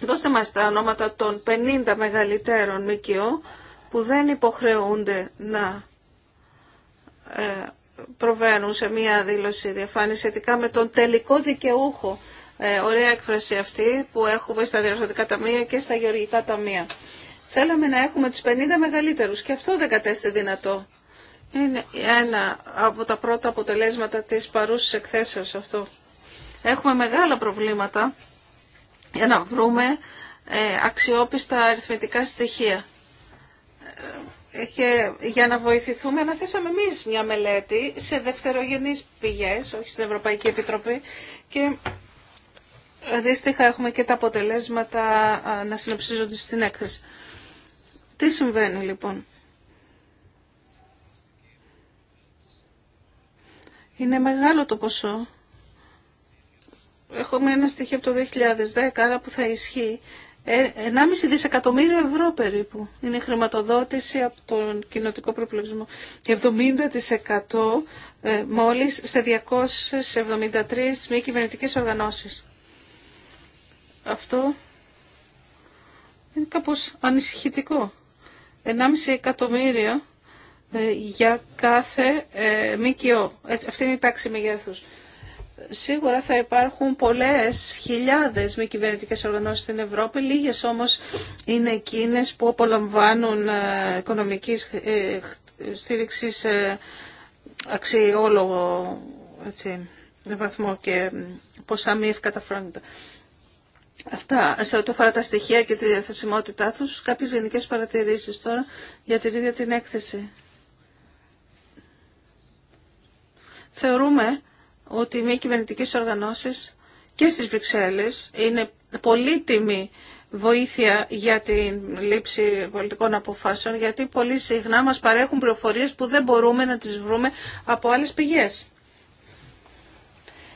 δώστε μας τα ονόματα των 50 μεγαλύτερων ΜΚΟ που δεν υποχρεούνται να ε, προβαίνουν σε μία δήλωση διαφάνεια σχετικά με τον τελικό δικαιούχο. Ε, ωραία έκφραση αυτή που έχουμε στα διορθωτικά ταμεία και στα γεωργικά ταμεία. Θέλαμε να έχουμε τους 50 μεγαλύτερους και αυτό δεν κατέστη δυνατό. Είναι ένα από τα πρώτα αποτελέσματα της παρούσης εκθέσεως αυτό. Έχουμε μεγάλα προβλήματα για να βρούμε ε, αξιόπιστα αριθμητικά στοιχεία και για να βοηθηθούμε αναθέσαμε εμεί μια μελέτη σε δευτερογενείς πηγές, όχι στην Ευρωπαϊκή Επιτροπή και αντίστοιχα έχουμε και τα αποτελέσματα να συνοψίζονται στην έκθεση. Τι συμβαίνει λοιπόν. Είναι μεγάλο το ποσό. Έχουμε ένα στοιχείο από το 2010, που θα ισχύει 1,5 ε, δισεκατομμύριο ευρώ περίπου είναι η χρηματοδότηση από τον κοινοτικό προπλογισμό. 70% ε, μόλις σε 273 μη κυβερνητικές οργανώσεις. Αυτό είναι κάπως ανησυχητικό. 1,5 εκατομμύριο ε, για κάθε μη αυτή είναι η τάξη μεγέθους σίγουρα θα υπάρχουν πολλές χιλιάδες μη κυβερνητικέ οργανώσεις στην Ευρώπη, λίγες όμως είναι εκείνες που απολαμβάνουν ε, οικονομικής ε, στήριξης ε, αξιόλογο έτσι, βαθμό και ποσά μη ευκαταφρόνητα. Αυτά σε ό,τι αφορά τα στοιχεία και τη διαθεσιμότητά τους, κάποιες γενικές παρατηρήσεις τώρα για την ίδια την έκθεση. Θεωρούμε ότι οι μη κυβερνητικέ οργανώσει και στι Βρυξέλλε είναι πολύτιμη βοήθεια για την λήψη πολιτικών αποφάσεων, γιατί πολύ συχνά μας παρέχουν πληροφορίες που δεν μπορούμε να τις βρούμε από άλλες πηγές.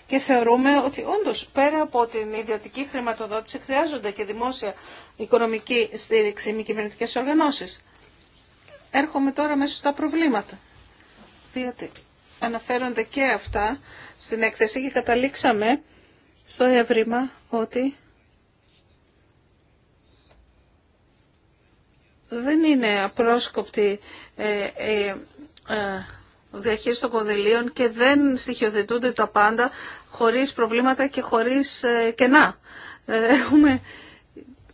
Και θεωρούμε ότι όντως πέρα από την ιδιωτική χρηματοδότηση χρειάζονται και δημόσια οικονομική στήριξη μη κυβερνητικέ οργανώσεις. Έρχομαι τώρα μέσα στα προβλήματα, διότι αναφέρονται και αυτά στην έκθεση και καταλήξαμε στο ευρήμα ότι δεν είναι απρόσκοπτη ε, ε, ε, διαχείριση των κονδυλίων και δεν στοιχειοθετούνται τα πάντα χωρίς προβλήματα και χωρίς κενά. Έχουμε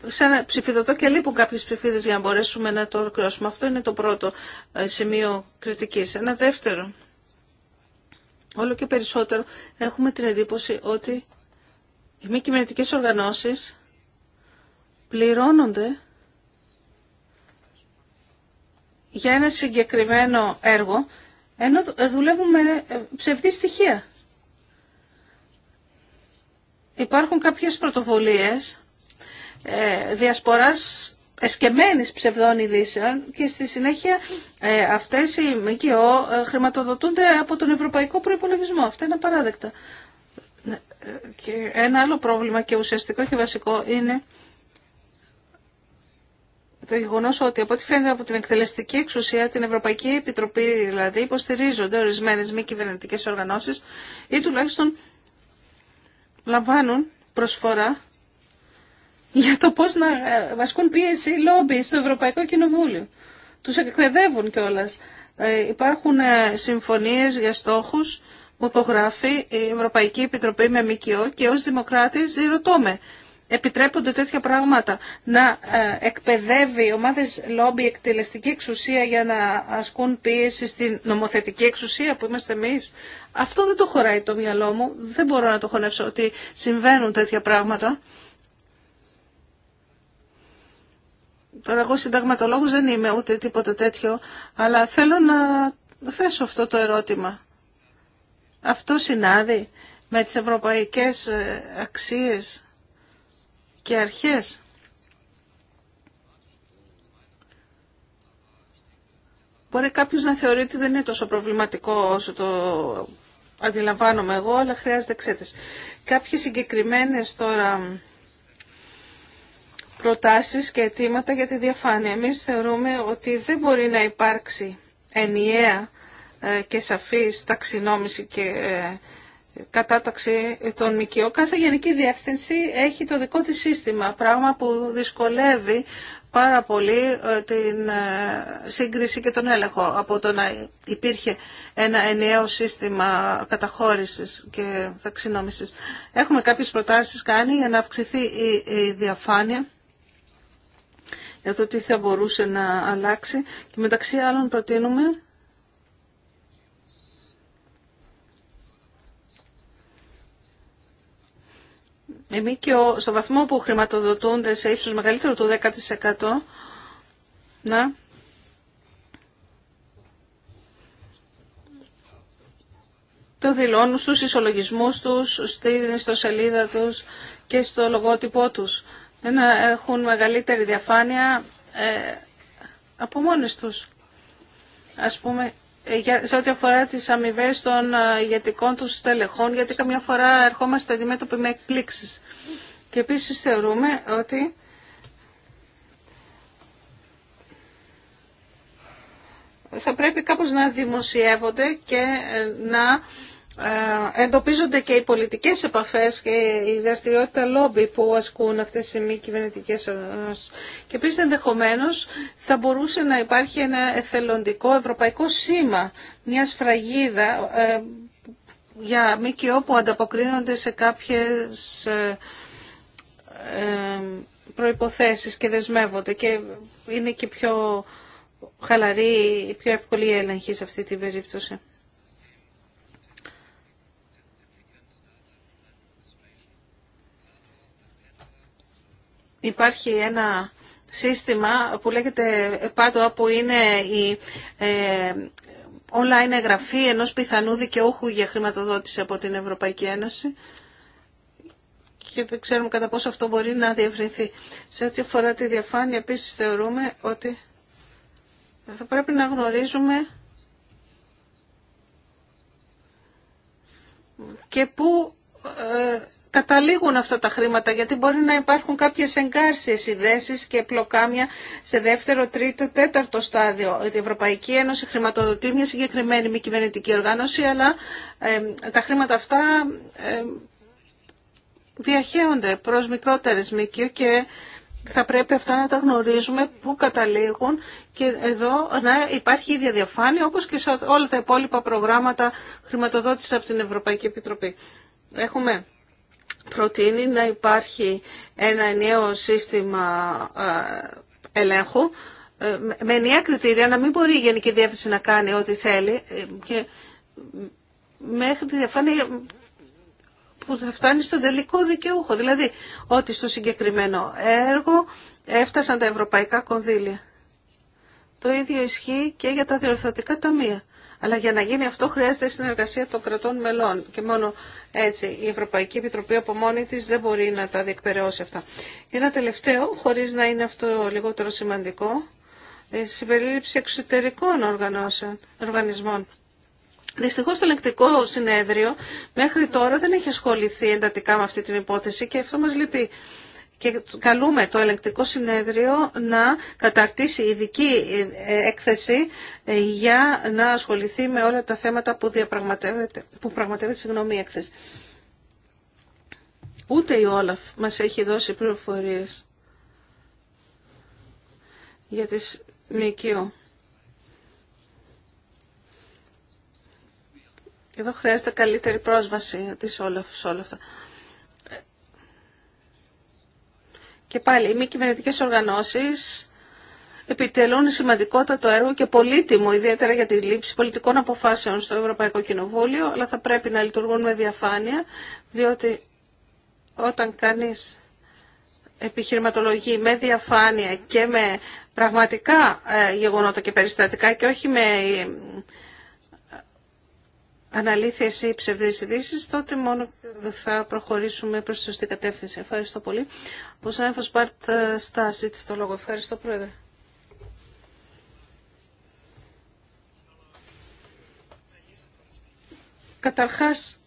σαν ψηφιδωτό και λείπουν κάποιες ψηφίδες για να μπορέσουμε να το ολοκληρώσουμε. Αυτό είναι το πρώτο σημείο κριτικής. Ένα δεύτερο όλο και περισσότερο έχουμε την εντύπωση ότι οι μη κυβερνητικέ οργανώσεις πληρώνονται για ένα συγκεκριμένο έργο, ενώ ε, δουλεύουν με ε, ψευδή στοιχεία. Υπάρχουν κάποιες πρωτοβολίες ε, διασποράς εσκεμμένης ψευδών ειδήσεων και στη συνέχεια ε, αυτές οι ΜΚΟ ε, χρηματοδοτούνται από τον Ευρωπαϊκό Προϋπολογισμό. Αυτά είναι απαράδεκτα. Ναι, ε, και ένα άλλο πρόβλημα και ουσιαστικό και βασικό είναι το γεγονό ότι από ό,τι φαίνεται από την εκτελεστική εξουσία, την Ευρωπαϊκή Επιτροπή δηλαδή, υποστηρίζονται ορισμένε μη κυβερνητικέ οργανώσει ή τουλάχιστον λαμβάνουν προσφορά για το πώς να ε, ασκούν πίεση λόμπι στο Ευρωπαϊκό Κοινοβούλιο. Τους εκπαιδεύουν κιόλας. Ε, υπάρχουν ε, συμφωνίες για στόχους που υπογράφει η Ευρωπαϊκή Επιτροπή με ΜΚΟ και ως δημοκράτης ρωτώ με. Επιτρέπονται τέτοια πράγματα να εκπαιδεύει ομάδες λόμπι εκτελεστική εξουσία για να ασκούν πίεση στην νομοθετική εξουσία που είμαστε εμείς. Αυτό δεν το χωράει το μυαλό μου. Δεν μπορώ να το χωνεύσω ότι συμβαίνουν τέτοια πράγματα. Τώρα εγώ συνταγματολόγος δεν είμαι ούτε τίποτα τέτοιο, αλλά θέλω να θέσω αυτό το ερώτημα. Αυτό συνάδει με τις ευρωπαϊκές ε, αξίες και αρχές. Μπορεί κάποιος να θεωρεί ότι δεν είναι τόσο προβληματικό όσο το αντιλαμβάνομαι εγώ, αλλά χρειάζεται εξέταση. Κάποιες συγκεκριμένες τώρα προτάσεις και αιτήματα για τη διαφάνεια. Εμείς θεωρούμε ότι δεν μπορεί να υπάρξει ενιαία ε, και σαφής ταξινόμηση και ε, κατάταξη των ΜΚΟ. Κάθε γενική διεύθυνση έχει το δικό της σύστημα, πράγμα που δυσκολεύει πάρα πολύ ε, την σύγκριση και τον έλεγχο από το να υπήρχε ένα ενιαίο σύστημα καταχώρησης και ταξινόμησης. Έχουμε κάποιες προτάσεις κάνει για να αυξηθεί η διαφάνεια για το τι θα μπορούσε να αλλάξει και μεταξύ άλλων προτείνουμε Εμεί και στο βαθμό που χρηματοδοτούνται σε ύψος μεγαλύτερο του 10% να το δηλώνουν στους ισολογισμούς τους, στην ιστοσελίδα τους και στο λογότυπό τους να έχουν μεγαλύτερη διαφάνεια ε, από μόνες τους. Ας πούμε, ε, σε ό,τι αφορά τις αμοιβέ των ε, ηγετικών τους στελεχών, γιατί καμιά φορά ερχόμαστε αντιμέτωποι με εκπλήξεις. Και επίσης θεωρούμε ότι θα πρέπει κάπως να δημοσιεύονται και να ε, εντοπίζονται και οι πολιτικές επαφές και η δραστηριότητα λόμπι που ασκούν αυτές οι μη κυβερνητικέ οργανώσεις. Και επίση ενδεχομένω θα μπορούσε να υπάρχει ένα εθελοντικό ευρωπαϊκό σήμα, μια σφραγίδα ε, για ΜΚΟ που ανταποκρίνονται σε κάποιες ε, προϋποθέσεις και δεσμεύονται και είναι και πιο χαλαρή, πιο εύκολη έλεγχη σε αυτή την περίπτωση. υπάρχει ένα σύστημα που λέγεται πάντο που είναι η ε, online εγγραφή ενός πιθανού δικαιούχου για χρηματοδότηση από την Ευρωπαϊκή Ένωση και δεν ξέρουμε κατά πόσο αυτό μπορεί να διευρυνθεί. Σε ό,τι αφορά τη διαφάνεια επίσης θεωρούμε ότι θα πρέπει να γνωρίζουμε και πού ε, καταλήγουν αυτά τα χρήματα, γιατί μπορεί να υπάρχουν κάποιες εγκάρσεις, ιδέσεις και πλοκάμια σε δεύτερο, τρίτο, τέταρτο στάδιο. Η Ευρωπαϊκή Ένωση χρηματοδοτεί μια συγκεκριμένη μη κυβερνητική οργάνωση, αλλά ε, τα χρήματα αυτά ε, διαχέονται προς μικρότερες μήκυο και θα πρέπει αυτά να τα γνωρίζουμε, πού καταλήγουν και εδώ να υπάρχει ίδια διαφάνεια όπως και σε όλα τα υπόλοιπα προγράμματα χρηματοδότησης από την Ευρωπαϊκή Επιτροπή. Έχουμε προτείνει να υπάρχει ένα νέο σύστημα ε, ελέγχου ε, με νέα κριτήρια να μην μπορεί η Γενική Διεύθυνση να κάνει ό,τι θέλει ε, και μέχρι τη διαφάνεια που θα φτάνει στον τελικό δικαιούχο. Δηλαδή ότι στο συγκεκριμένο έργο έφτασαν τα ευρωπαϊκά κονδύλια. Το ίδιο ισχύει και για τα διορθωτικά ταμεία. Αλλά για να γίνει αυτό χρειάζεται συνεργασία των κρατών μελών και μόνο έτσι η Ευρωπαϊκή Επιτροπή από μόνη της δεν μπορεί να τα διεκπαιρεώσει αυτά. Ένα τελευταίο, χωρίς να είναι αυτό λιγότερο σημαντικό, συμπερίληψη εξωτερικών οργανισμών. Δυστυχώ το ελεκτικό συνέδριο μέχρι τώρα δεν έχει ασχοληθεί εντατικά με αυτή την υπόθεση και αυτό μας λυπεί και καλούμε το ελεγκτικό συνέδριο να καταρτήσει ειδική ε, έκθεση ε, για να ασχοληθεί με όλα τα θέματα που, διαπραγματεύεται, που πραγματεύεται συγγνώμη, έκθεση. Ούτε η Όλαφ μας έχει δώσει πληροφορίες για τις ΜΚΟ. Εδώ χρειάζεται καλύτερη πρόσβαση της Όλαφ σε όλα αυτά. Και πάλι, οι μη κυβερνητικέ οργανώσει επιτελούν σημαντικότατο έργο και πολύτιμο, ιδιαίτερα για τη λήψη πολιτικών αποφάσεων στο Ευρωπαϊκό Κοινοβούλιο, αλλά θα πρέπει να λειτουργούν με διαφάνεια, διότι όταν κανείς επιχειρηματολογεί με διαφάνεια και με πραγματικά ε, γεγονότα και περιστατικά και όχι με ε, αναλήθειε ή ψευδείς ειδήσει, τότε μόνο θα προχωρήσουμε προς τη σωστή κατεύθυνση. Ευχαριστώ πολύ. Ο Σάνεφος Μπάρτ ε, το λόγο. Ευχαριστώ, Πρόεδρε. Καταρχάς,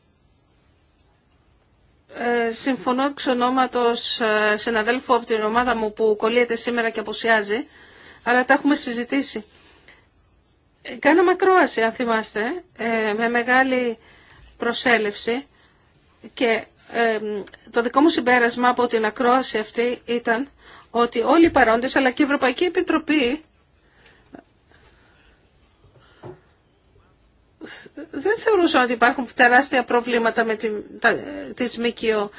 ε, συμφωνώ εξ ονόματος ε, συναδέλφου από την ομάδα μου που κολλείται σήμερα και αποσιάζει, αλλά τα έχουμε συζητήσει. Κάναμε ακρόαση, αν θυμάστε, ε, με μεγάλη προσέλευση και ε, το δικό μου συμπέρασμα από την ακρόαση αυτή ήταν ότι όλοι οι παρόντες, αλλά και η Ευρωπαϊκή Επιτροπή δεν θεωρούσαν ότι υπάρχουν τεράστια προβλήματα με τη, τα, της ΜΚΟ.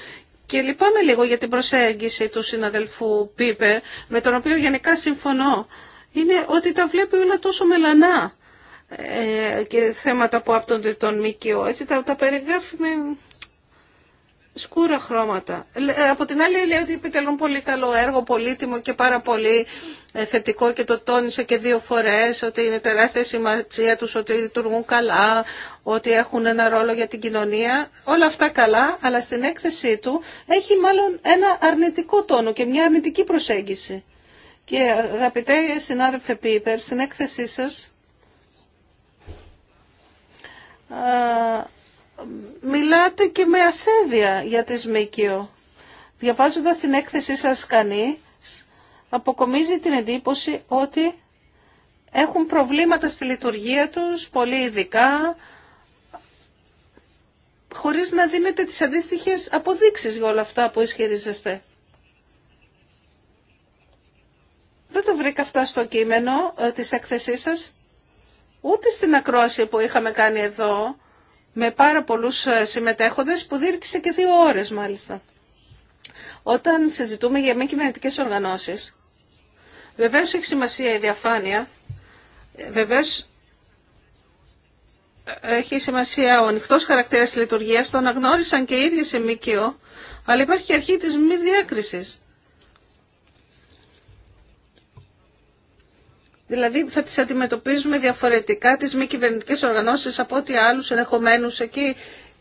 Και λυπάμαι λίγο για την προσέγγιση του συναδελφού Πίπερ, με τον οποίο γενικά συμφωνώ είναι ότι τα βλέπει όλα τόσο μελανά ε, και θέματα που άπτονται τον ΜΚΟ. Έτσι τα, τα περιγράφει με σκούρα χρώματα. Ε, από την άλλη λέει ότι επιτελούν πολύ καλό έργο, πολύτιμο και πάρα πολύ ε, θετικό και το τόνισε και δύο φορές ότι είναι τεράστια σημασία τους, ότι λειτουργούν καλά, ότι έχουν ένα ρόλο για την κοινωνία. Όλα αυτά καλά, αλλά στην έκθεσή του έχει μάλλον ένα αρνητικό τόνο και μια αρνητική προσέγγιση. Και αγαπητέ συνάδελφε Πίπερ, στην έκθεσή σας μιλάτε και με ασέβεια για τις ΣΜΚΙΟ. Διαβάζοντας την έκθεσή σας κανεί, αποκομίζει την εντύπωση ότι έχουν προβλήματα στη λειτουργία τους, πολύ ειδικά, χωρίς να δίνετε τις αντίστοιχες αποδείξεις για όλα αυτά που ισχυρίζεστε. Δεν το βρήκα αυτό στο κείμενο ε, της έκθεσής σας, ούτε στην ακρόαση που είχαμε κάνει εδώ, με πάρα πολλούς ε, συμμετέχοντες που δίρκησε και δύο ώρες μάλιστα. Όταν συζητούμε για μη κυβερνητικέ οργανώσεις, βεβαίως έχει σημασία η διαφάνεια, ε, βεβαίως έχει σημασία ο ανοιχτό χαρακτήρας τη λειτουργία, το αναγνώρισαν και οι ίδιοι σε ΜΚΟ, αλλά υπάρχει αρχή της μη διάκριση. Δηλαδή θα τις αντιμετωπίζουμε διαφορετικά τις μη κυβερνητικές οργανώσεις από ό,τι άλλους ενεχομένους εκεί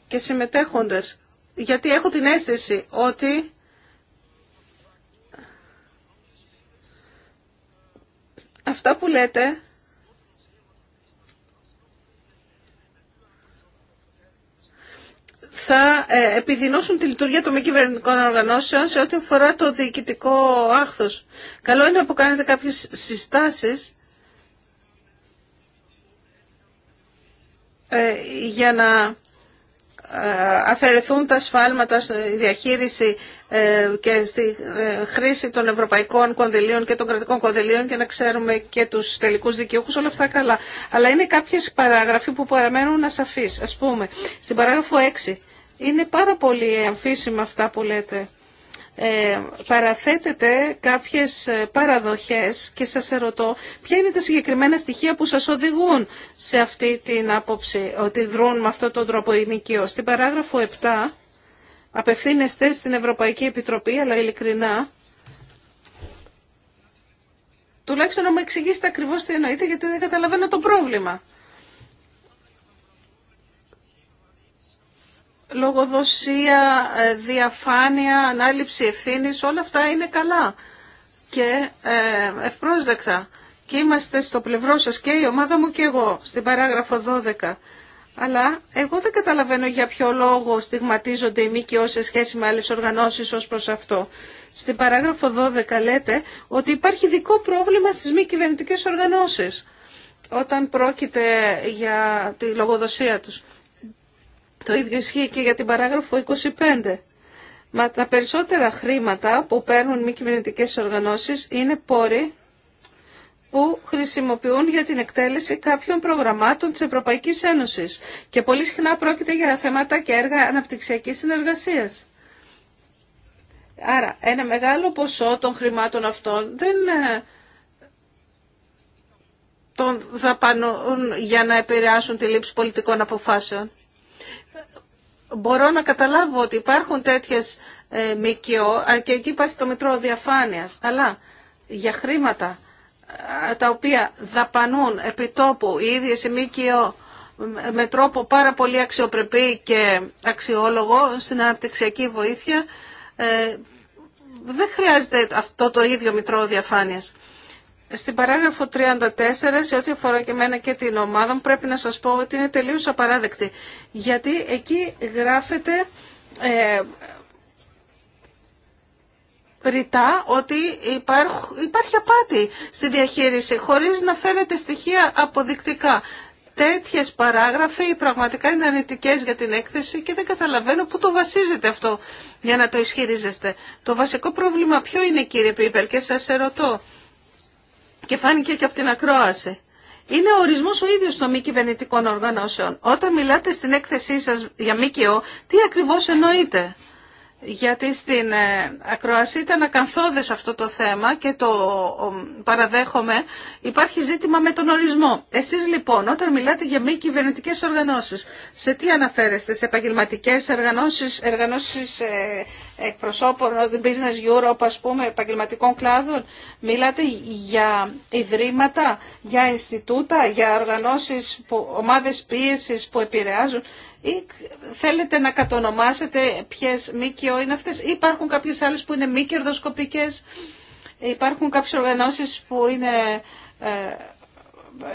και συμμετέχοντες. Γιατί έχω την αίσθηση ότι αυτά που λέτε θα ε, επιδεινώσουν τη λειτουργία των μη κυβερνητικών οργανώσεων σε ό,τι αφορά το διοικητικό άχθος. Καλό είναι που κάνετε κάποιες συστάσεις Ε, για να ε, αφαιρεθούν τα σφάλματα στη διαχείριση ε, και στη χρήση των ευρωπαϊκών κονδυλίων και των κρατικών κονδυλίων και να ξέρουμε και τους τελικούς δικαιούχους, όλα αυτά καλά. Αλλά είναι κάποιες παράγραφοι που παραμένουν ασαφείς. Ας πούμε, στην παράγραφο 6 είναι πάρα πολύ αμφίσιμα αυτά που λέτε. Ε, παραθέτετε κάποιες ε, παραδοχές και σας ερωτώ ποια είναι τα συγκεκριμένα στοιχεία που σας οδηγούν σε αυτή την άποψη ότι δρούν με αυτόν τον τρόπο η ΜΚΟ. Στην παράγραφο 7 απευθύνεστε στην Ευρωπαϊκή Επιτροπή αλλά ειλικρινά τουλάχιστον να μου εξηγήσετε ακριβώς τι εννοείτε γιατί δεν καταλαβαίνω το πρόβλημα. λογοδοσία, ε, διαφάνεια, ανάληψη ευθύνης, όλα αυτά είναι καλά και ε, ευπρόσδεκτα. Και είμαστε στο πλευρό σας και η ομάδα μου και εγώ, στην παράγραφο 12. Αλλά εγώ δεν καταλαβαίνω για ποιο λόγο στιγματίζονται οι ΜΚΟ σε σχέση με άλλες οργανώσεις ως προς αυτό. Στην παράγραφο 12 λέτε ότι υπάρχει δικό πρόβλημα στις μη κυβερνητικέ οργανώσεις όταν πρόκειται για τη λογοδοσία τους. Το ίδιο ισχύει και για την παράγραφο 25. Μα τα περισσότερα χρήματα που παίρνουν μη κυβερνητικέ οργανώσεις είναι πόροι που χρησιμοποιούν για την εκτέλεση κάποιων προγραμμάτων της Ευρωπαϊκής Ένωσης και πολύ συχνά πρόκειται για θέματα και έργα αναπτυξιακής συνεργασίας. Άρα ένα μεγάλο ποσό των χρημάτων αυτών δεν ε, τον δαπανούν για να επηρεάσουν τη λήψη πολιτικών αποφάσεων. Μπορώ να καταλάβω ότι υπάρχουν τέτοιες ε, ΜΚΟ και εκεί υπάρχει το Μητρό Διαφάνειας, αλλά για χρήματα τα οποία δαπανούν επί τόπου οι ίδιες οι ΜΚΟ με τρόπο πάρα πολύ αξιοπρεπή και αξιόλογο στην αναπτυξιακή βοήθεια, ε, δεν χρειάζεται αυτό το ίδιο Μητρό Διαφάνειας. Στην παράγραφο 34, σε ό,τι αφορά και εμένα και την ομάδα μου, πρέπει να σας πω ότι είναι τελείως απαράδεκτη. Γιατί εκεί γράφεται ε, ρητά ότι υπάρχ, υπάρχει απάτη στη διαχείριση, χωρίς να φαίνεται στοιχεία αποδεικτικά. Τέτοιες παράγραφοι πραγματικά είναι αρνητικές για την έκθεση και δεν καταλαβαίνω πού το βασίζεται αυτό για να το ισχυρίζεστε. Το βασικό πρόβλημα ποιο είναι κύριε Πίπερ και σας ερωτώ και φάνηκε και από την ακρόαση. Είναι ο ορισμός ο ίδιος των μη κυβερνητικών οργανώσεων. Όταν μιλάτε στην έκθεσή σας για ΜΚΟ, τι ακριβώς εννοείτε. Γιατί στην ε, ακρόαση ήταν ακαθόδες αυτό το θέμα και το παραδέχομαι. Υπάρχει ζήτημα με τον ορισμό. Εσείς λοιπόν όταν μιλάτε για μη κυβερνητικέ οργανώσεις, σε τι αναφέρεστε, σε επαγγελματικές οργανώσεις, οργανώσεις ε, εκπροσώπων Business Europe, ας πούμε, επαγγελματικών κλάδων. Μιλάτε για ιδρύματα, για Ινστιτούτα, για οργανώσεις, που, ομάδες πίεσης που επηρεάζουν ή θέλετε να κατονομάσετε ποιες ΜΚΟ είναι αυτές ή υπάρχουν κάποιες άλλες που είναι μη κερδοσκοπικές, υπάρχουν κάποιες οργανώσεις που είναι ε,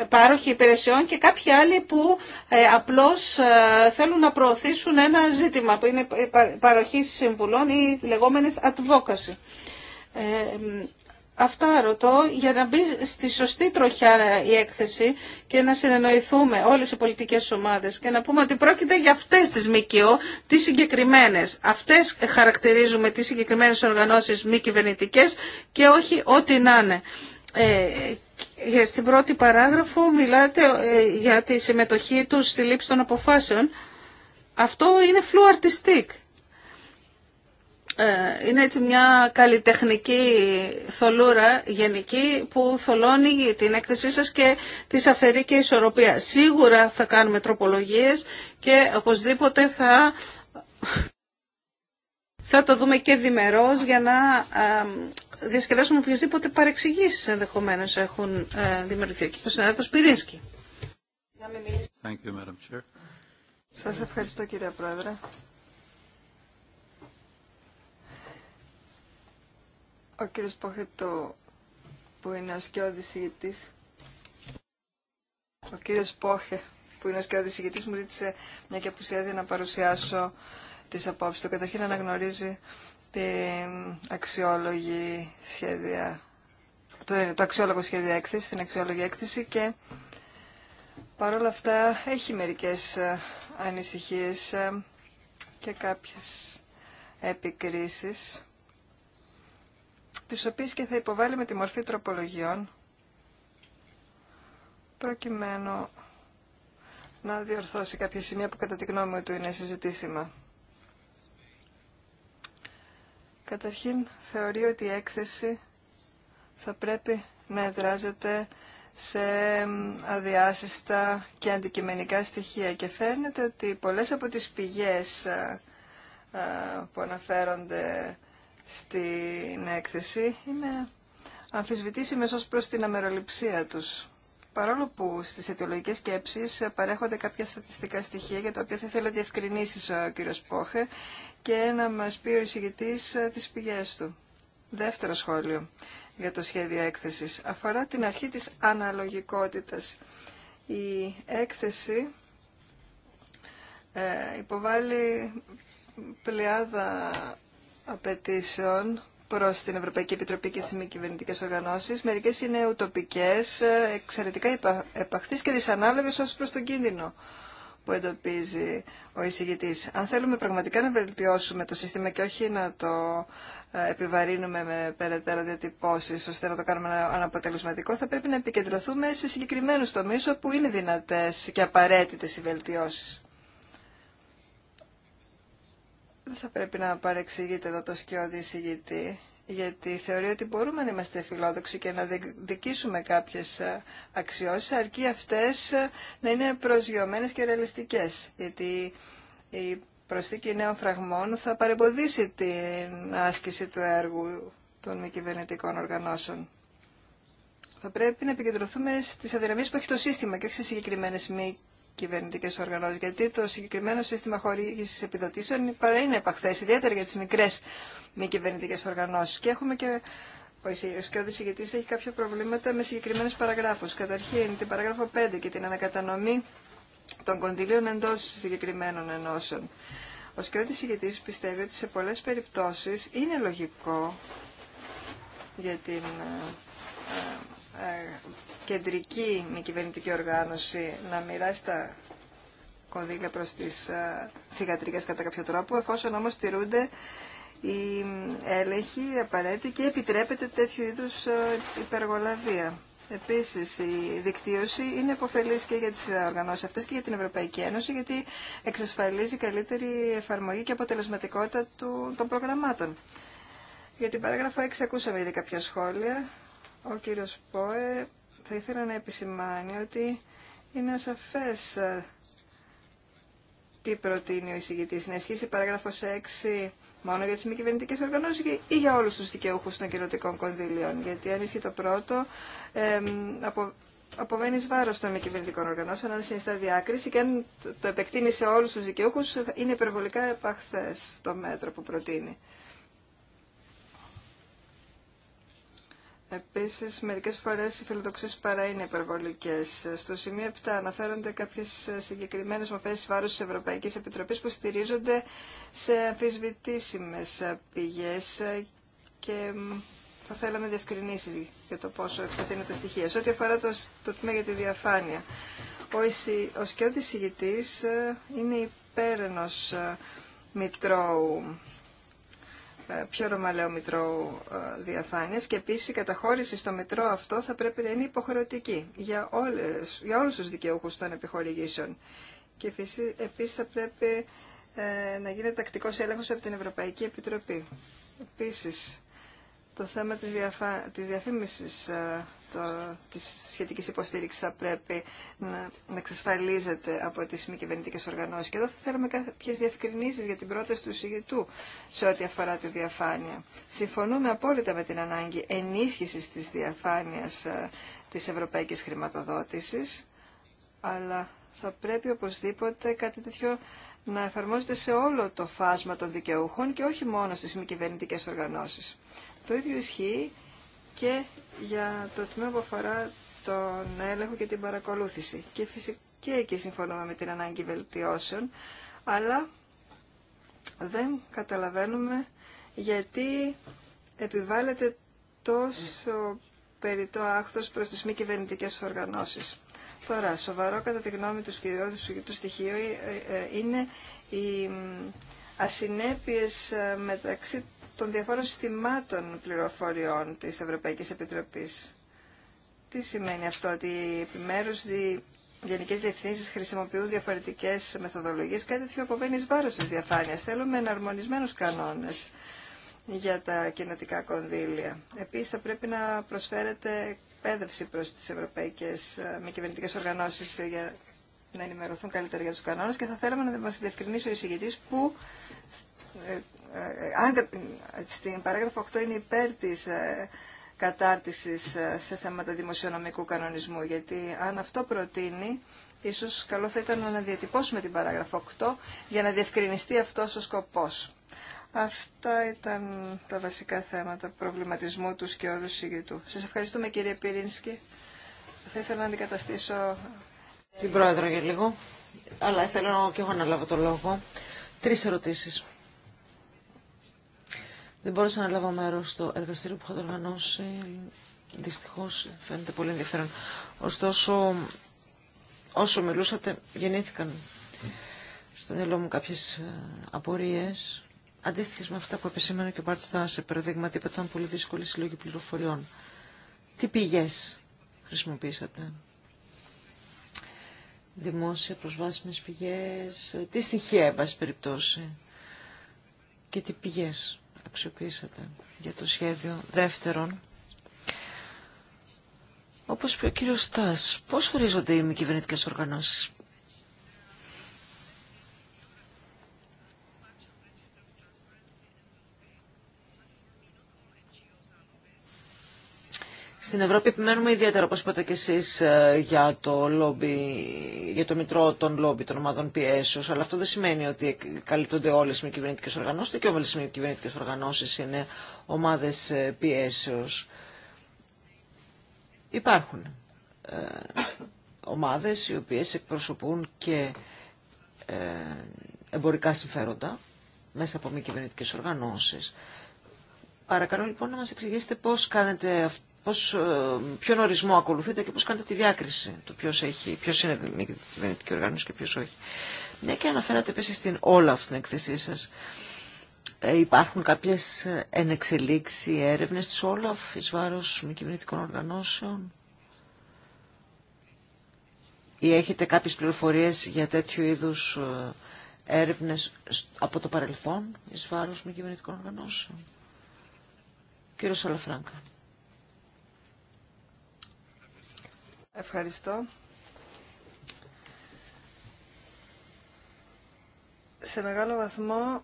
πάροχοι υπηρεσιών και κάποιοι άλλοι που ε, απλώς ε, θέλουν να προωθήσουν ένα ζήτημα που είναι παροχή συμβουλών ή λεγόμενες advocacy. Ε, αυτά ρωτώ για να μπει στη σωστή τροχιά η έκθεση και να συνεννοηθούμε όλες οι πολιτικές ομάδες και να πούμε ότι πρόκειται για αυτές τις ΜΚΟ, τις συγκεκριμένες. Αυτές χαρακτηρίζουμε τις συγκεκριμένες οργανώσεις μη κυβερνητικέ και όχι ό,τι να είναι. Ε, στην πρώτη παράγραφο μιλάτε ε, για τη συμμετοχή τους στη λήψη των αποφάσεων. Αυτό είναι φλουαρτιστικ. Ε, είναι έτσι μια καλλιτεχνική θολούρα γενική που θολώνει την έκθεσή σας και της αφαιρεί και ισορροπία. Σίγουρα θα κάνουμε τροπολογίες και οπωσδήποτε θα, θα το δούμε και διμερώς για να διασκεδάσουμε οποιασδήποτε παρεξηγήσεις ενδεχομένω έχουν ε, δημιουργηθεί. Και ο συνάδελφο Πυρίσκη. Σας ευχαριστώ κύριε Πρόεδρε. Ο κύριος Πόχετο που είναι ο σκιώδης ηγητής. Ο κύριος Πόχε που είναι ο σκιώδης ηγητής μου ζήτησε μια και απουσιάζει να παρουσιάσω τις απόψεις του. Καταρχήν αναγνωρίζει την αξιόλογη σχέδια, το, το αξιόλογο σχέδιο έκθεση, την αξιόλογη έκθεση και παρόλα αυτά έχει μερικές ε, ανησυχίες ε, και κάποιες επικρίσεις τις οποίες και θα υποβάλει με τη μορφή τροπολογιών προκειμένου να διορθώσει κάποια σημεία που κατά τη γνώμη του είναι συζητήσιμα. Καταρχήν θεωρεί ότι η έκθεση θα πρέπει να εδράζεται σε αδιάσυστα και αντικειμενικά στοιχεία και φαίνεται ότι πολλές από τις πηγές που αναφέρονται στην έκθεση είναι αμφισβητήσιμες ως προς την αμεροληψία τους παρόλο που στι αιτιολογικές σκέψει παρέχονται κάποια στατιστικά στοιχεία για τα οποία θα ήθελα διευκρινήσεις ο κύριος Πόχε και να μα πει ο εισηγητή ε, τι πηγέ του. Δεύτερο σχόλιο για το σχέδιο έκθεσης αφορά την αρχή της αναλογικότητας. Η έκθεση ε, υποβάλλει πλειάδα απαιτήσεων προ την Ευρωπαϊκή Επιτροπή και τι μη κυβερνητικέ οργανώσει. Μερικέ είναι ουτοπικέ, εξαιρετικά επαχθεί και δυσανάλογε ω προ τον κίνδυνο που εντοπίζει ο εισηγητή. Αν θέλουμε πραγματικά να βελτιώσουμε το σύστημα και όχι να το ε, επιβαρύνουμε με περαιτέρω διατυπώσει ώστε να το κάνουμε αναποτελεσματικό, θα πρέπει να επικεντρωθούμε σε συγκεκριμένου τομεί όπου είναι δυνατέ και απαραίτητε οι βελτιώσει δεν θα πρέπει να παρεξηγείται εδώ το σκιώδη εισηγητή, γιατί θεωρεί ότι μπορούμε να είμαστε φιλόδοξοι και να δικήσουμε κάποιες ε, αξιώσεις, αρκεί αυτές ε, να είναι προσγειωμένες και ρεαλιστικές, γιατί η προσθήκη νέων φραγμών θα παρεμποδίσει την άσκηση του έργου των μη κυβερνητικών οργανώσεων. Θα πρέπει να επικεντρωθούμε στις αδυναμίες που έχει το σύστημα και όχι σε συγκεκριμένες μη κυβερνητικέ οργανώσει. Γιατί το συγκεκριμένο σύστημα χορήγηση επιδοτήσεων παρά είναι επαχθέ, ιδιαίτερα για τι μικρέ μη κυβερνητικέ οργανώσει. Και έχουμε και. Ο σκιώδη ηγετή έχει κάποια προβλήματα με συγκεκριμένε παραγράφου. Καταρχήν την παράγραφο 5 και την ανακατανομή των κονδυλίων εντό συγκεκριμένων ενώσεων. Ο σκιώδη πιστεύει ότι σε πολλέ περιπτώσει είναι λογικό για την ε, ε, ε, κεντρική μη κυβερνητική οργάνωση να μοιράσει τα κονδύλια προς τις ε, θηγατρικές κατά κάποιο τρόπο, εφόσον όμως στηρούνται οι έλεγχοι απαραίτητη και επιτρέπεται τέτοιου είδους ε, υπεργολαβία. Επίσης, η δικτύωση είναι υποφελής και για τις οργανώσεις αυτές και για την Ευρωπαϊκή Ένωση, γιατί εξασφαλίζει καλύτερη εφαρμογή και αποτελεσματικότητα των προγραμμάτων. Για την παράγραφο 6 ακούσαμε ήδη κάποια σχόλια ο κύριος Πόε θα ήθελα να επισημάνει ότι είναι ασαφές ε, τι προτείνει ο εισηγητής. Να ισχύσει παράγραφος 6 μόνο για τις μη κυβερνητικές οργανώσεις ή για όλους τους δικαιούχους των κυρωτικών κονδύλιων. Γιατί αν ισχύει το πρώτο, εμ, απο, αποβαίνει βάρο των μη κυβερνητικών οργανώσεων, αν συνιστά διάκριση και αν το επεκτείνει σε όλου του δικαιούχου, είναι υπερβολικά επαχθέ το μέτρο που προτείνει. Επίσης, μερικές φορές οι φιλοδοξίες παρά είναι υπερβολικές. Στο σημείο 7 αναφέρονται κάποιες συγκεκριμένες μορφές βάρους της Ευρωπαϊκής Επιτροπής που στηρίζονται σε αμφισβητήσιμες πηγές και θα θέλαμε διευκρινήσεις για το πόσο ευθέτη είναι τα στοιχεία. Σε ό,τι αφορά το, το τμήμα για τη διαφάνεια, ο, ο ε, είναι υπέρ ενός ε, μητρώου ε, πιο ρωμαλαίο μητρό ε, διαφάνεια. και επίση, η καταχώρηση στο μητρό αυτό θα πρέπει να είναι υποχρεωτική για, όλες, για όλους τους δικαιούχους των επιχορηγήσεων. Και επίση θα πρέπει ε, να γίνεται τακτικός έλεγχος από την Ευρωπαϊκή Επιτροπή. Επίσης, το θέμα της, διαφα... της διαφήμισης ε, το... της σχετικής υποστήριξης θα πρέπει να... να εξασφαλίζεται από τις μη κυβερνητικές οργανώσεις. Και εδώ θα θέλαμε κάποιες διευκρινήσεις για την πρόταση του συγητού σε ό,τι αφορά τη διαφάνεια. Συμφωνούμε απόλυτα με την ανάγκη ενίσχυσης της διαφάνειας ε, της ευρωπαϊκής χρηματοδότησης, αλλά θα πρέπει οπωσδήποτε κάτι τέτοιο να εφαρμόζεται σε όλο το φάσμα των δικαιούχων και όχι μόνο στις μη κυβερνητικές οργανώσεις. Το ίδιο ισχύει και για το τμήμα που αφορά τον έλεγχο και την παρακολούθηση. Και φυσικά και εκεί συμφωνούμε με την ανάγκη βελτιώσεων, αλλά δεν καταλαβαίνουμε γιατί επιβάλλεται τόσο περιττό άχθος προς τις μη κυβερνητικέ οργανώσεις. Τώρα, σοβαρό κατά τη γνώμη του και του στοιχείου ε, ε, ε, είναι οι ασυνέπειες μεταξύ των διαφόρων συστημάτων πληροφοριών της Ευρωπαϊκής Επιτροπής. Τι σημαίνει αυτό, ότι οι επιμέρους δι... γενικές διευθύνσεις χρησιμοποιούν διαφορετικές μεθοδολογίες, κάτι τέτοιο αποβαίνει εις βάρος της διαφάνειας. Θέλουμε εναρμονισμένους κανόνες για τα κοινοτικά κονδύλια. Επίσης θα πρέπει να προσφέρεται εκπαίδευση προς τις ευρωπαϊκές ε, μη κυβερνητικές οργανώσεις για να ενημερωθούν καλύτερα για τους κανόνες και θα θέλαμε να μας διευκρινίσει ο εισηγητής που ε, ε, αν στην παράγραφο 8 είναι υπέρ της ε, κατάρτισης ε, σε θέματα δημοσιονομικού κανονισμού, γιατί αν αυτό προτείνει, ίσως καλό θα ήταν να διατυπώσουμε την παράγραφο 8 για να διευκρινιστεί αυτός ο σκοπός. Αυτά ήταν τα βασικά θέματα προβληματισμού του σκιώδου συγγητού. Σας ευχαριστούμε κύριε Πυρίνσκι. Θα ήθελα να αντικαταστήσω... Την πρόεδρο για λίγο, αλλά θέλω και εγώ να λάβω το λόγο. Τρεις ερωτήσεις. Δεν μπόρεσα να λάβω μέρο στο εργαστήριο που είχατε οργανώσει. Δυστυχώ φαίνεται πολύ ενδιαφέρον. Ωστόσο, όσο μιλούσατε, γεννήθηκαν στο μυαλό μου κάποιε απορίε. Αντίστοιχε με αυτά που επισήμανε και ο Μπάρτ σε παραδείγματι, είπε ήταν πολύ δύσκολη συλλογή πληροφοριών. Τι πηγέ χρησιμοποίησατε, δημόσια προσβάσιμες πηγές, ε, τι στοιχεία, εν πάση περιπτώσει, και τι πηγές αξιοποιήσατε για το σχέδιο. Δεύτερον, όπως είπε ο κύριος Στάς, πώς ορίζονται οι μη κυβερνητικές οργανώσεις. Στην Ευρώπη επιμένουμε ιδιαίτερα, όπως είπατε και εσείς, ε, για το, για το μητρό των λόμπι των ομάδων πιέσεως, αλλά αυτό δεν σημαίνει ότι καλύπτονται όλες οι κυβερνητικές οργανώσεις, και όλες οι κυβερνητικές οργανώσεις είναι ομάδες ε, πιέσεως. Υπάρχουν ε, ομάδες οι οποίες εκπροσωπούν και ε, εμπορικά συμφέροντα μέσα από μη κυβερνητικέ οργανώσεις. Παρακαλώ λοιπόν να μας εξηγήσετε πώς κάνετε αυτό πώς, ε, ποιον ορισμό ακολουθείτε και πώς κάνετε τη διάκριση του ποιος, έχει, ποιος είναι η κυβερνητική οργάνωση και ποιος όχι. Μια και αναφέρατε επίση στην Όλαφ στην εκθεσή σας. Ε, υπάρχουν κάποιες ενεξελίξει έρευνες της Όλαφ εις βάρος μη κυβερνητικών οργανώσεων ή έχετε κάποιες πληροφορίες για τέτοιου είδους ε, έρευνες από το παρελθόν εις βάρος μη κυβερνητικών οργανώσεων. Κύριο Σαλαφράγκα. Ευχαριστώ. Σε μεγάλο βαθμό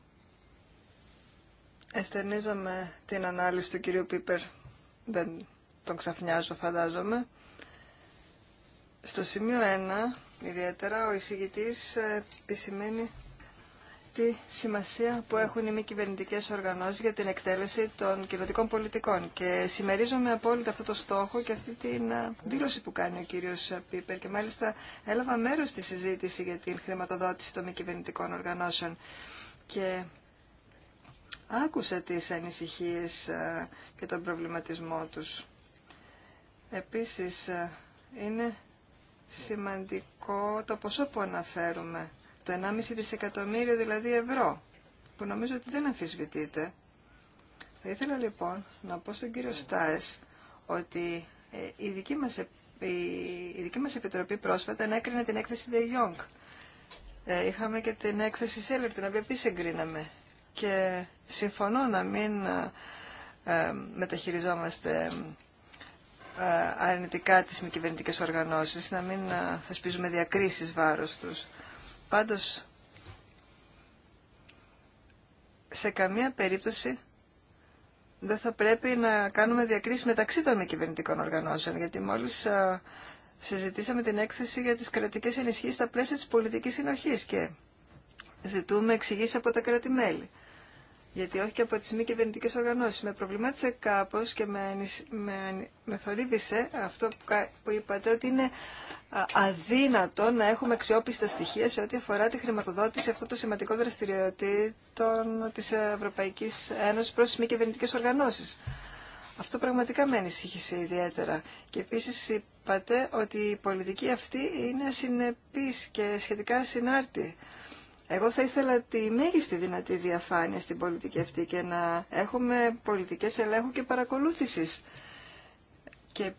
εστερνίζομαι την ανάλυση του κυρίου Πίπερ. Δεν τον ξαφνιάζω φαντάζομαι. Στο σημείο 1 ιδιαίτερα ο εισηγητής ε, επισημαίνει τη σημασία που έχουν οι μη κυβερνητικέ οργανώσει για την εκτέλεση των κοινωτικών πολιτικών. Και συμμερίζομαι απόλυτα αυτό το στόχο και αυτή την δήλωση που κάνει ο κύριο Πίπερ. Και μάλιστα έλαβα μέρο στη συζήτηση για την χρηματοδότηση των μη κυβερνητικών οργανώσεων. Και άκουσα τις ανησυχίες και τον προβληματισμό τους. Επίσης, είναι σημαντικό το ποσό που αναφέρουμε το 1,5 δισεκατομμύριο δηλαδή ευρώ, που νομίζω ότι δεν αμφισβητείται. Θα ήθελα λοιπόν να πω στον κύριο Στάες ότι ε, η δική μας, η δική μας επιτροπή πρόσφατα ανέκρινε την έκθεση Young. Ε, Είχαμε και την έκθεση Σέλερ, την οποία επίσης εγκρίναμε. Και συμφωνώ να μην ε, ε, μεταχειριζόμαστε αρνητικά τις μη κυβερνητικές οργανώσεις, να μην θεσπίζουμε διακρίσεις βάρος τους. Πάντως, σε καμία περίπτωση δεν θα πρέπει να κάνουμε διακρίσεις μεταξύ των μη κυβερνητικών οργανώσεων, γιατί μόλις συζητήσαμε την έκθεση για τις κρατικές ενισχύσεις στα πλαίσια της πολιτικής συνοχής και ζητούμε εξηγήσει από τα κράτη-μέλη. Γιατί όχι και από τις μη κυβερνητικέ οργανώσεις. Με προβλημάτισε κάπως και με, με, θορύβησε αυτό που είπατε, ότι είναι αδύνατο να έχουμε αξιόπιστα στοιχεία σε ό,τι αφορά τη χρηματοδότηση αυτών των σημαντικών δραστηριοτήτων της Ευρωπαϊκής Ένωσης προς τις μη κυβερνητικέ οργανώσεις. Αυτό πραγματικά με ανησύχησε ιδιαίτερα. Και επίσης είπατε ότι η πολιτική αυτή είναι συνεπής και σχετικά συνάρτη. Εγώ θα ήθελα τη μέγιστη δυνατή διαφάνεια στην πολιτική αυτή και να έχουμε πολιτικές ελέγχου και παρακολούθησης. Και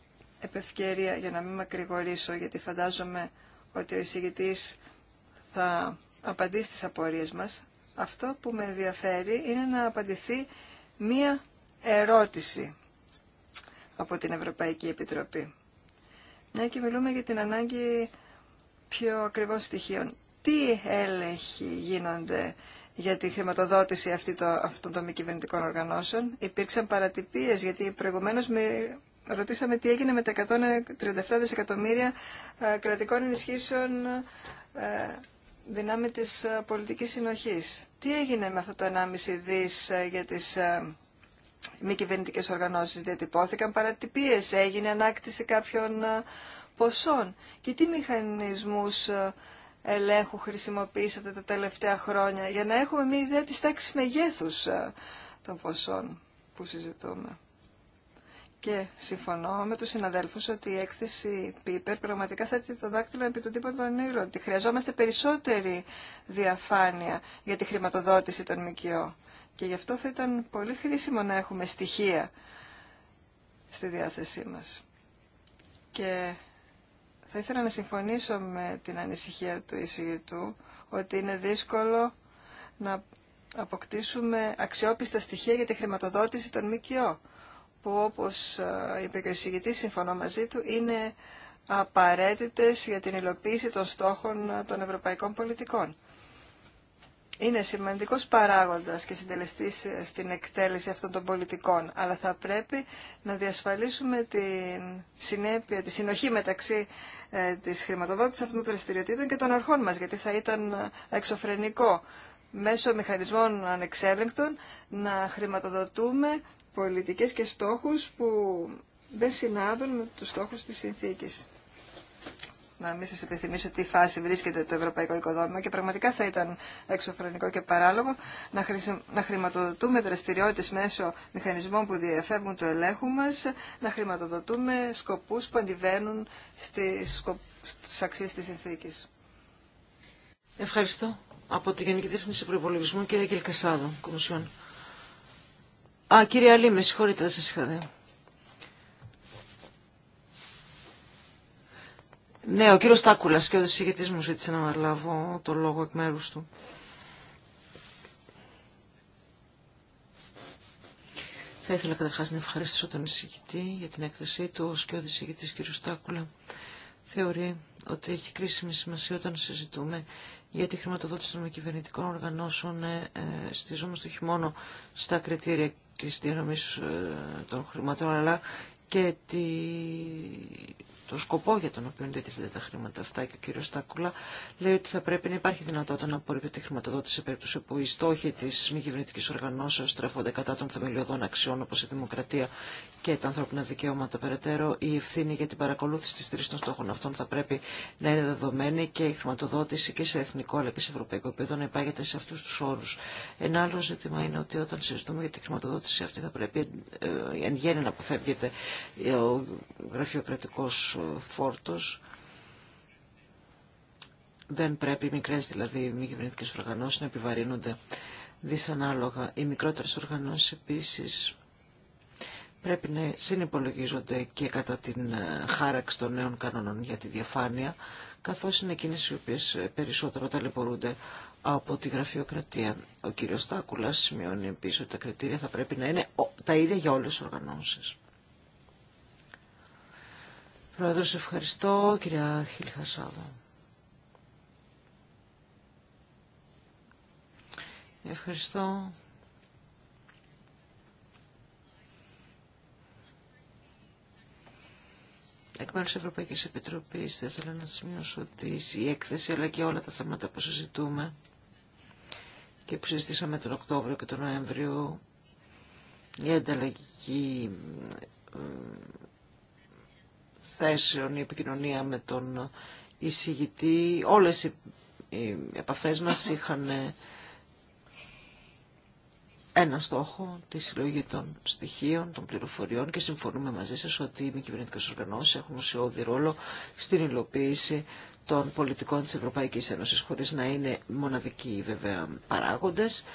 επευκαιρία για να μην μακρηγορήσω, γιατί φαντάζομαι ότι ο εισηγητής θα απαντήσει στις απορίες μας. Αυτό που με ενδιαφέρει είναι να απαντηθεί μία ερώτηση από την Ευρωπαϊκή Επιτροπή. Μια ναι, και μιλούμε για την ανάγκη πιο ακριβώς στοιχείων. Τι έλεγχοι γίνονται για τη χρηματοδότηση αυτή το, αυτών των μη κυβερνητικών οργανώσεων. Υπήρξαν παρατυπίες, γιατί προηγουμένως ρωτήσαμε τι έγινε με τα 137 δισεκατομμύρια ε, κρατικών ενισχύσεων ε, δυνάμει της ε, πολιτικής συνοχής. Τι έγινε με αυτό το 1,5 δις για τις μη κυβερνητικέ οργανώσεις διατυπώθηκαν, παρά τι έγινε, ανάκτηση κάποιων ποσών και τι μηχανισμούς ελέγχου χρησιμοποίησατε τα τελευταία χρόνια για να έχουμε μια ιδέα της τάξης μεγέθους των ποσών που συζητούμε. Και συμφωνώ με τους συναδέλφους ότι η έκθεση Πίπερ πραγματικά θέτει το δάκτυλο επί του τύπου των ήλων. ότι χρειαζόμαστε περισσότερη διαφάνεια για τη χρηματοδότηση των ΜΚΟ. Και γι' αυτό θα ήταν πολύ χρήσιμο να έχουμε στοιχεία στη διάθεσή μας. Και θα ήθελα να συμφωνήσω με την ανησυχία του εισηγητού ότι είναι δύσκολο να αποκτήσουμε αξιόπιστα στοιχεία για τη χρηματοδότηση των ΜΚΟ που όπως ε, είπε και ο συγητής, συμφωνώ μαζί του, είναι απαραίτητες για την υλοποίηση των στόχων ε, των ευρωπαϊκών πολιτικών. Είναι σημαντικός παράγοντας και συντελεστής ε, στην εκτέλεση αυτών των πολιτικών, αλλά θα πρέπει να διασφαλίσουμε την συνέπεια, τη συνοχή μεταξύ της χρηματοδότησης αυτών των δραστηριοτήτων και των αρχών μας, γιατί θα ήταν εξωφρενικό μέσω μηχανισμών ανεξέλεγκτων να χρηματοδοτούμε πολιτικές και στόχους που δεν συνάδουν με τους στόχους της συνθήκης. Να μην σας επιθυμίσω τι φάση βρίσκεται το ευρωπαϊκό οικοδόμημα και πραγματικά θα ήταν εξωφρονικό και παράλογο να χρηματοδοτούμε δραστηριότητες μέσω μηχανισμών που διεφεύγουν το ελέγχου μας, να χρηματοδοτούμε σκοπούς που αντιβαίνουν στις αξίες της συνθήκης. Ευχαριστώ. Από τη Γενική Διεύθυνση Προπολογισμού, κύριε Κελκασάδο, Κομισιόν. Α, κύριε Αλή, με συγχωρείτε, δεν σας είχα δει. Ναι, ο κύριος Τάκουλας και ο δεσηγητής μου ζήτησε να αναλάβω το λόγο εκ μέρους του. Θα ήθελα καταρχάς να ευχαριστήσω τον εισηγητή για την έκθεσή του. Ο σκιώδης κύριος Τάκουλα θεωρεί ότι έχει κρίσιμη σημασία όταν συζητούμε για τη χρηματοδότηση των κυβερνητικών οργανώσεων ε, ε, ζώμη όχι μόνο στα κριτήρια της διανομής ε, των χρημάτων, αλλά και τη... το σκοπό για τον οποίο διατίθεται τα χρήματα αυτά και ο κ. Στάκουλα λέει ότι θα πρέπει να υπάρχει δυνατότητα να απορρίπτει χρηματοδότηση σε περίπτωση που οι στόχοι της μη κυβερνητική οργανώσεως στρέφονται κατά των θεμελιωδών αξιών όπως η δημοκρατία και τα ανθρώπινα δικαιώματα περαιτέρω, η ευθύνη για την παρακολούθηση τη τρίση των στόχων αυτών θα πρέπει να είναι δεδομένη και η χρηματοδότηση και σε εθνικό αλλά και σε ευρωπαϊκό επίπεδο να υπάγεται σε αυτού του όρου. Ένα άλλο ζήτημα είναι ότι όταν συζητούμε για τη χρηματοδότηση αυτή θα πρέπει ε, εν γέννη να αποφεύγεται ο γραφειοκρατικό ε, φόρτο. Δεν πρέπει οι μικρέ δηλαδή μη κυβερνητικέ οργανώσει να επιβαρύνονται δυσανάλογα. Οι μικρότερε οργανώσει επίση πρέπει να συνυπολογίζονται και κατά την ε, χάραξη των νέων κανόνων για τη διαφάνεια, καθώς είναι εκείνες οι οποίες ε, περισσότερο ταλαιπωρούνται από τη γραφειοκρατία. Ο κύριος Στάκουλας σημειώνει επίσης ότι τα κριτήρια θα πρέπει να είναι τα ίδια για όλες τις οργανώσεις. Πρόεδρος, ευχαριστώ. Κυρία Χιλχασάδο. Ευχαριστώ. εκ μέρου τη Ευρωπαϊκή Επιτροπής θα ήθελα να σημειώσω ότι η έκθεση αλλά και όλα τα θέματα που συζητούμε και που συζητήσαμε τον Οκτώβριο και τον Νοέμβριο η ανταλλαγή ε, θέσεων, η επικοινωνία με τον εισηγητή, όλες οι επαφές μας είχαν ένα στόχο, τη συλλογή των στοιχείων, των πληροφοριών και συμφωνούμε μαζί σας ότι οι μη κυβερνητικέ οργανώσεις έχουν ουσιώδη ρόλο στην υλοποίηση των πολιτικών της Ευρωπαϊκής Ένωσης, χωρίς να είναι μοναδικοί βέβαια παράγοντες.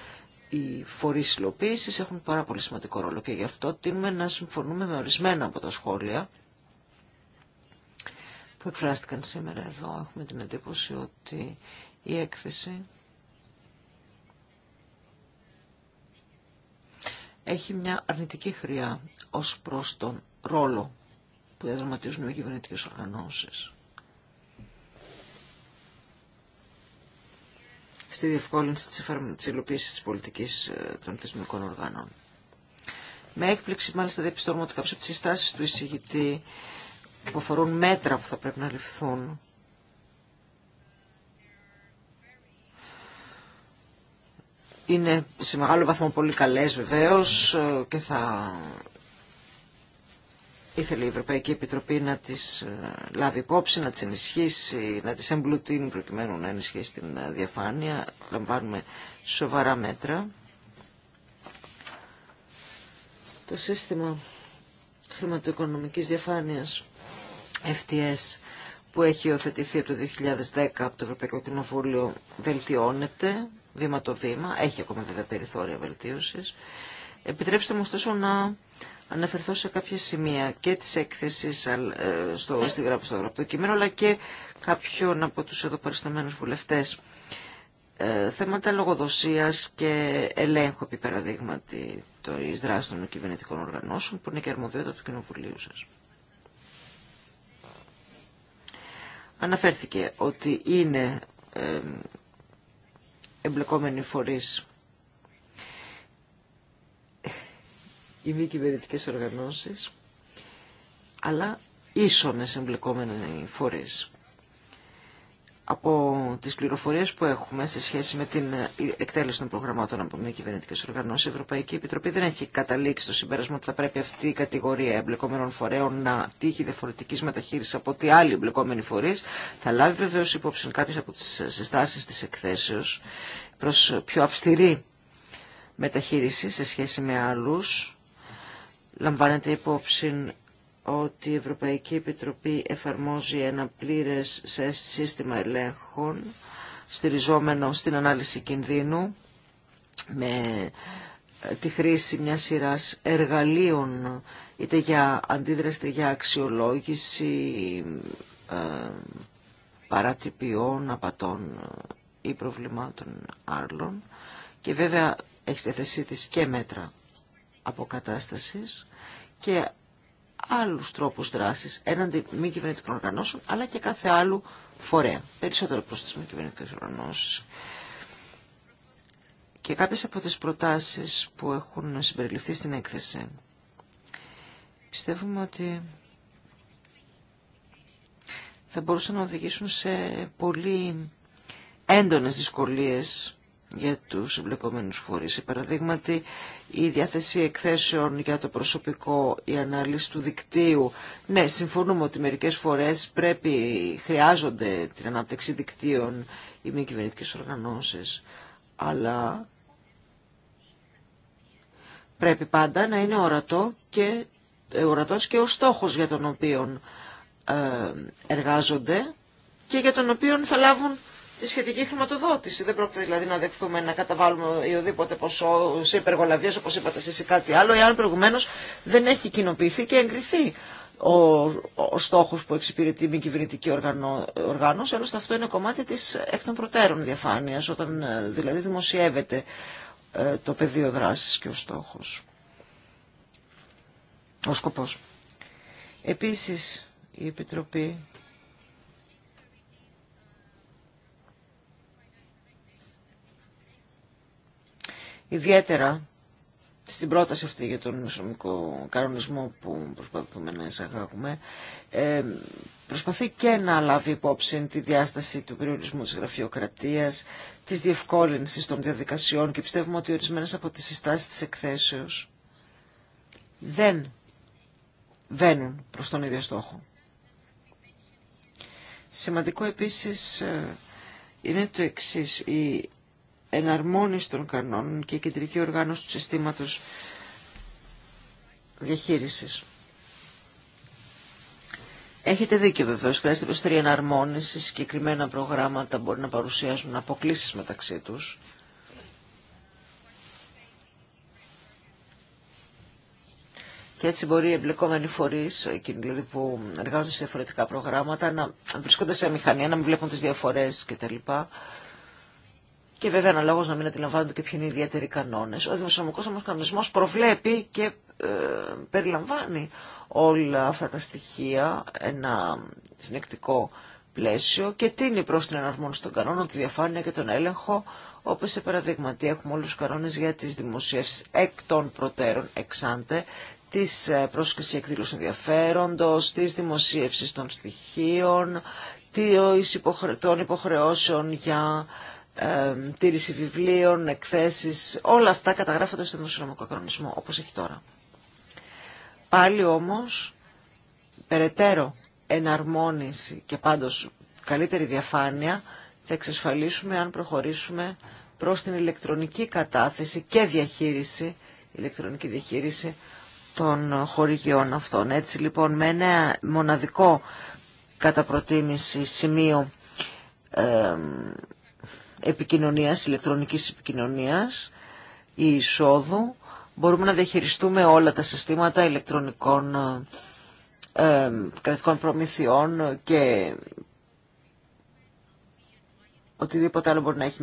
Οι φορεί υλοποίηση έχουν πάρα πολύ σημαντικό ρόλο και γι' αυτό τείνουμε να συμφωνούμε με ορισμένα από τα σχόλια που εκφράστηκαν σήμερα εδώ. Έχουμε την εντύπωση ότι η έκθεση έχει μια αρνητική χρειά ως προς τον ρόλο που διαδραματίζουν οι κυβερνητικές οργανώσεις. στη διευκόλυνση της υλοποίησης της πολιτικής ε, των θεσμικών οργάνων. Με έκπληξη μάλιστα διαπιστώνουμε ότι κάποιες από τις συστάσεις του εισηγητή που αφορούν μέτρα που θα πρέπει να ληφθούν είναι σε μεγάλο βαθμό πολύ καλές βεβαίως ε, και θα ήθελε η Ευρωπαϊκή Επιτροπή να τις ε, λάβει υπόψη, να τις ενισχύσει, να τις εμπλουτίνει προκειμένου να ενισχύσει την ε, διαφάνεια. Λαμβάνουμε σοβαρά μέτρα. Το σύστημα χρηματοοικονομικής διαφάνειας FTS που έχει υιοθετηθεί από το 2010 από το Ευρωπαϊκό Κοινοβούλιο βελτιώνεται βήμα το βήμα, έχει ακόμα βέβαια περιθώρια βελτίωσης. Επιτρέψτε μου ωστόσο να αναφερθώ σε κάποια σημεία και της έκθεσης ε, στο, στη γράψη στο γραπτό κείμενο, αλλά και κάποιον από τους εδώ παρισταμένους βουλευτές. Ε, θέματα λογοδοσίας και ελέγχου, επί παραδείγματι, το δράση των κυβερνητικών οργανώσεων, που είναι και αρμοδιότητα του Κοινοβουλίου σας. Αναφέρθηκε ότι είναι εμπλεκόμενοι φορείς οι μη κυβερνητικέ οργανώσεις, αλλά ίσονες εμπλεκόμενοι φορείς από τις πληροφορίες που έχουμε σε σχέση με την ε, εκτέλεση των προγραμμάτων από μια κυβερνητικέ οργανώση, η Ευρωπαϊκή Επιτροπή δεν έχει καταλήξει στο συμπέρασμα ότι θα πρέπει αυτή η κατηγορία εμπλεκόμενων φορέων να τύχει διαφορετική μεταχείριση από ό,τι άλλοι εμπλεκόμενοι φορεί. Θα λάβει βεβαίω υπόψη κάποιε από τι συστάσει τη εκθέσεω προ πιο αυστηρή μεταχείριση σε σχέση με άλλου. Λαμβάνεται υπόψη ότι η Ευρωπαϊκή Επιτροπή εφαρμόζει ένα πλήρες σε σύστημα ελέγχων στηριζόμενο στην ανάλυση κινδύνου με ε, τη χρήση μια σειράς εργαλείων είτε για αντίδραση είτε για αξιολόγηση ε, παρατυπιών, απατών ε, ή προβλημάτων άλλων και βέβαια έχει στη θέση της και μέτρα αποκατάστασης και Άλλου τρόπους δράσης έναντι μη κυβερνητικών οργανώσεων αλλά και κάθε άλλου φορέα, περισσότερο προς τι μη κυβερνητικέ οργανώσεις. Και κάποιε από τις προτάσεις που έχουν συμπεριληφθεί στην έκθεση πιστεύουμε ότι θα μπορούσαν να οδηγήσουν σε πολύ έντονες δυσκολίες για τους εμπλεκομένους φορείς. Παραδείγματι, η διάθεση εκθέσεων για το προσωπικό, η ανάλυση του δικτύου. Ναι, συμφωνούμε ότι μερικές φορές πρέπει, χρειάζονται την ανάπτυξη δικτύων οι μη κυβερνητικέ οργανώσεις, αλλά πρέπει πάντα να είναι ορατό και, ε, ορατός και ο στόχος για τον οποίο ε, εργάζονται και για τον οποίο θα λάβουν τη σχετική χρηματοδότηση. Δεν πρόκειται δηλαδή να δεχθούμε να καταβάλουμε οδήποτε ποσό σε υπεργολαβίε, όπω είπατε εσεί, ή κάτι άλλο, εάν προηγουμένω δεν έχει κοινοποιηθεί και εγκριθεί ο, ο στόχο που εξυπηρετεί η μη κυβερνητική οργάνωση. Άλλωστε, αυτό είναι κομμάτι τη εκ των προτέρων διαφάνεια, όταν ε, δηλαδή δημοσιεύεται ε, το πεδίο δράση και ο στόχο. Ο σκοπός. Επίσης, η Επιτροπή Ιδιαίτερα στην πρόταση αυτή για τον νοσομικό κανονισμό που προσπαθούμε να εισαγάγουμε, ε, προσπαθεί και να λάβει υπόψη τη διάσταση του περιορισμού της γραφειοκρατίας, της διευκόλυνσης των διαδικασιών και πιστεύουμε ότι ορισμένες από τις συστάσεις της εκθέσεως δεν βαίνουν προς τον ίδιο στόχο. Σημαντικό επίσης ε, είναι το εξής, η εναρμόνιση των κανόνων και η κεντρική οργάνωση του συστήματος διαχείρισης. Έχετε δίκιο βεβαίω. Χρειάζεται περισσότερη εναρμόνιση. Συγκεκριμένα προγράμματα μπορεί να παρουσιάζουν αποκλήσει μεταξύ του. Και έτσι μπορεί οι εμπλεκόμενοι φορεί, εκείνοι δηλαδή που εργάζονται σε διαφορετικά προγράμματα, να βρίσκονται σε μηχανία, να μην βλέπουν τι διαφορέ κτλ. Και βέβαια αναλόγω να μην αντιλαμβάνονται και ποιοι είναι οι ιδιαίτεροι κανόνε. Ο δημοσιονομικό όμω κανονισμό προβλέπει και ε, περιλαμβάνει όλα αυτά τα στοιχεία, ένα συνεκτικό πλαίσιο και τίνει προ την εναρμόνιση των κανόνων, τη διαφάνεια και τον έλεγχο. Όπω σε παραδείγματι έχουμε όλου του κανόνε για τι δημοσίευσει εκ των προτέρων, εξάντε, τη ε, πρόσκληση εκδήλωση ενδιαφέροντο, τη δημοσίευση των στοιχείων, των υποχρεώσεων για τήρηση βιβλίων, εκθέσεις, όλα αυτά καταγράφονται στο δημοσιονομικό κανονισμό όπως έχει τώρα. Πάλι όμως, περαιτέρω εναρμόνιση και πάντως καλύτερη διαφάνεια θα εξασφαλίσουμε αν προχωρήσουμε προς την ηλεκτρονική κατάθεση και διαχείριση, ηλεκτρονική διαχείριση των χορηγιών αυτών. Έτσι λοιπόν με ένα μοναδικό κατά προτίμηση σημείο επικοινωνίας, ηλεκτρονικής επικοινωνίας ή εισόδου. Μπορούμε να διαχειριστούμε όλα τα συστήματα ηλεκτρονικών ε, κρατικών προμηθειών και οτιδήποτε άλλο μπορεί να έχει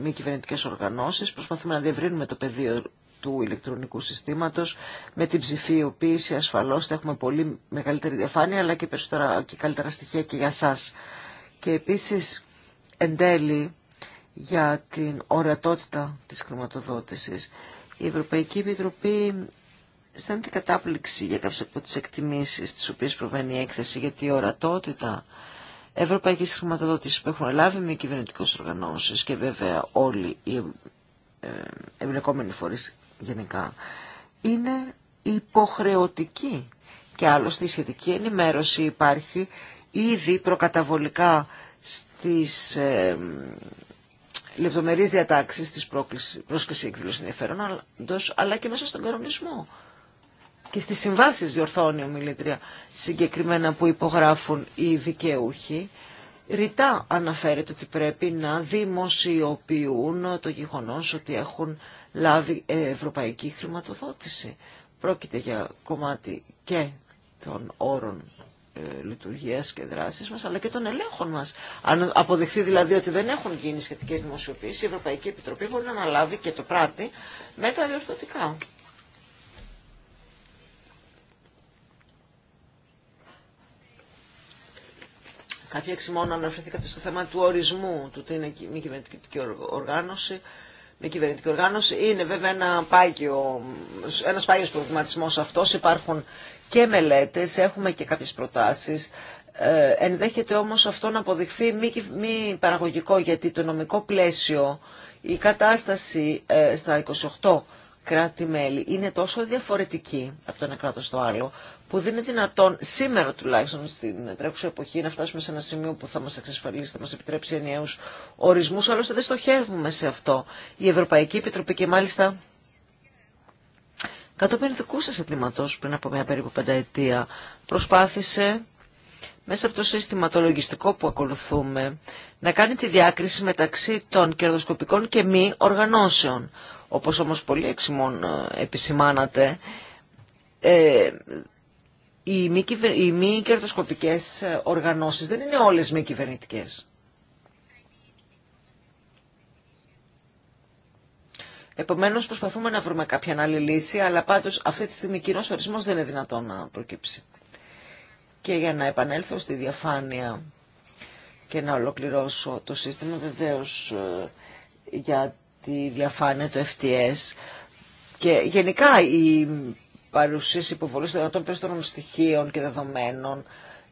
με κυβερνητικές οργανώσεις. Προσπαθούμε να διευρύνουμε το πεδίο του ηλεκτρονικού συστήματος με την ψηφιοποίηση ασφαλώς θα έχουμε πολύ μεγαλύτερη διαφάνεια αλλά και, περισσότερα, και καλύτερα στοιχεία και για σας. Και επίσης εν τέλει για την ορατότητα της χρηματοδότησης. Η Ευρωπαϊκή Επιτροπή αισθάνεται κατάπληξη για κάποιες από τις εκτιμήσεις τις οποίες προβαίνει η έκθεση, γιατί η ορατότητα ευρωπαϊκής χρηματοδότησης που έχουν λάβει με κυβερνητικές οργανώσεις και βέβαια όλοι οι ε, εμπλεκόμενοι φορείς γενικά, είναι υποχρεωτική. Και άλλωστε η σχετική ενημέρωση υπάρχει ήδη προκαταβολικά στις ε, λεπτομερείς διατάξεις της πρόσκλησης εκδήλωση ενδιαφέρον, αλλά και μέσα στον κανονισμό. Και στις συμβάσεις διορθώνει ο Μιλήτρια συγκεκριμένα που υπογράφουν οι δικαιούχοι. Ρητά αναφέρεται ότι πρέπει να δημοσιοποιούν το γεγονός ότι έχουν λάβει ε, ευρωπαϊκή χρηματοδότηση. Πρόκειται για κομμάτι και των όρων ε, λειτουργίας και δράσης μας, αλλά και των ελέγχων μας. Αν αποδειχθεί δηλαδή ότι δεν έχουν γίνει σχετικές δημοσιοποίησεις, η Ευρωπαϊκή Επιτροπή μπορεί να αναλάβει και το πράττει μέτρα διορθωτικά. Κάποια μόνο αναφερθήκατε στο θέμα του ορισμού, του τι είναι μη κυβερνητική οργάνωση. Μη κυβερνητική οργάνωση είναι βέβαια ένα πάγιο, ένας πάγιος προβληματισμός αυτός. Υπάρχουν και μελέτες, έχουμε και κάποιες προτάσεις. Ε, ενδέχεται όμως αυτό να αποδειχθεί μη, παραγωγικό γιατί το νομικό πλαίσιο, η κατάσταση ε, στα 28 κράτη-μέλη είναι τόσο διαφορετική από το ένα κράτο στο άλλο, που δίνει είναι δυνατόν σήμερα τουλάχιστον στην τρέχουσα εποχή να φτάσουμε σε ένα σημείο που θα μα εξασφαλίσει, θα μα επιτρέψει ενιαίου ορισμού. Άλλωστε δεν στοχεύουμε σε αυτό. Η Ευρωπαϊκή Επιτροπή και μάλιστα κατόπιν δικού σας αιτήματος πριν από μια περίπου πενταετία προσπάθησε μέσα από το σύστημα το λογιστικό που ακολουθούμε να κάνει τη διάκριση μεταξύ των κερδοσκοπικών και μη οργανώσεων. Όπως όμως πολύ εξημών ε, επισημάνατε, ε, οι μη, οι μη κερδοσκοπικές ε, οργανώσεις δεν είναι όλες μη κυβερνητικές. Επομένως προσπαθούμε να βρούμε κάποια άλλη λύση, αλλά πάντως αυτή τη στιγμή κοινό ορισμό δεν είναι δυνατόν να προκύψει. Και για να επανέλθω στη διαφάνεια και να ολοκληρώσω το σύστημα βεβαίως ε, για τη διαφάνεια του FTS και γενικά η παρουσία υποβολή των δυνατών περισσότερων στοιχείων και δεδομένων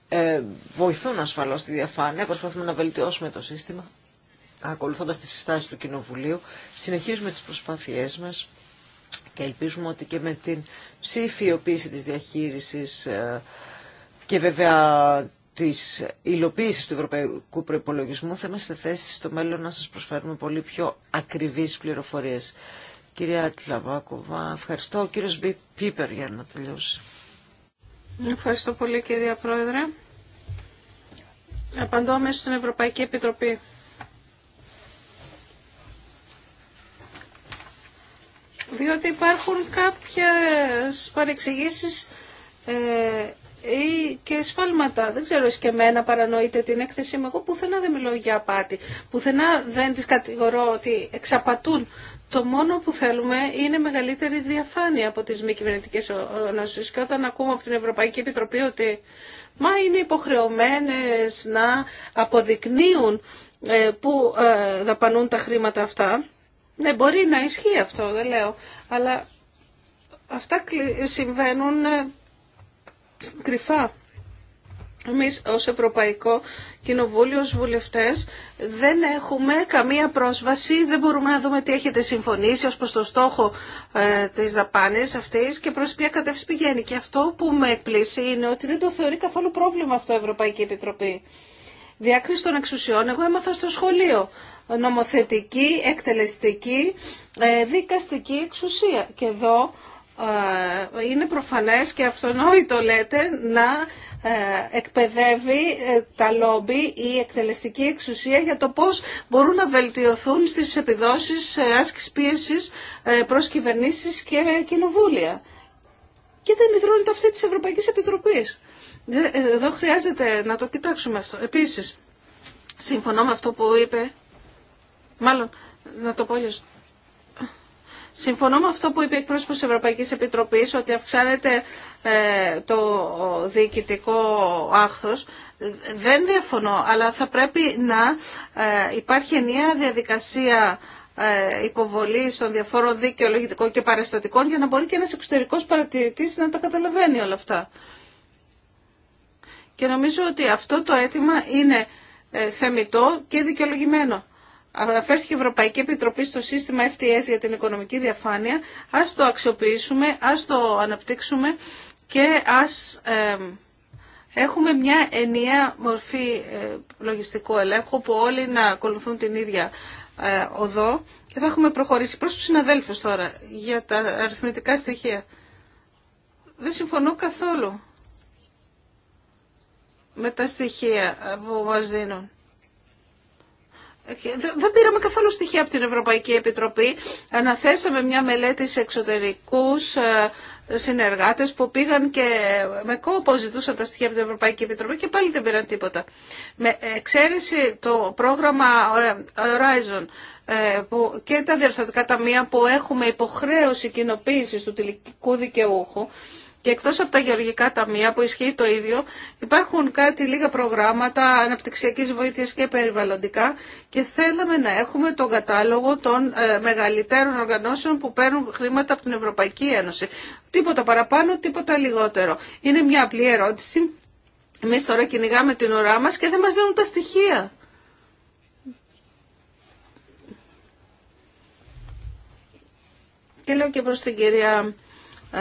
ε, βοηθούν ασφαλώς τη διαφάνεια, προσπαθούμε να βελτιώσουμε το σύστημα ακολουθώντας τις συστάσεις του Κοινοβουλίου, συνεχίζουμε τις προσπάθειές μας και ελπίζουμε ότι και με την ψηφιοποίηση της διαχείρισης ε, και βέβαια της υλοποίηση του ευρωπαϊκού προϋπολογισμού θα είμαστε σε θέση στο μέλλον να σας προσφέρουμε πολύ πιο ακριβείς πληροφορίες. Κυρία Τλαβάκοβα, ευχαριστώ. Ο κύριος Πίπερ για να τελειώσει. Ευχαριστώ πολύ κυρία Πρόεδρε. Απαντώ στην Ευρωπαϊκή Επιτροπή. διότι υπάρχουν κάποιες παρεξηγήσεις ε, ή και σφάλματα. Δεν ξέρω εσύ και εμένα παρανοείτε την έκθεσή μου. Εγώ πουθενά δεν μιλώ για απάτη. Πουθενά δεν τις κατηγορώ ότι εξαπατούν. Το μόνο που θέλουμε είναι μεγαλύτερη διαφάνεια από τις μη κυβερνητικέ οργανώσεις. Και όταν ακούμε από την Ευρωπαϊκή Επιτροπή ότι μα είναι υποχρεωμένες να αποδεικνύουν ε, που ε, δαπανούν τα χρήματα αυτά, ναι, μπορεί να ισχύει αυτό, δεν λέω. Αλλά αυτά συμβαίνουν ε, κρυφά. Εμείς ως Ευρωπαϊκό Κοινοβούλιο, ως βουλευτές, δεν έχουμε καμία πρόσβαση, δεν μπορούμε να δούμε τι έχετε συμφωνήσει ως προς το στόχο ε, της δαπάνης αυτής και προς ποια κατεύθυνση πηγαίνει. Και αυτό που με εκπλήσει είναι ότι δεν το θεωρεί καθόλου πρόβλημα αυτό η Ευρωπαϊκή Επιτροπή. Διάκριση των εξουσιών, εγώ έμαθα στο σχολείο νομοθετική, εκτελεστική, ε, δικαστική εξουσία. Και εδώ ε, είναι προφανές και αυτονόητο λέτε να ε, εκπαιδεύει τα λόμπι η εκτελεστική εξουσία για το πώς μπορούν να βελτιωθούν στις επιδόσεις άσκης πίεσης προς κυβερνήσεις και κοινοβούλια. Και δεν υδρώνεται αυτή της Ευρωπαϊκής Επιτροπής. Εδώ χρειάζεται να το κοιτάξουμε αυτό. Επίσης, συμφωνώ με αυτό που είπε Μάλλον, να το πω αλλιώς. Συμφωνώ με αυτό που είπε εκπρόσωπος της Ευρωπαϊκής Επιτροπής, ότι αυξάνεται ε, το διοικητικό άχθος. Δεν διαφωνώ, αλλά θα πρέπει να ε, υπάρχει ενιαία διαδικασία ε, υποβολή των διαφόρων δικαιολογητικών και παραστατικών για να μπορεί και ένας εξωτερικός παρατηρητής να τα καταλαβαίνει όλα αυτά. Και νομίζω ότι αυτό το αίτημα είναι θεμητό και δικαιολογημένο. Αναφέρθηκε η Ευρωπαϊκή Επιτροπή στο σύστημα FTS για την οικονομική διαφάνεια. Ας το αξιοποιήσουμε, ας το αναπτύξουμε και ας έχουμε μια ενιαία μορφή ε, λογιστικού ελέγχου που όλοι να ακολουθούν την ίδια ε, οδό και θα έχουμε προχωρήσει προς τους συναδέλφους τώρα για τα αριθμητικά στοιχεία. Δεν συμφωνώ καθόλου με τα στοιχεία που μας δίνουν. Δεν πήραμε καθόλου στοιχεία από την Ευρωπαϊκή Επιτροπή. Αναθέσαμε μια μελέτη σε εξωτερικούς ε, συνεργάτες που πήγαν και με κόπο ζητούσαν τα στοιχεία από την Ευρωπαϊκή Επιτροπή και πάλι δεν πήραν τίποτα. Με εξαίρεση το πρόγραμμα ε, Horizon ε, και τα διαρθρωτικά ταμεία που έχουμε υποχρέωση κοινοποίηση του τελικού δικαιούχου και εκτός από τα γεωργικά ταμεία που ισχύει το ίδιο, υπάρχουν κάτι λίγα προγράμματα αναπτυξιακής βοήθειας και περιβαλλοντικά και θέλαμε να έχουμε τον κατάλογο των ε, μεγαλύτερων οργανώσεων που παίρνουν χρήματα από την Ευρωπαϊκή Ένωση. Τίποτα παραπάνω, τίποτα λιγότερο. Είναι μια απλή ερώτηση. Εμεί τώρα κυνηγάμε την ουρά μας και δεν μας δίνουν τα στοιχεία. Και λέω και προς την κυρία ε,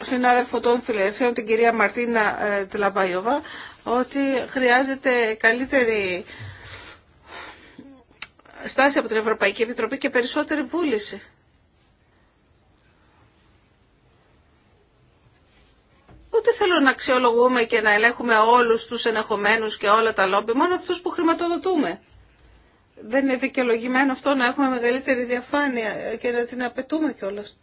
συνάδελφο των Φιλελευθέρων, την κυρία Μαρτίνα ε, Τλαμπαϊόβα, ότι χρειάζεται καλύτερη στάση από την Ευρωπαϊκή Επιτροπή και περισσότερη βούληση. Ούτε θέλω να αξιολογούμε και να ελέγχουμε όλους τους ενεχομένους και όλα τα λόμπι, μόνο αυτούς που χρηματοδοτούμε. Δεν είναι δικαιολογημένο αυτό να έχουμε μεγαλύτερη διαφάνεια και να την απαιτούμε κιόλας.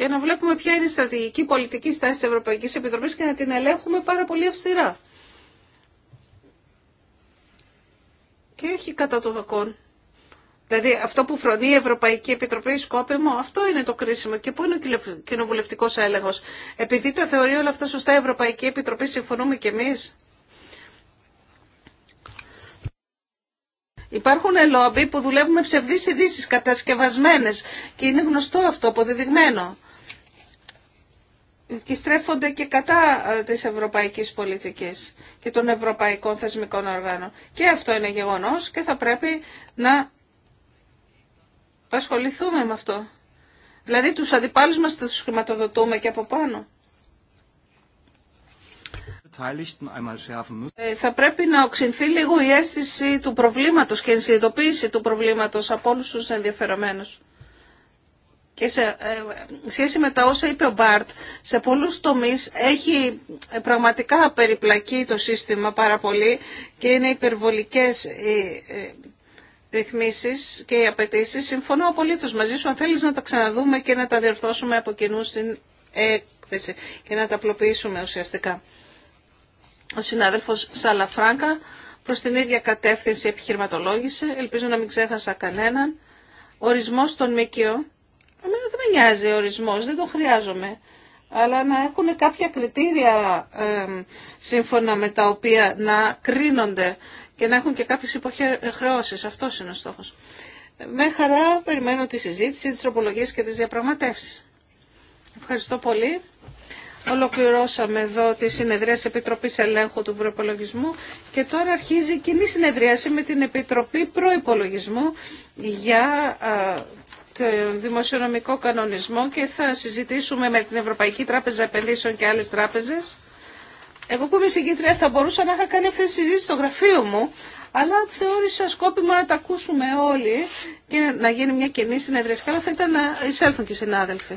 και να βλέπουμε ποια είναι η στρατηγική πολιτική στάση της Ευρωπαϊκής Επιτροπής και να την ελέγχουμε πάρα πολύ αυστηρά. Και όχι κατά το δοκόν. Δηλαδή αυτό που φρονεί η Ευρωπαϊκή Επιτροπή σκόπιμο, αυτό είναι το κρίσιμο. Και πού είναι ο κοινοβουλευτικό έλεγχο. Επειδή τα θεωρεί όλα αυτά σωστά η Ευρωπαϊκή Επιτροπή, συμφωνούμε κι εμεί. Υπάρχουν λόμπι που δουλεύουν με ψευδείς ειδήσει κατασκευασμένε και είναι γνωστό αυτό, αποδεδειγμένο και στρέφονται και κατά ε, της ευρωπαϊκής πολιτικής και των ευρωπαϊκών θεσμικών οργάνων. Και αυτό είναι γεγονός και θα πρέπει να ασχοληθούμε με αυτό. Δηλαδή τους αντιπάλους μας τους χρηματοδοτούμε και από πάνω. Ε, θα πρέπει να οξυνθεί λίγο η αίσθηση του προβλήματος και η συνειδητοποίηση του προβλήματος από όλους τους ενδιαφερομένους. Και σε ε, σχέση με τα όσα είπε ο Μπάρτ, σε πολλούς τομείς έχει ε, πραγματικά περιπλακεί το σύστημα πάρα πολύ και είναι υπερβολικές οι ε, ρυθμίσεις και οι απαιτήσει. Συμφωνώ απολύτως μαζί σου αν θέλεις να τα ξαναδούμε και να τα διορθώσουμε από κοινού στην έκθεση και να τα απλοποιήσουμε ουσιαστικά. Ο συνάδελφος Σαλαφράγκα προς την ίδια κατεύθυνση επιχειρηματολόγησε, ελπίζω να μην ξέχασα κανέναν, ορισμός των ΜΚΟ Εμένα δεν με νοιάζει ο ορισμός, δεν τον χρειάζομαι. Αλλά να έχουν κάποια κριτήρια ε, σύμφωνα με τα οποία να κρίνονται και να έχουν και κάποιες υποχρεώσεις. Αυτός είναι ο στόχος. Με χαρά περιμένω τη συζήτηση, τις τροπολογίες και τις διαπραγματεύσεις. Ευχαριστώ πολύ. Ολοκληρώσαμε εδώ τη συνεδρία της Επιτροπής Ελέγχου του Προϋπολογισμού και τώρα αρχίζει η κοινή συνεδρίαση με την Επιτροπή Προϋπολογισμού για ε, δημοσιονομικό κανονισμό και θα συζητήσουμε με την Ευρωπαϊκή Τράπεζα Επενδύσεων και άλλες τράπεζες. Εγώ που είμαι συγκήτρια θα μπορούσα να είχα κάνει αυτή τη συζήτηση στο γραφείο μου, αλλά θεώρησα σκόπιμο να τα ακούσουμε όλοι και να γίνει μια κοινή συνεδρίαση. Καλά θα ήταν να εισέλθουν και οι συνάδελφοι.